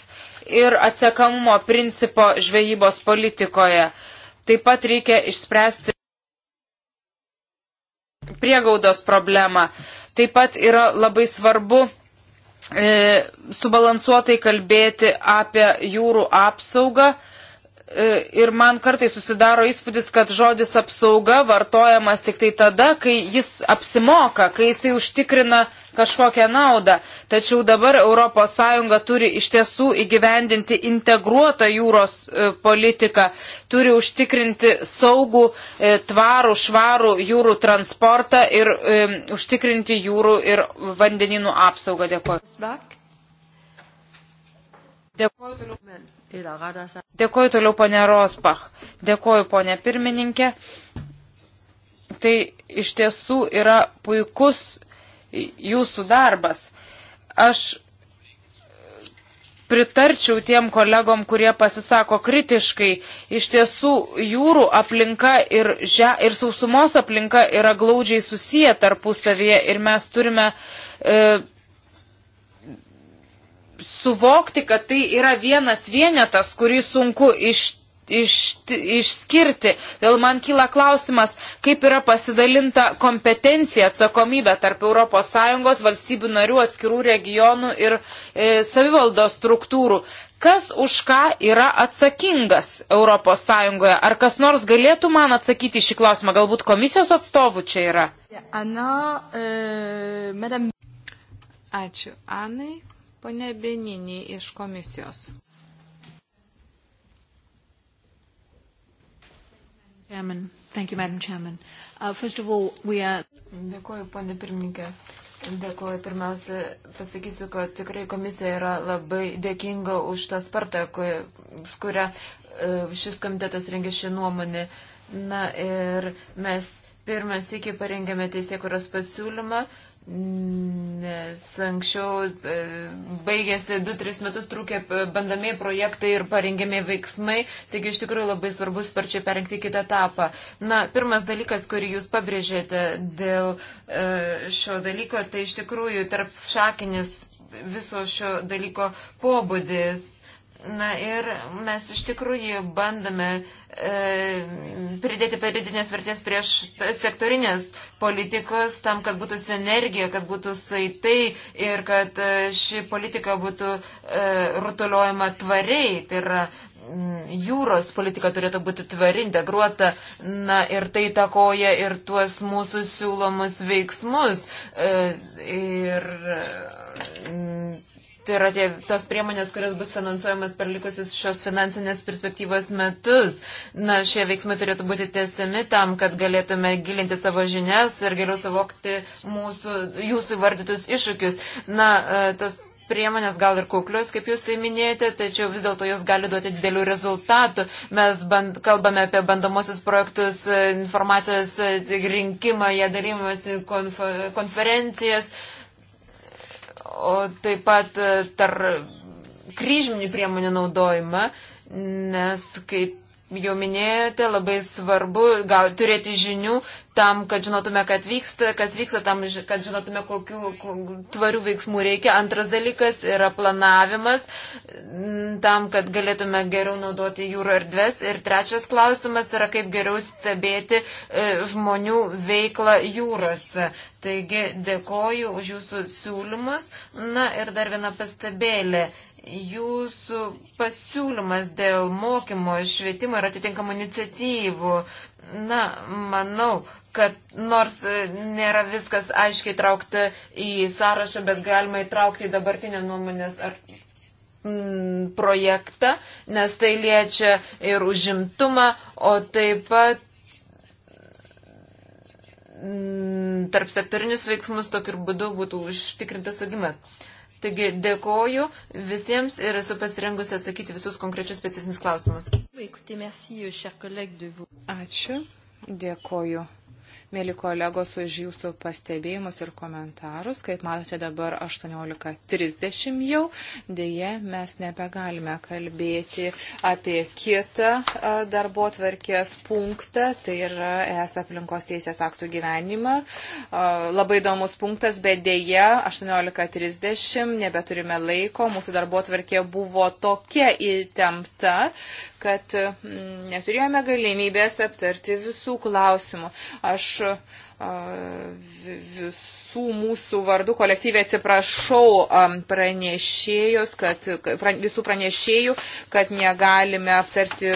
ir atsekamumo principo žvejybos politikoje. Taip pat reikia išspręsti priegaudos problemą. Taip pat yra labai svarbu e, subalansuotai kalbėti apie jūrų apsaugą. E, E, ir man kartai susidaro įspūdis, kad žodis apsauga vartojamas tik tai tada, kai jis apsimoka, kai jisai užtikrina kažkokią naudą. Tačiau dabar ES turi iš tiesų įgyvendinti integruotą jūros e, politiką, turi užtikrinti saugų, e, tvarų, švarų jūrų transportą ir um, užtikrinti jūrų ir vandeninų apsaugą. Dėkuoju. Dėkuoju toliau. Dėkoju toliau, ponė Rospach. Dėkoju, ponė pirmininkė. Tai iš tiesų yra puikus jūsų darbas. Aš pritarčiau tiem kolegom, kurie pasisako kritiškai. Iš tiesų, jūrų aplinka ir, že, ir sausumos aplinka yra glaudžiai susiję tarpusavyje ir mes turime e, suvokti, kad tai yra vienas vienetas, kurį sunku iš, iš, išskirti. Dėl man kyla klausimas, kaip yra pasidalinta kompetencija, atsakomybė tarp ES valstybių narių, atskirų regionų ir e, savivaldos struktūrų. Kas už ką yra atsakingas ES? Ar kas nors galėtų man atsakyti šį klausimą? Galbūt komisijos atstovų čia yra? Ana, e, madame... Ačiū, Anai. Pane Beninį iš komisijos. Chairman. Thank you, Madam Chairman. Uh, first of all, we are... Dėkuoju, ponė pirmininkė. Dėkuoju. Pirmiausia, pasakysiu, kad tikrai komisija yra labai dėkinga už tą spartą, kurią e, šis komitetas rengė šį nuomonę. Na ir mes pirmas iki parengėme teisėkuros pasiūlymą, Nes anksčiau e, baigėsi 2-3 metus trūkė e, bandomieji projektai ir parengiamiai veiksmai, taigi iš tikrųjų labai svarbu sparčiai perengti kitą etapą. Na, pirmas dalykas, kurį jūs pabrėžėte dėl e, šio dalyko, tai iš tikrųjų tarp šakinis viso šio dalyko pobūdis. Na ir mes iš tikrųjų bandome e, pridėti paridinės vertės prieš sektorinės politikos tam, kad būtų sinergija, kad būtų saitai ir kad e, ši politika būtų e, rutuliojama tvariai. Tai yra, jūros politika turėtų būti tvari, integruota, na ir tai takoja ir tuos mūsų siūlomus veiksmus. E, ir, e, Tai yra tie, tos priemonės, kurios bus finansuojamas per likusius šios finansinės perspektyvos metus. Na, šie veiksmai turėtų būti tęsiami tam, kad galėtume gilinti savo žinias ir geriau savokti mūsų, jūsų vardytus iššūkius. Na, e, tas priemonės gal ir kuklius, kaip jūs tai minėjote, tačiau vis dėlto jos gali duoti didelių rezultatų. Mes band, kalbame apie bandomosius projektus, e, informacijos e, rinkimą, jie dalymas konferencijas o taip pat e, tar kryžminių priemonių naudojimą, nes, kaip jau minėjote, labai svarbu gau, turėti žinių tam, kad žinotume, kad vyksta, kas vyksta, tam, kad žinotume, kokiu tvarių veiksmų reikia. Antras dalykas yra planavimas, tam, kad galėtume geriau naudoti jūrų erdves. Ir trečias klausimas yra, kaip geriau stebėti e, žmonių veiklą jūrose. Taigi dėkoju už jūsų siūlymus. Na ir dar viena pastebėlė. Jūsų pasiūlymas dėl mokymo, švietimo ir atitinkamų iniciatyvų. Na, manau, kad nors e, nėra viskas aiškiai traukta į sąrašą, bet galima įtraukti į dabartinę nuomonės ar mm, projektą, nes tai liečia ir užimtumą, o taip pat mm, tarp sektorinius veiksmus tokiu būdu būtų užtikrintas augimas. Taigi dėkoju visiems ir esu pasirengusi atsakyti visus konkrečius specifinius klausimus. Euh, Ačiū. Dėkoju mėly kolegos, už jūsų pastebėjimus ir komentarus. Kaip matote, dabar 18.30 jau. Deja, mes nebegalime kalbėti apie kitą darbo tvarkės punktą, tai yra ES aplinkos teisės aktų gyvenimą. Labai įdomus punktas, bet deja, 18.30 nebeturime laiko. Mūsų darbo tvarkė buvo tokia įtempta, kad mm, neturėjome galimybės aptarti visų klausimų. Aš visų mūsų vardų kolektyviai atsiprašau pranešėjus, kad, visų pranešėjų, kad negalime aptarti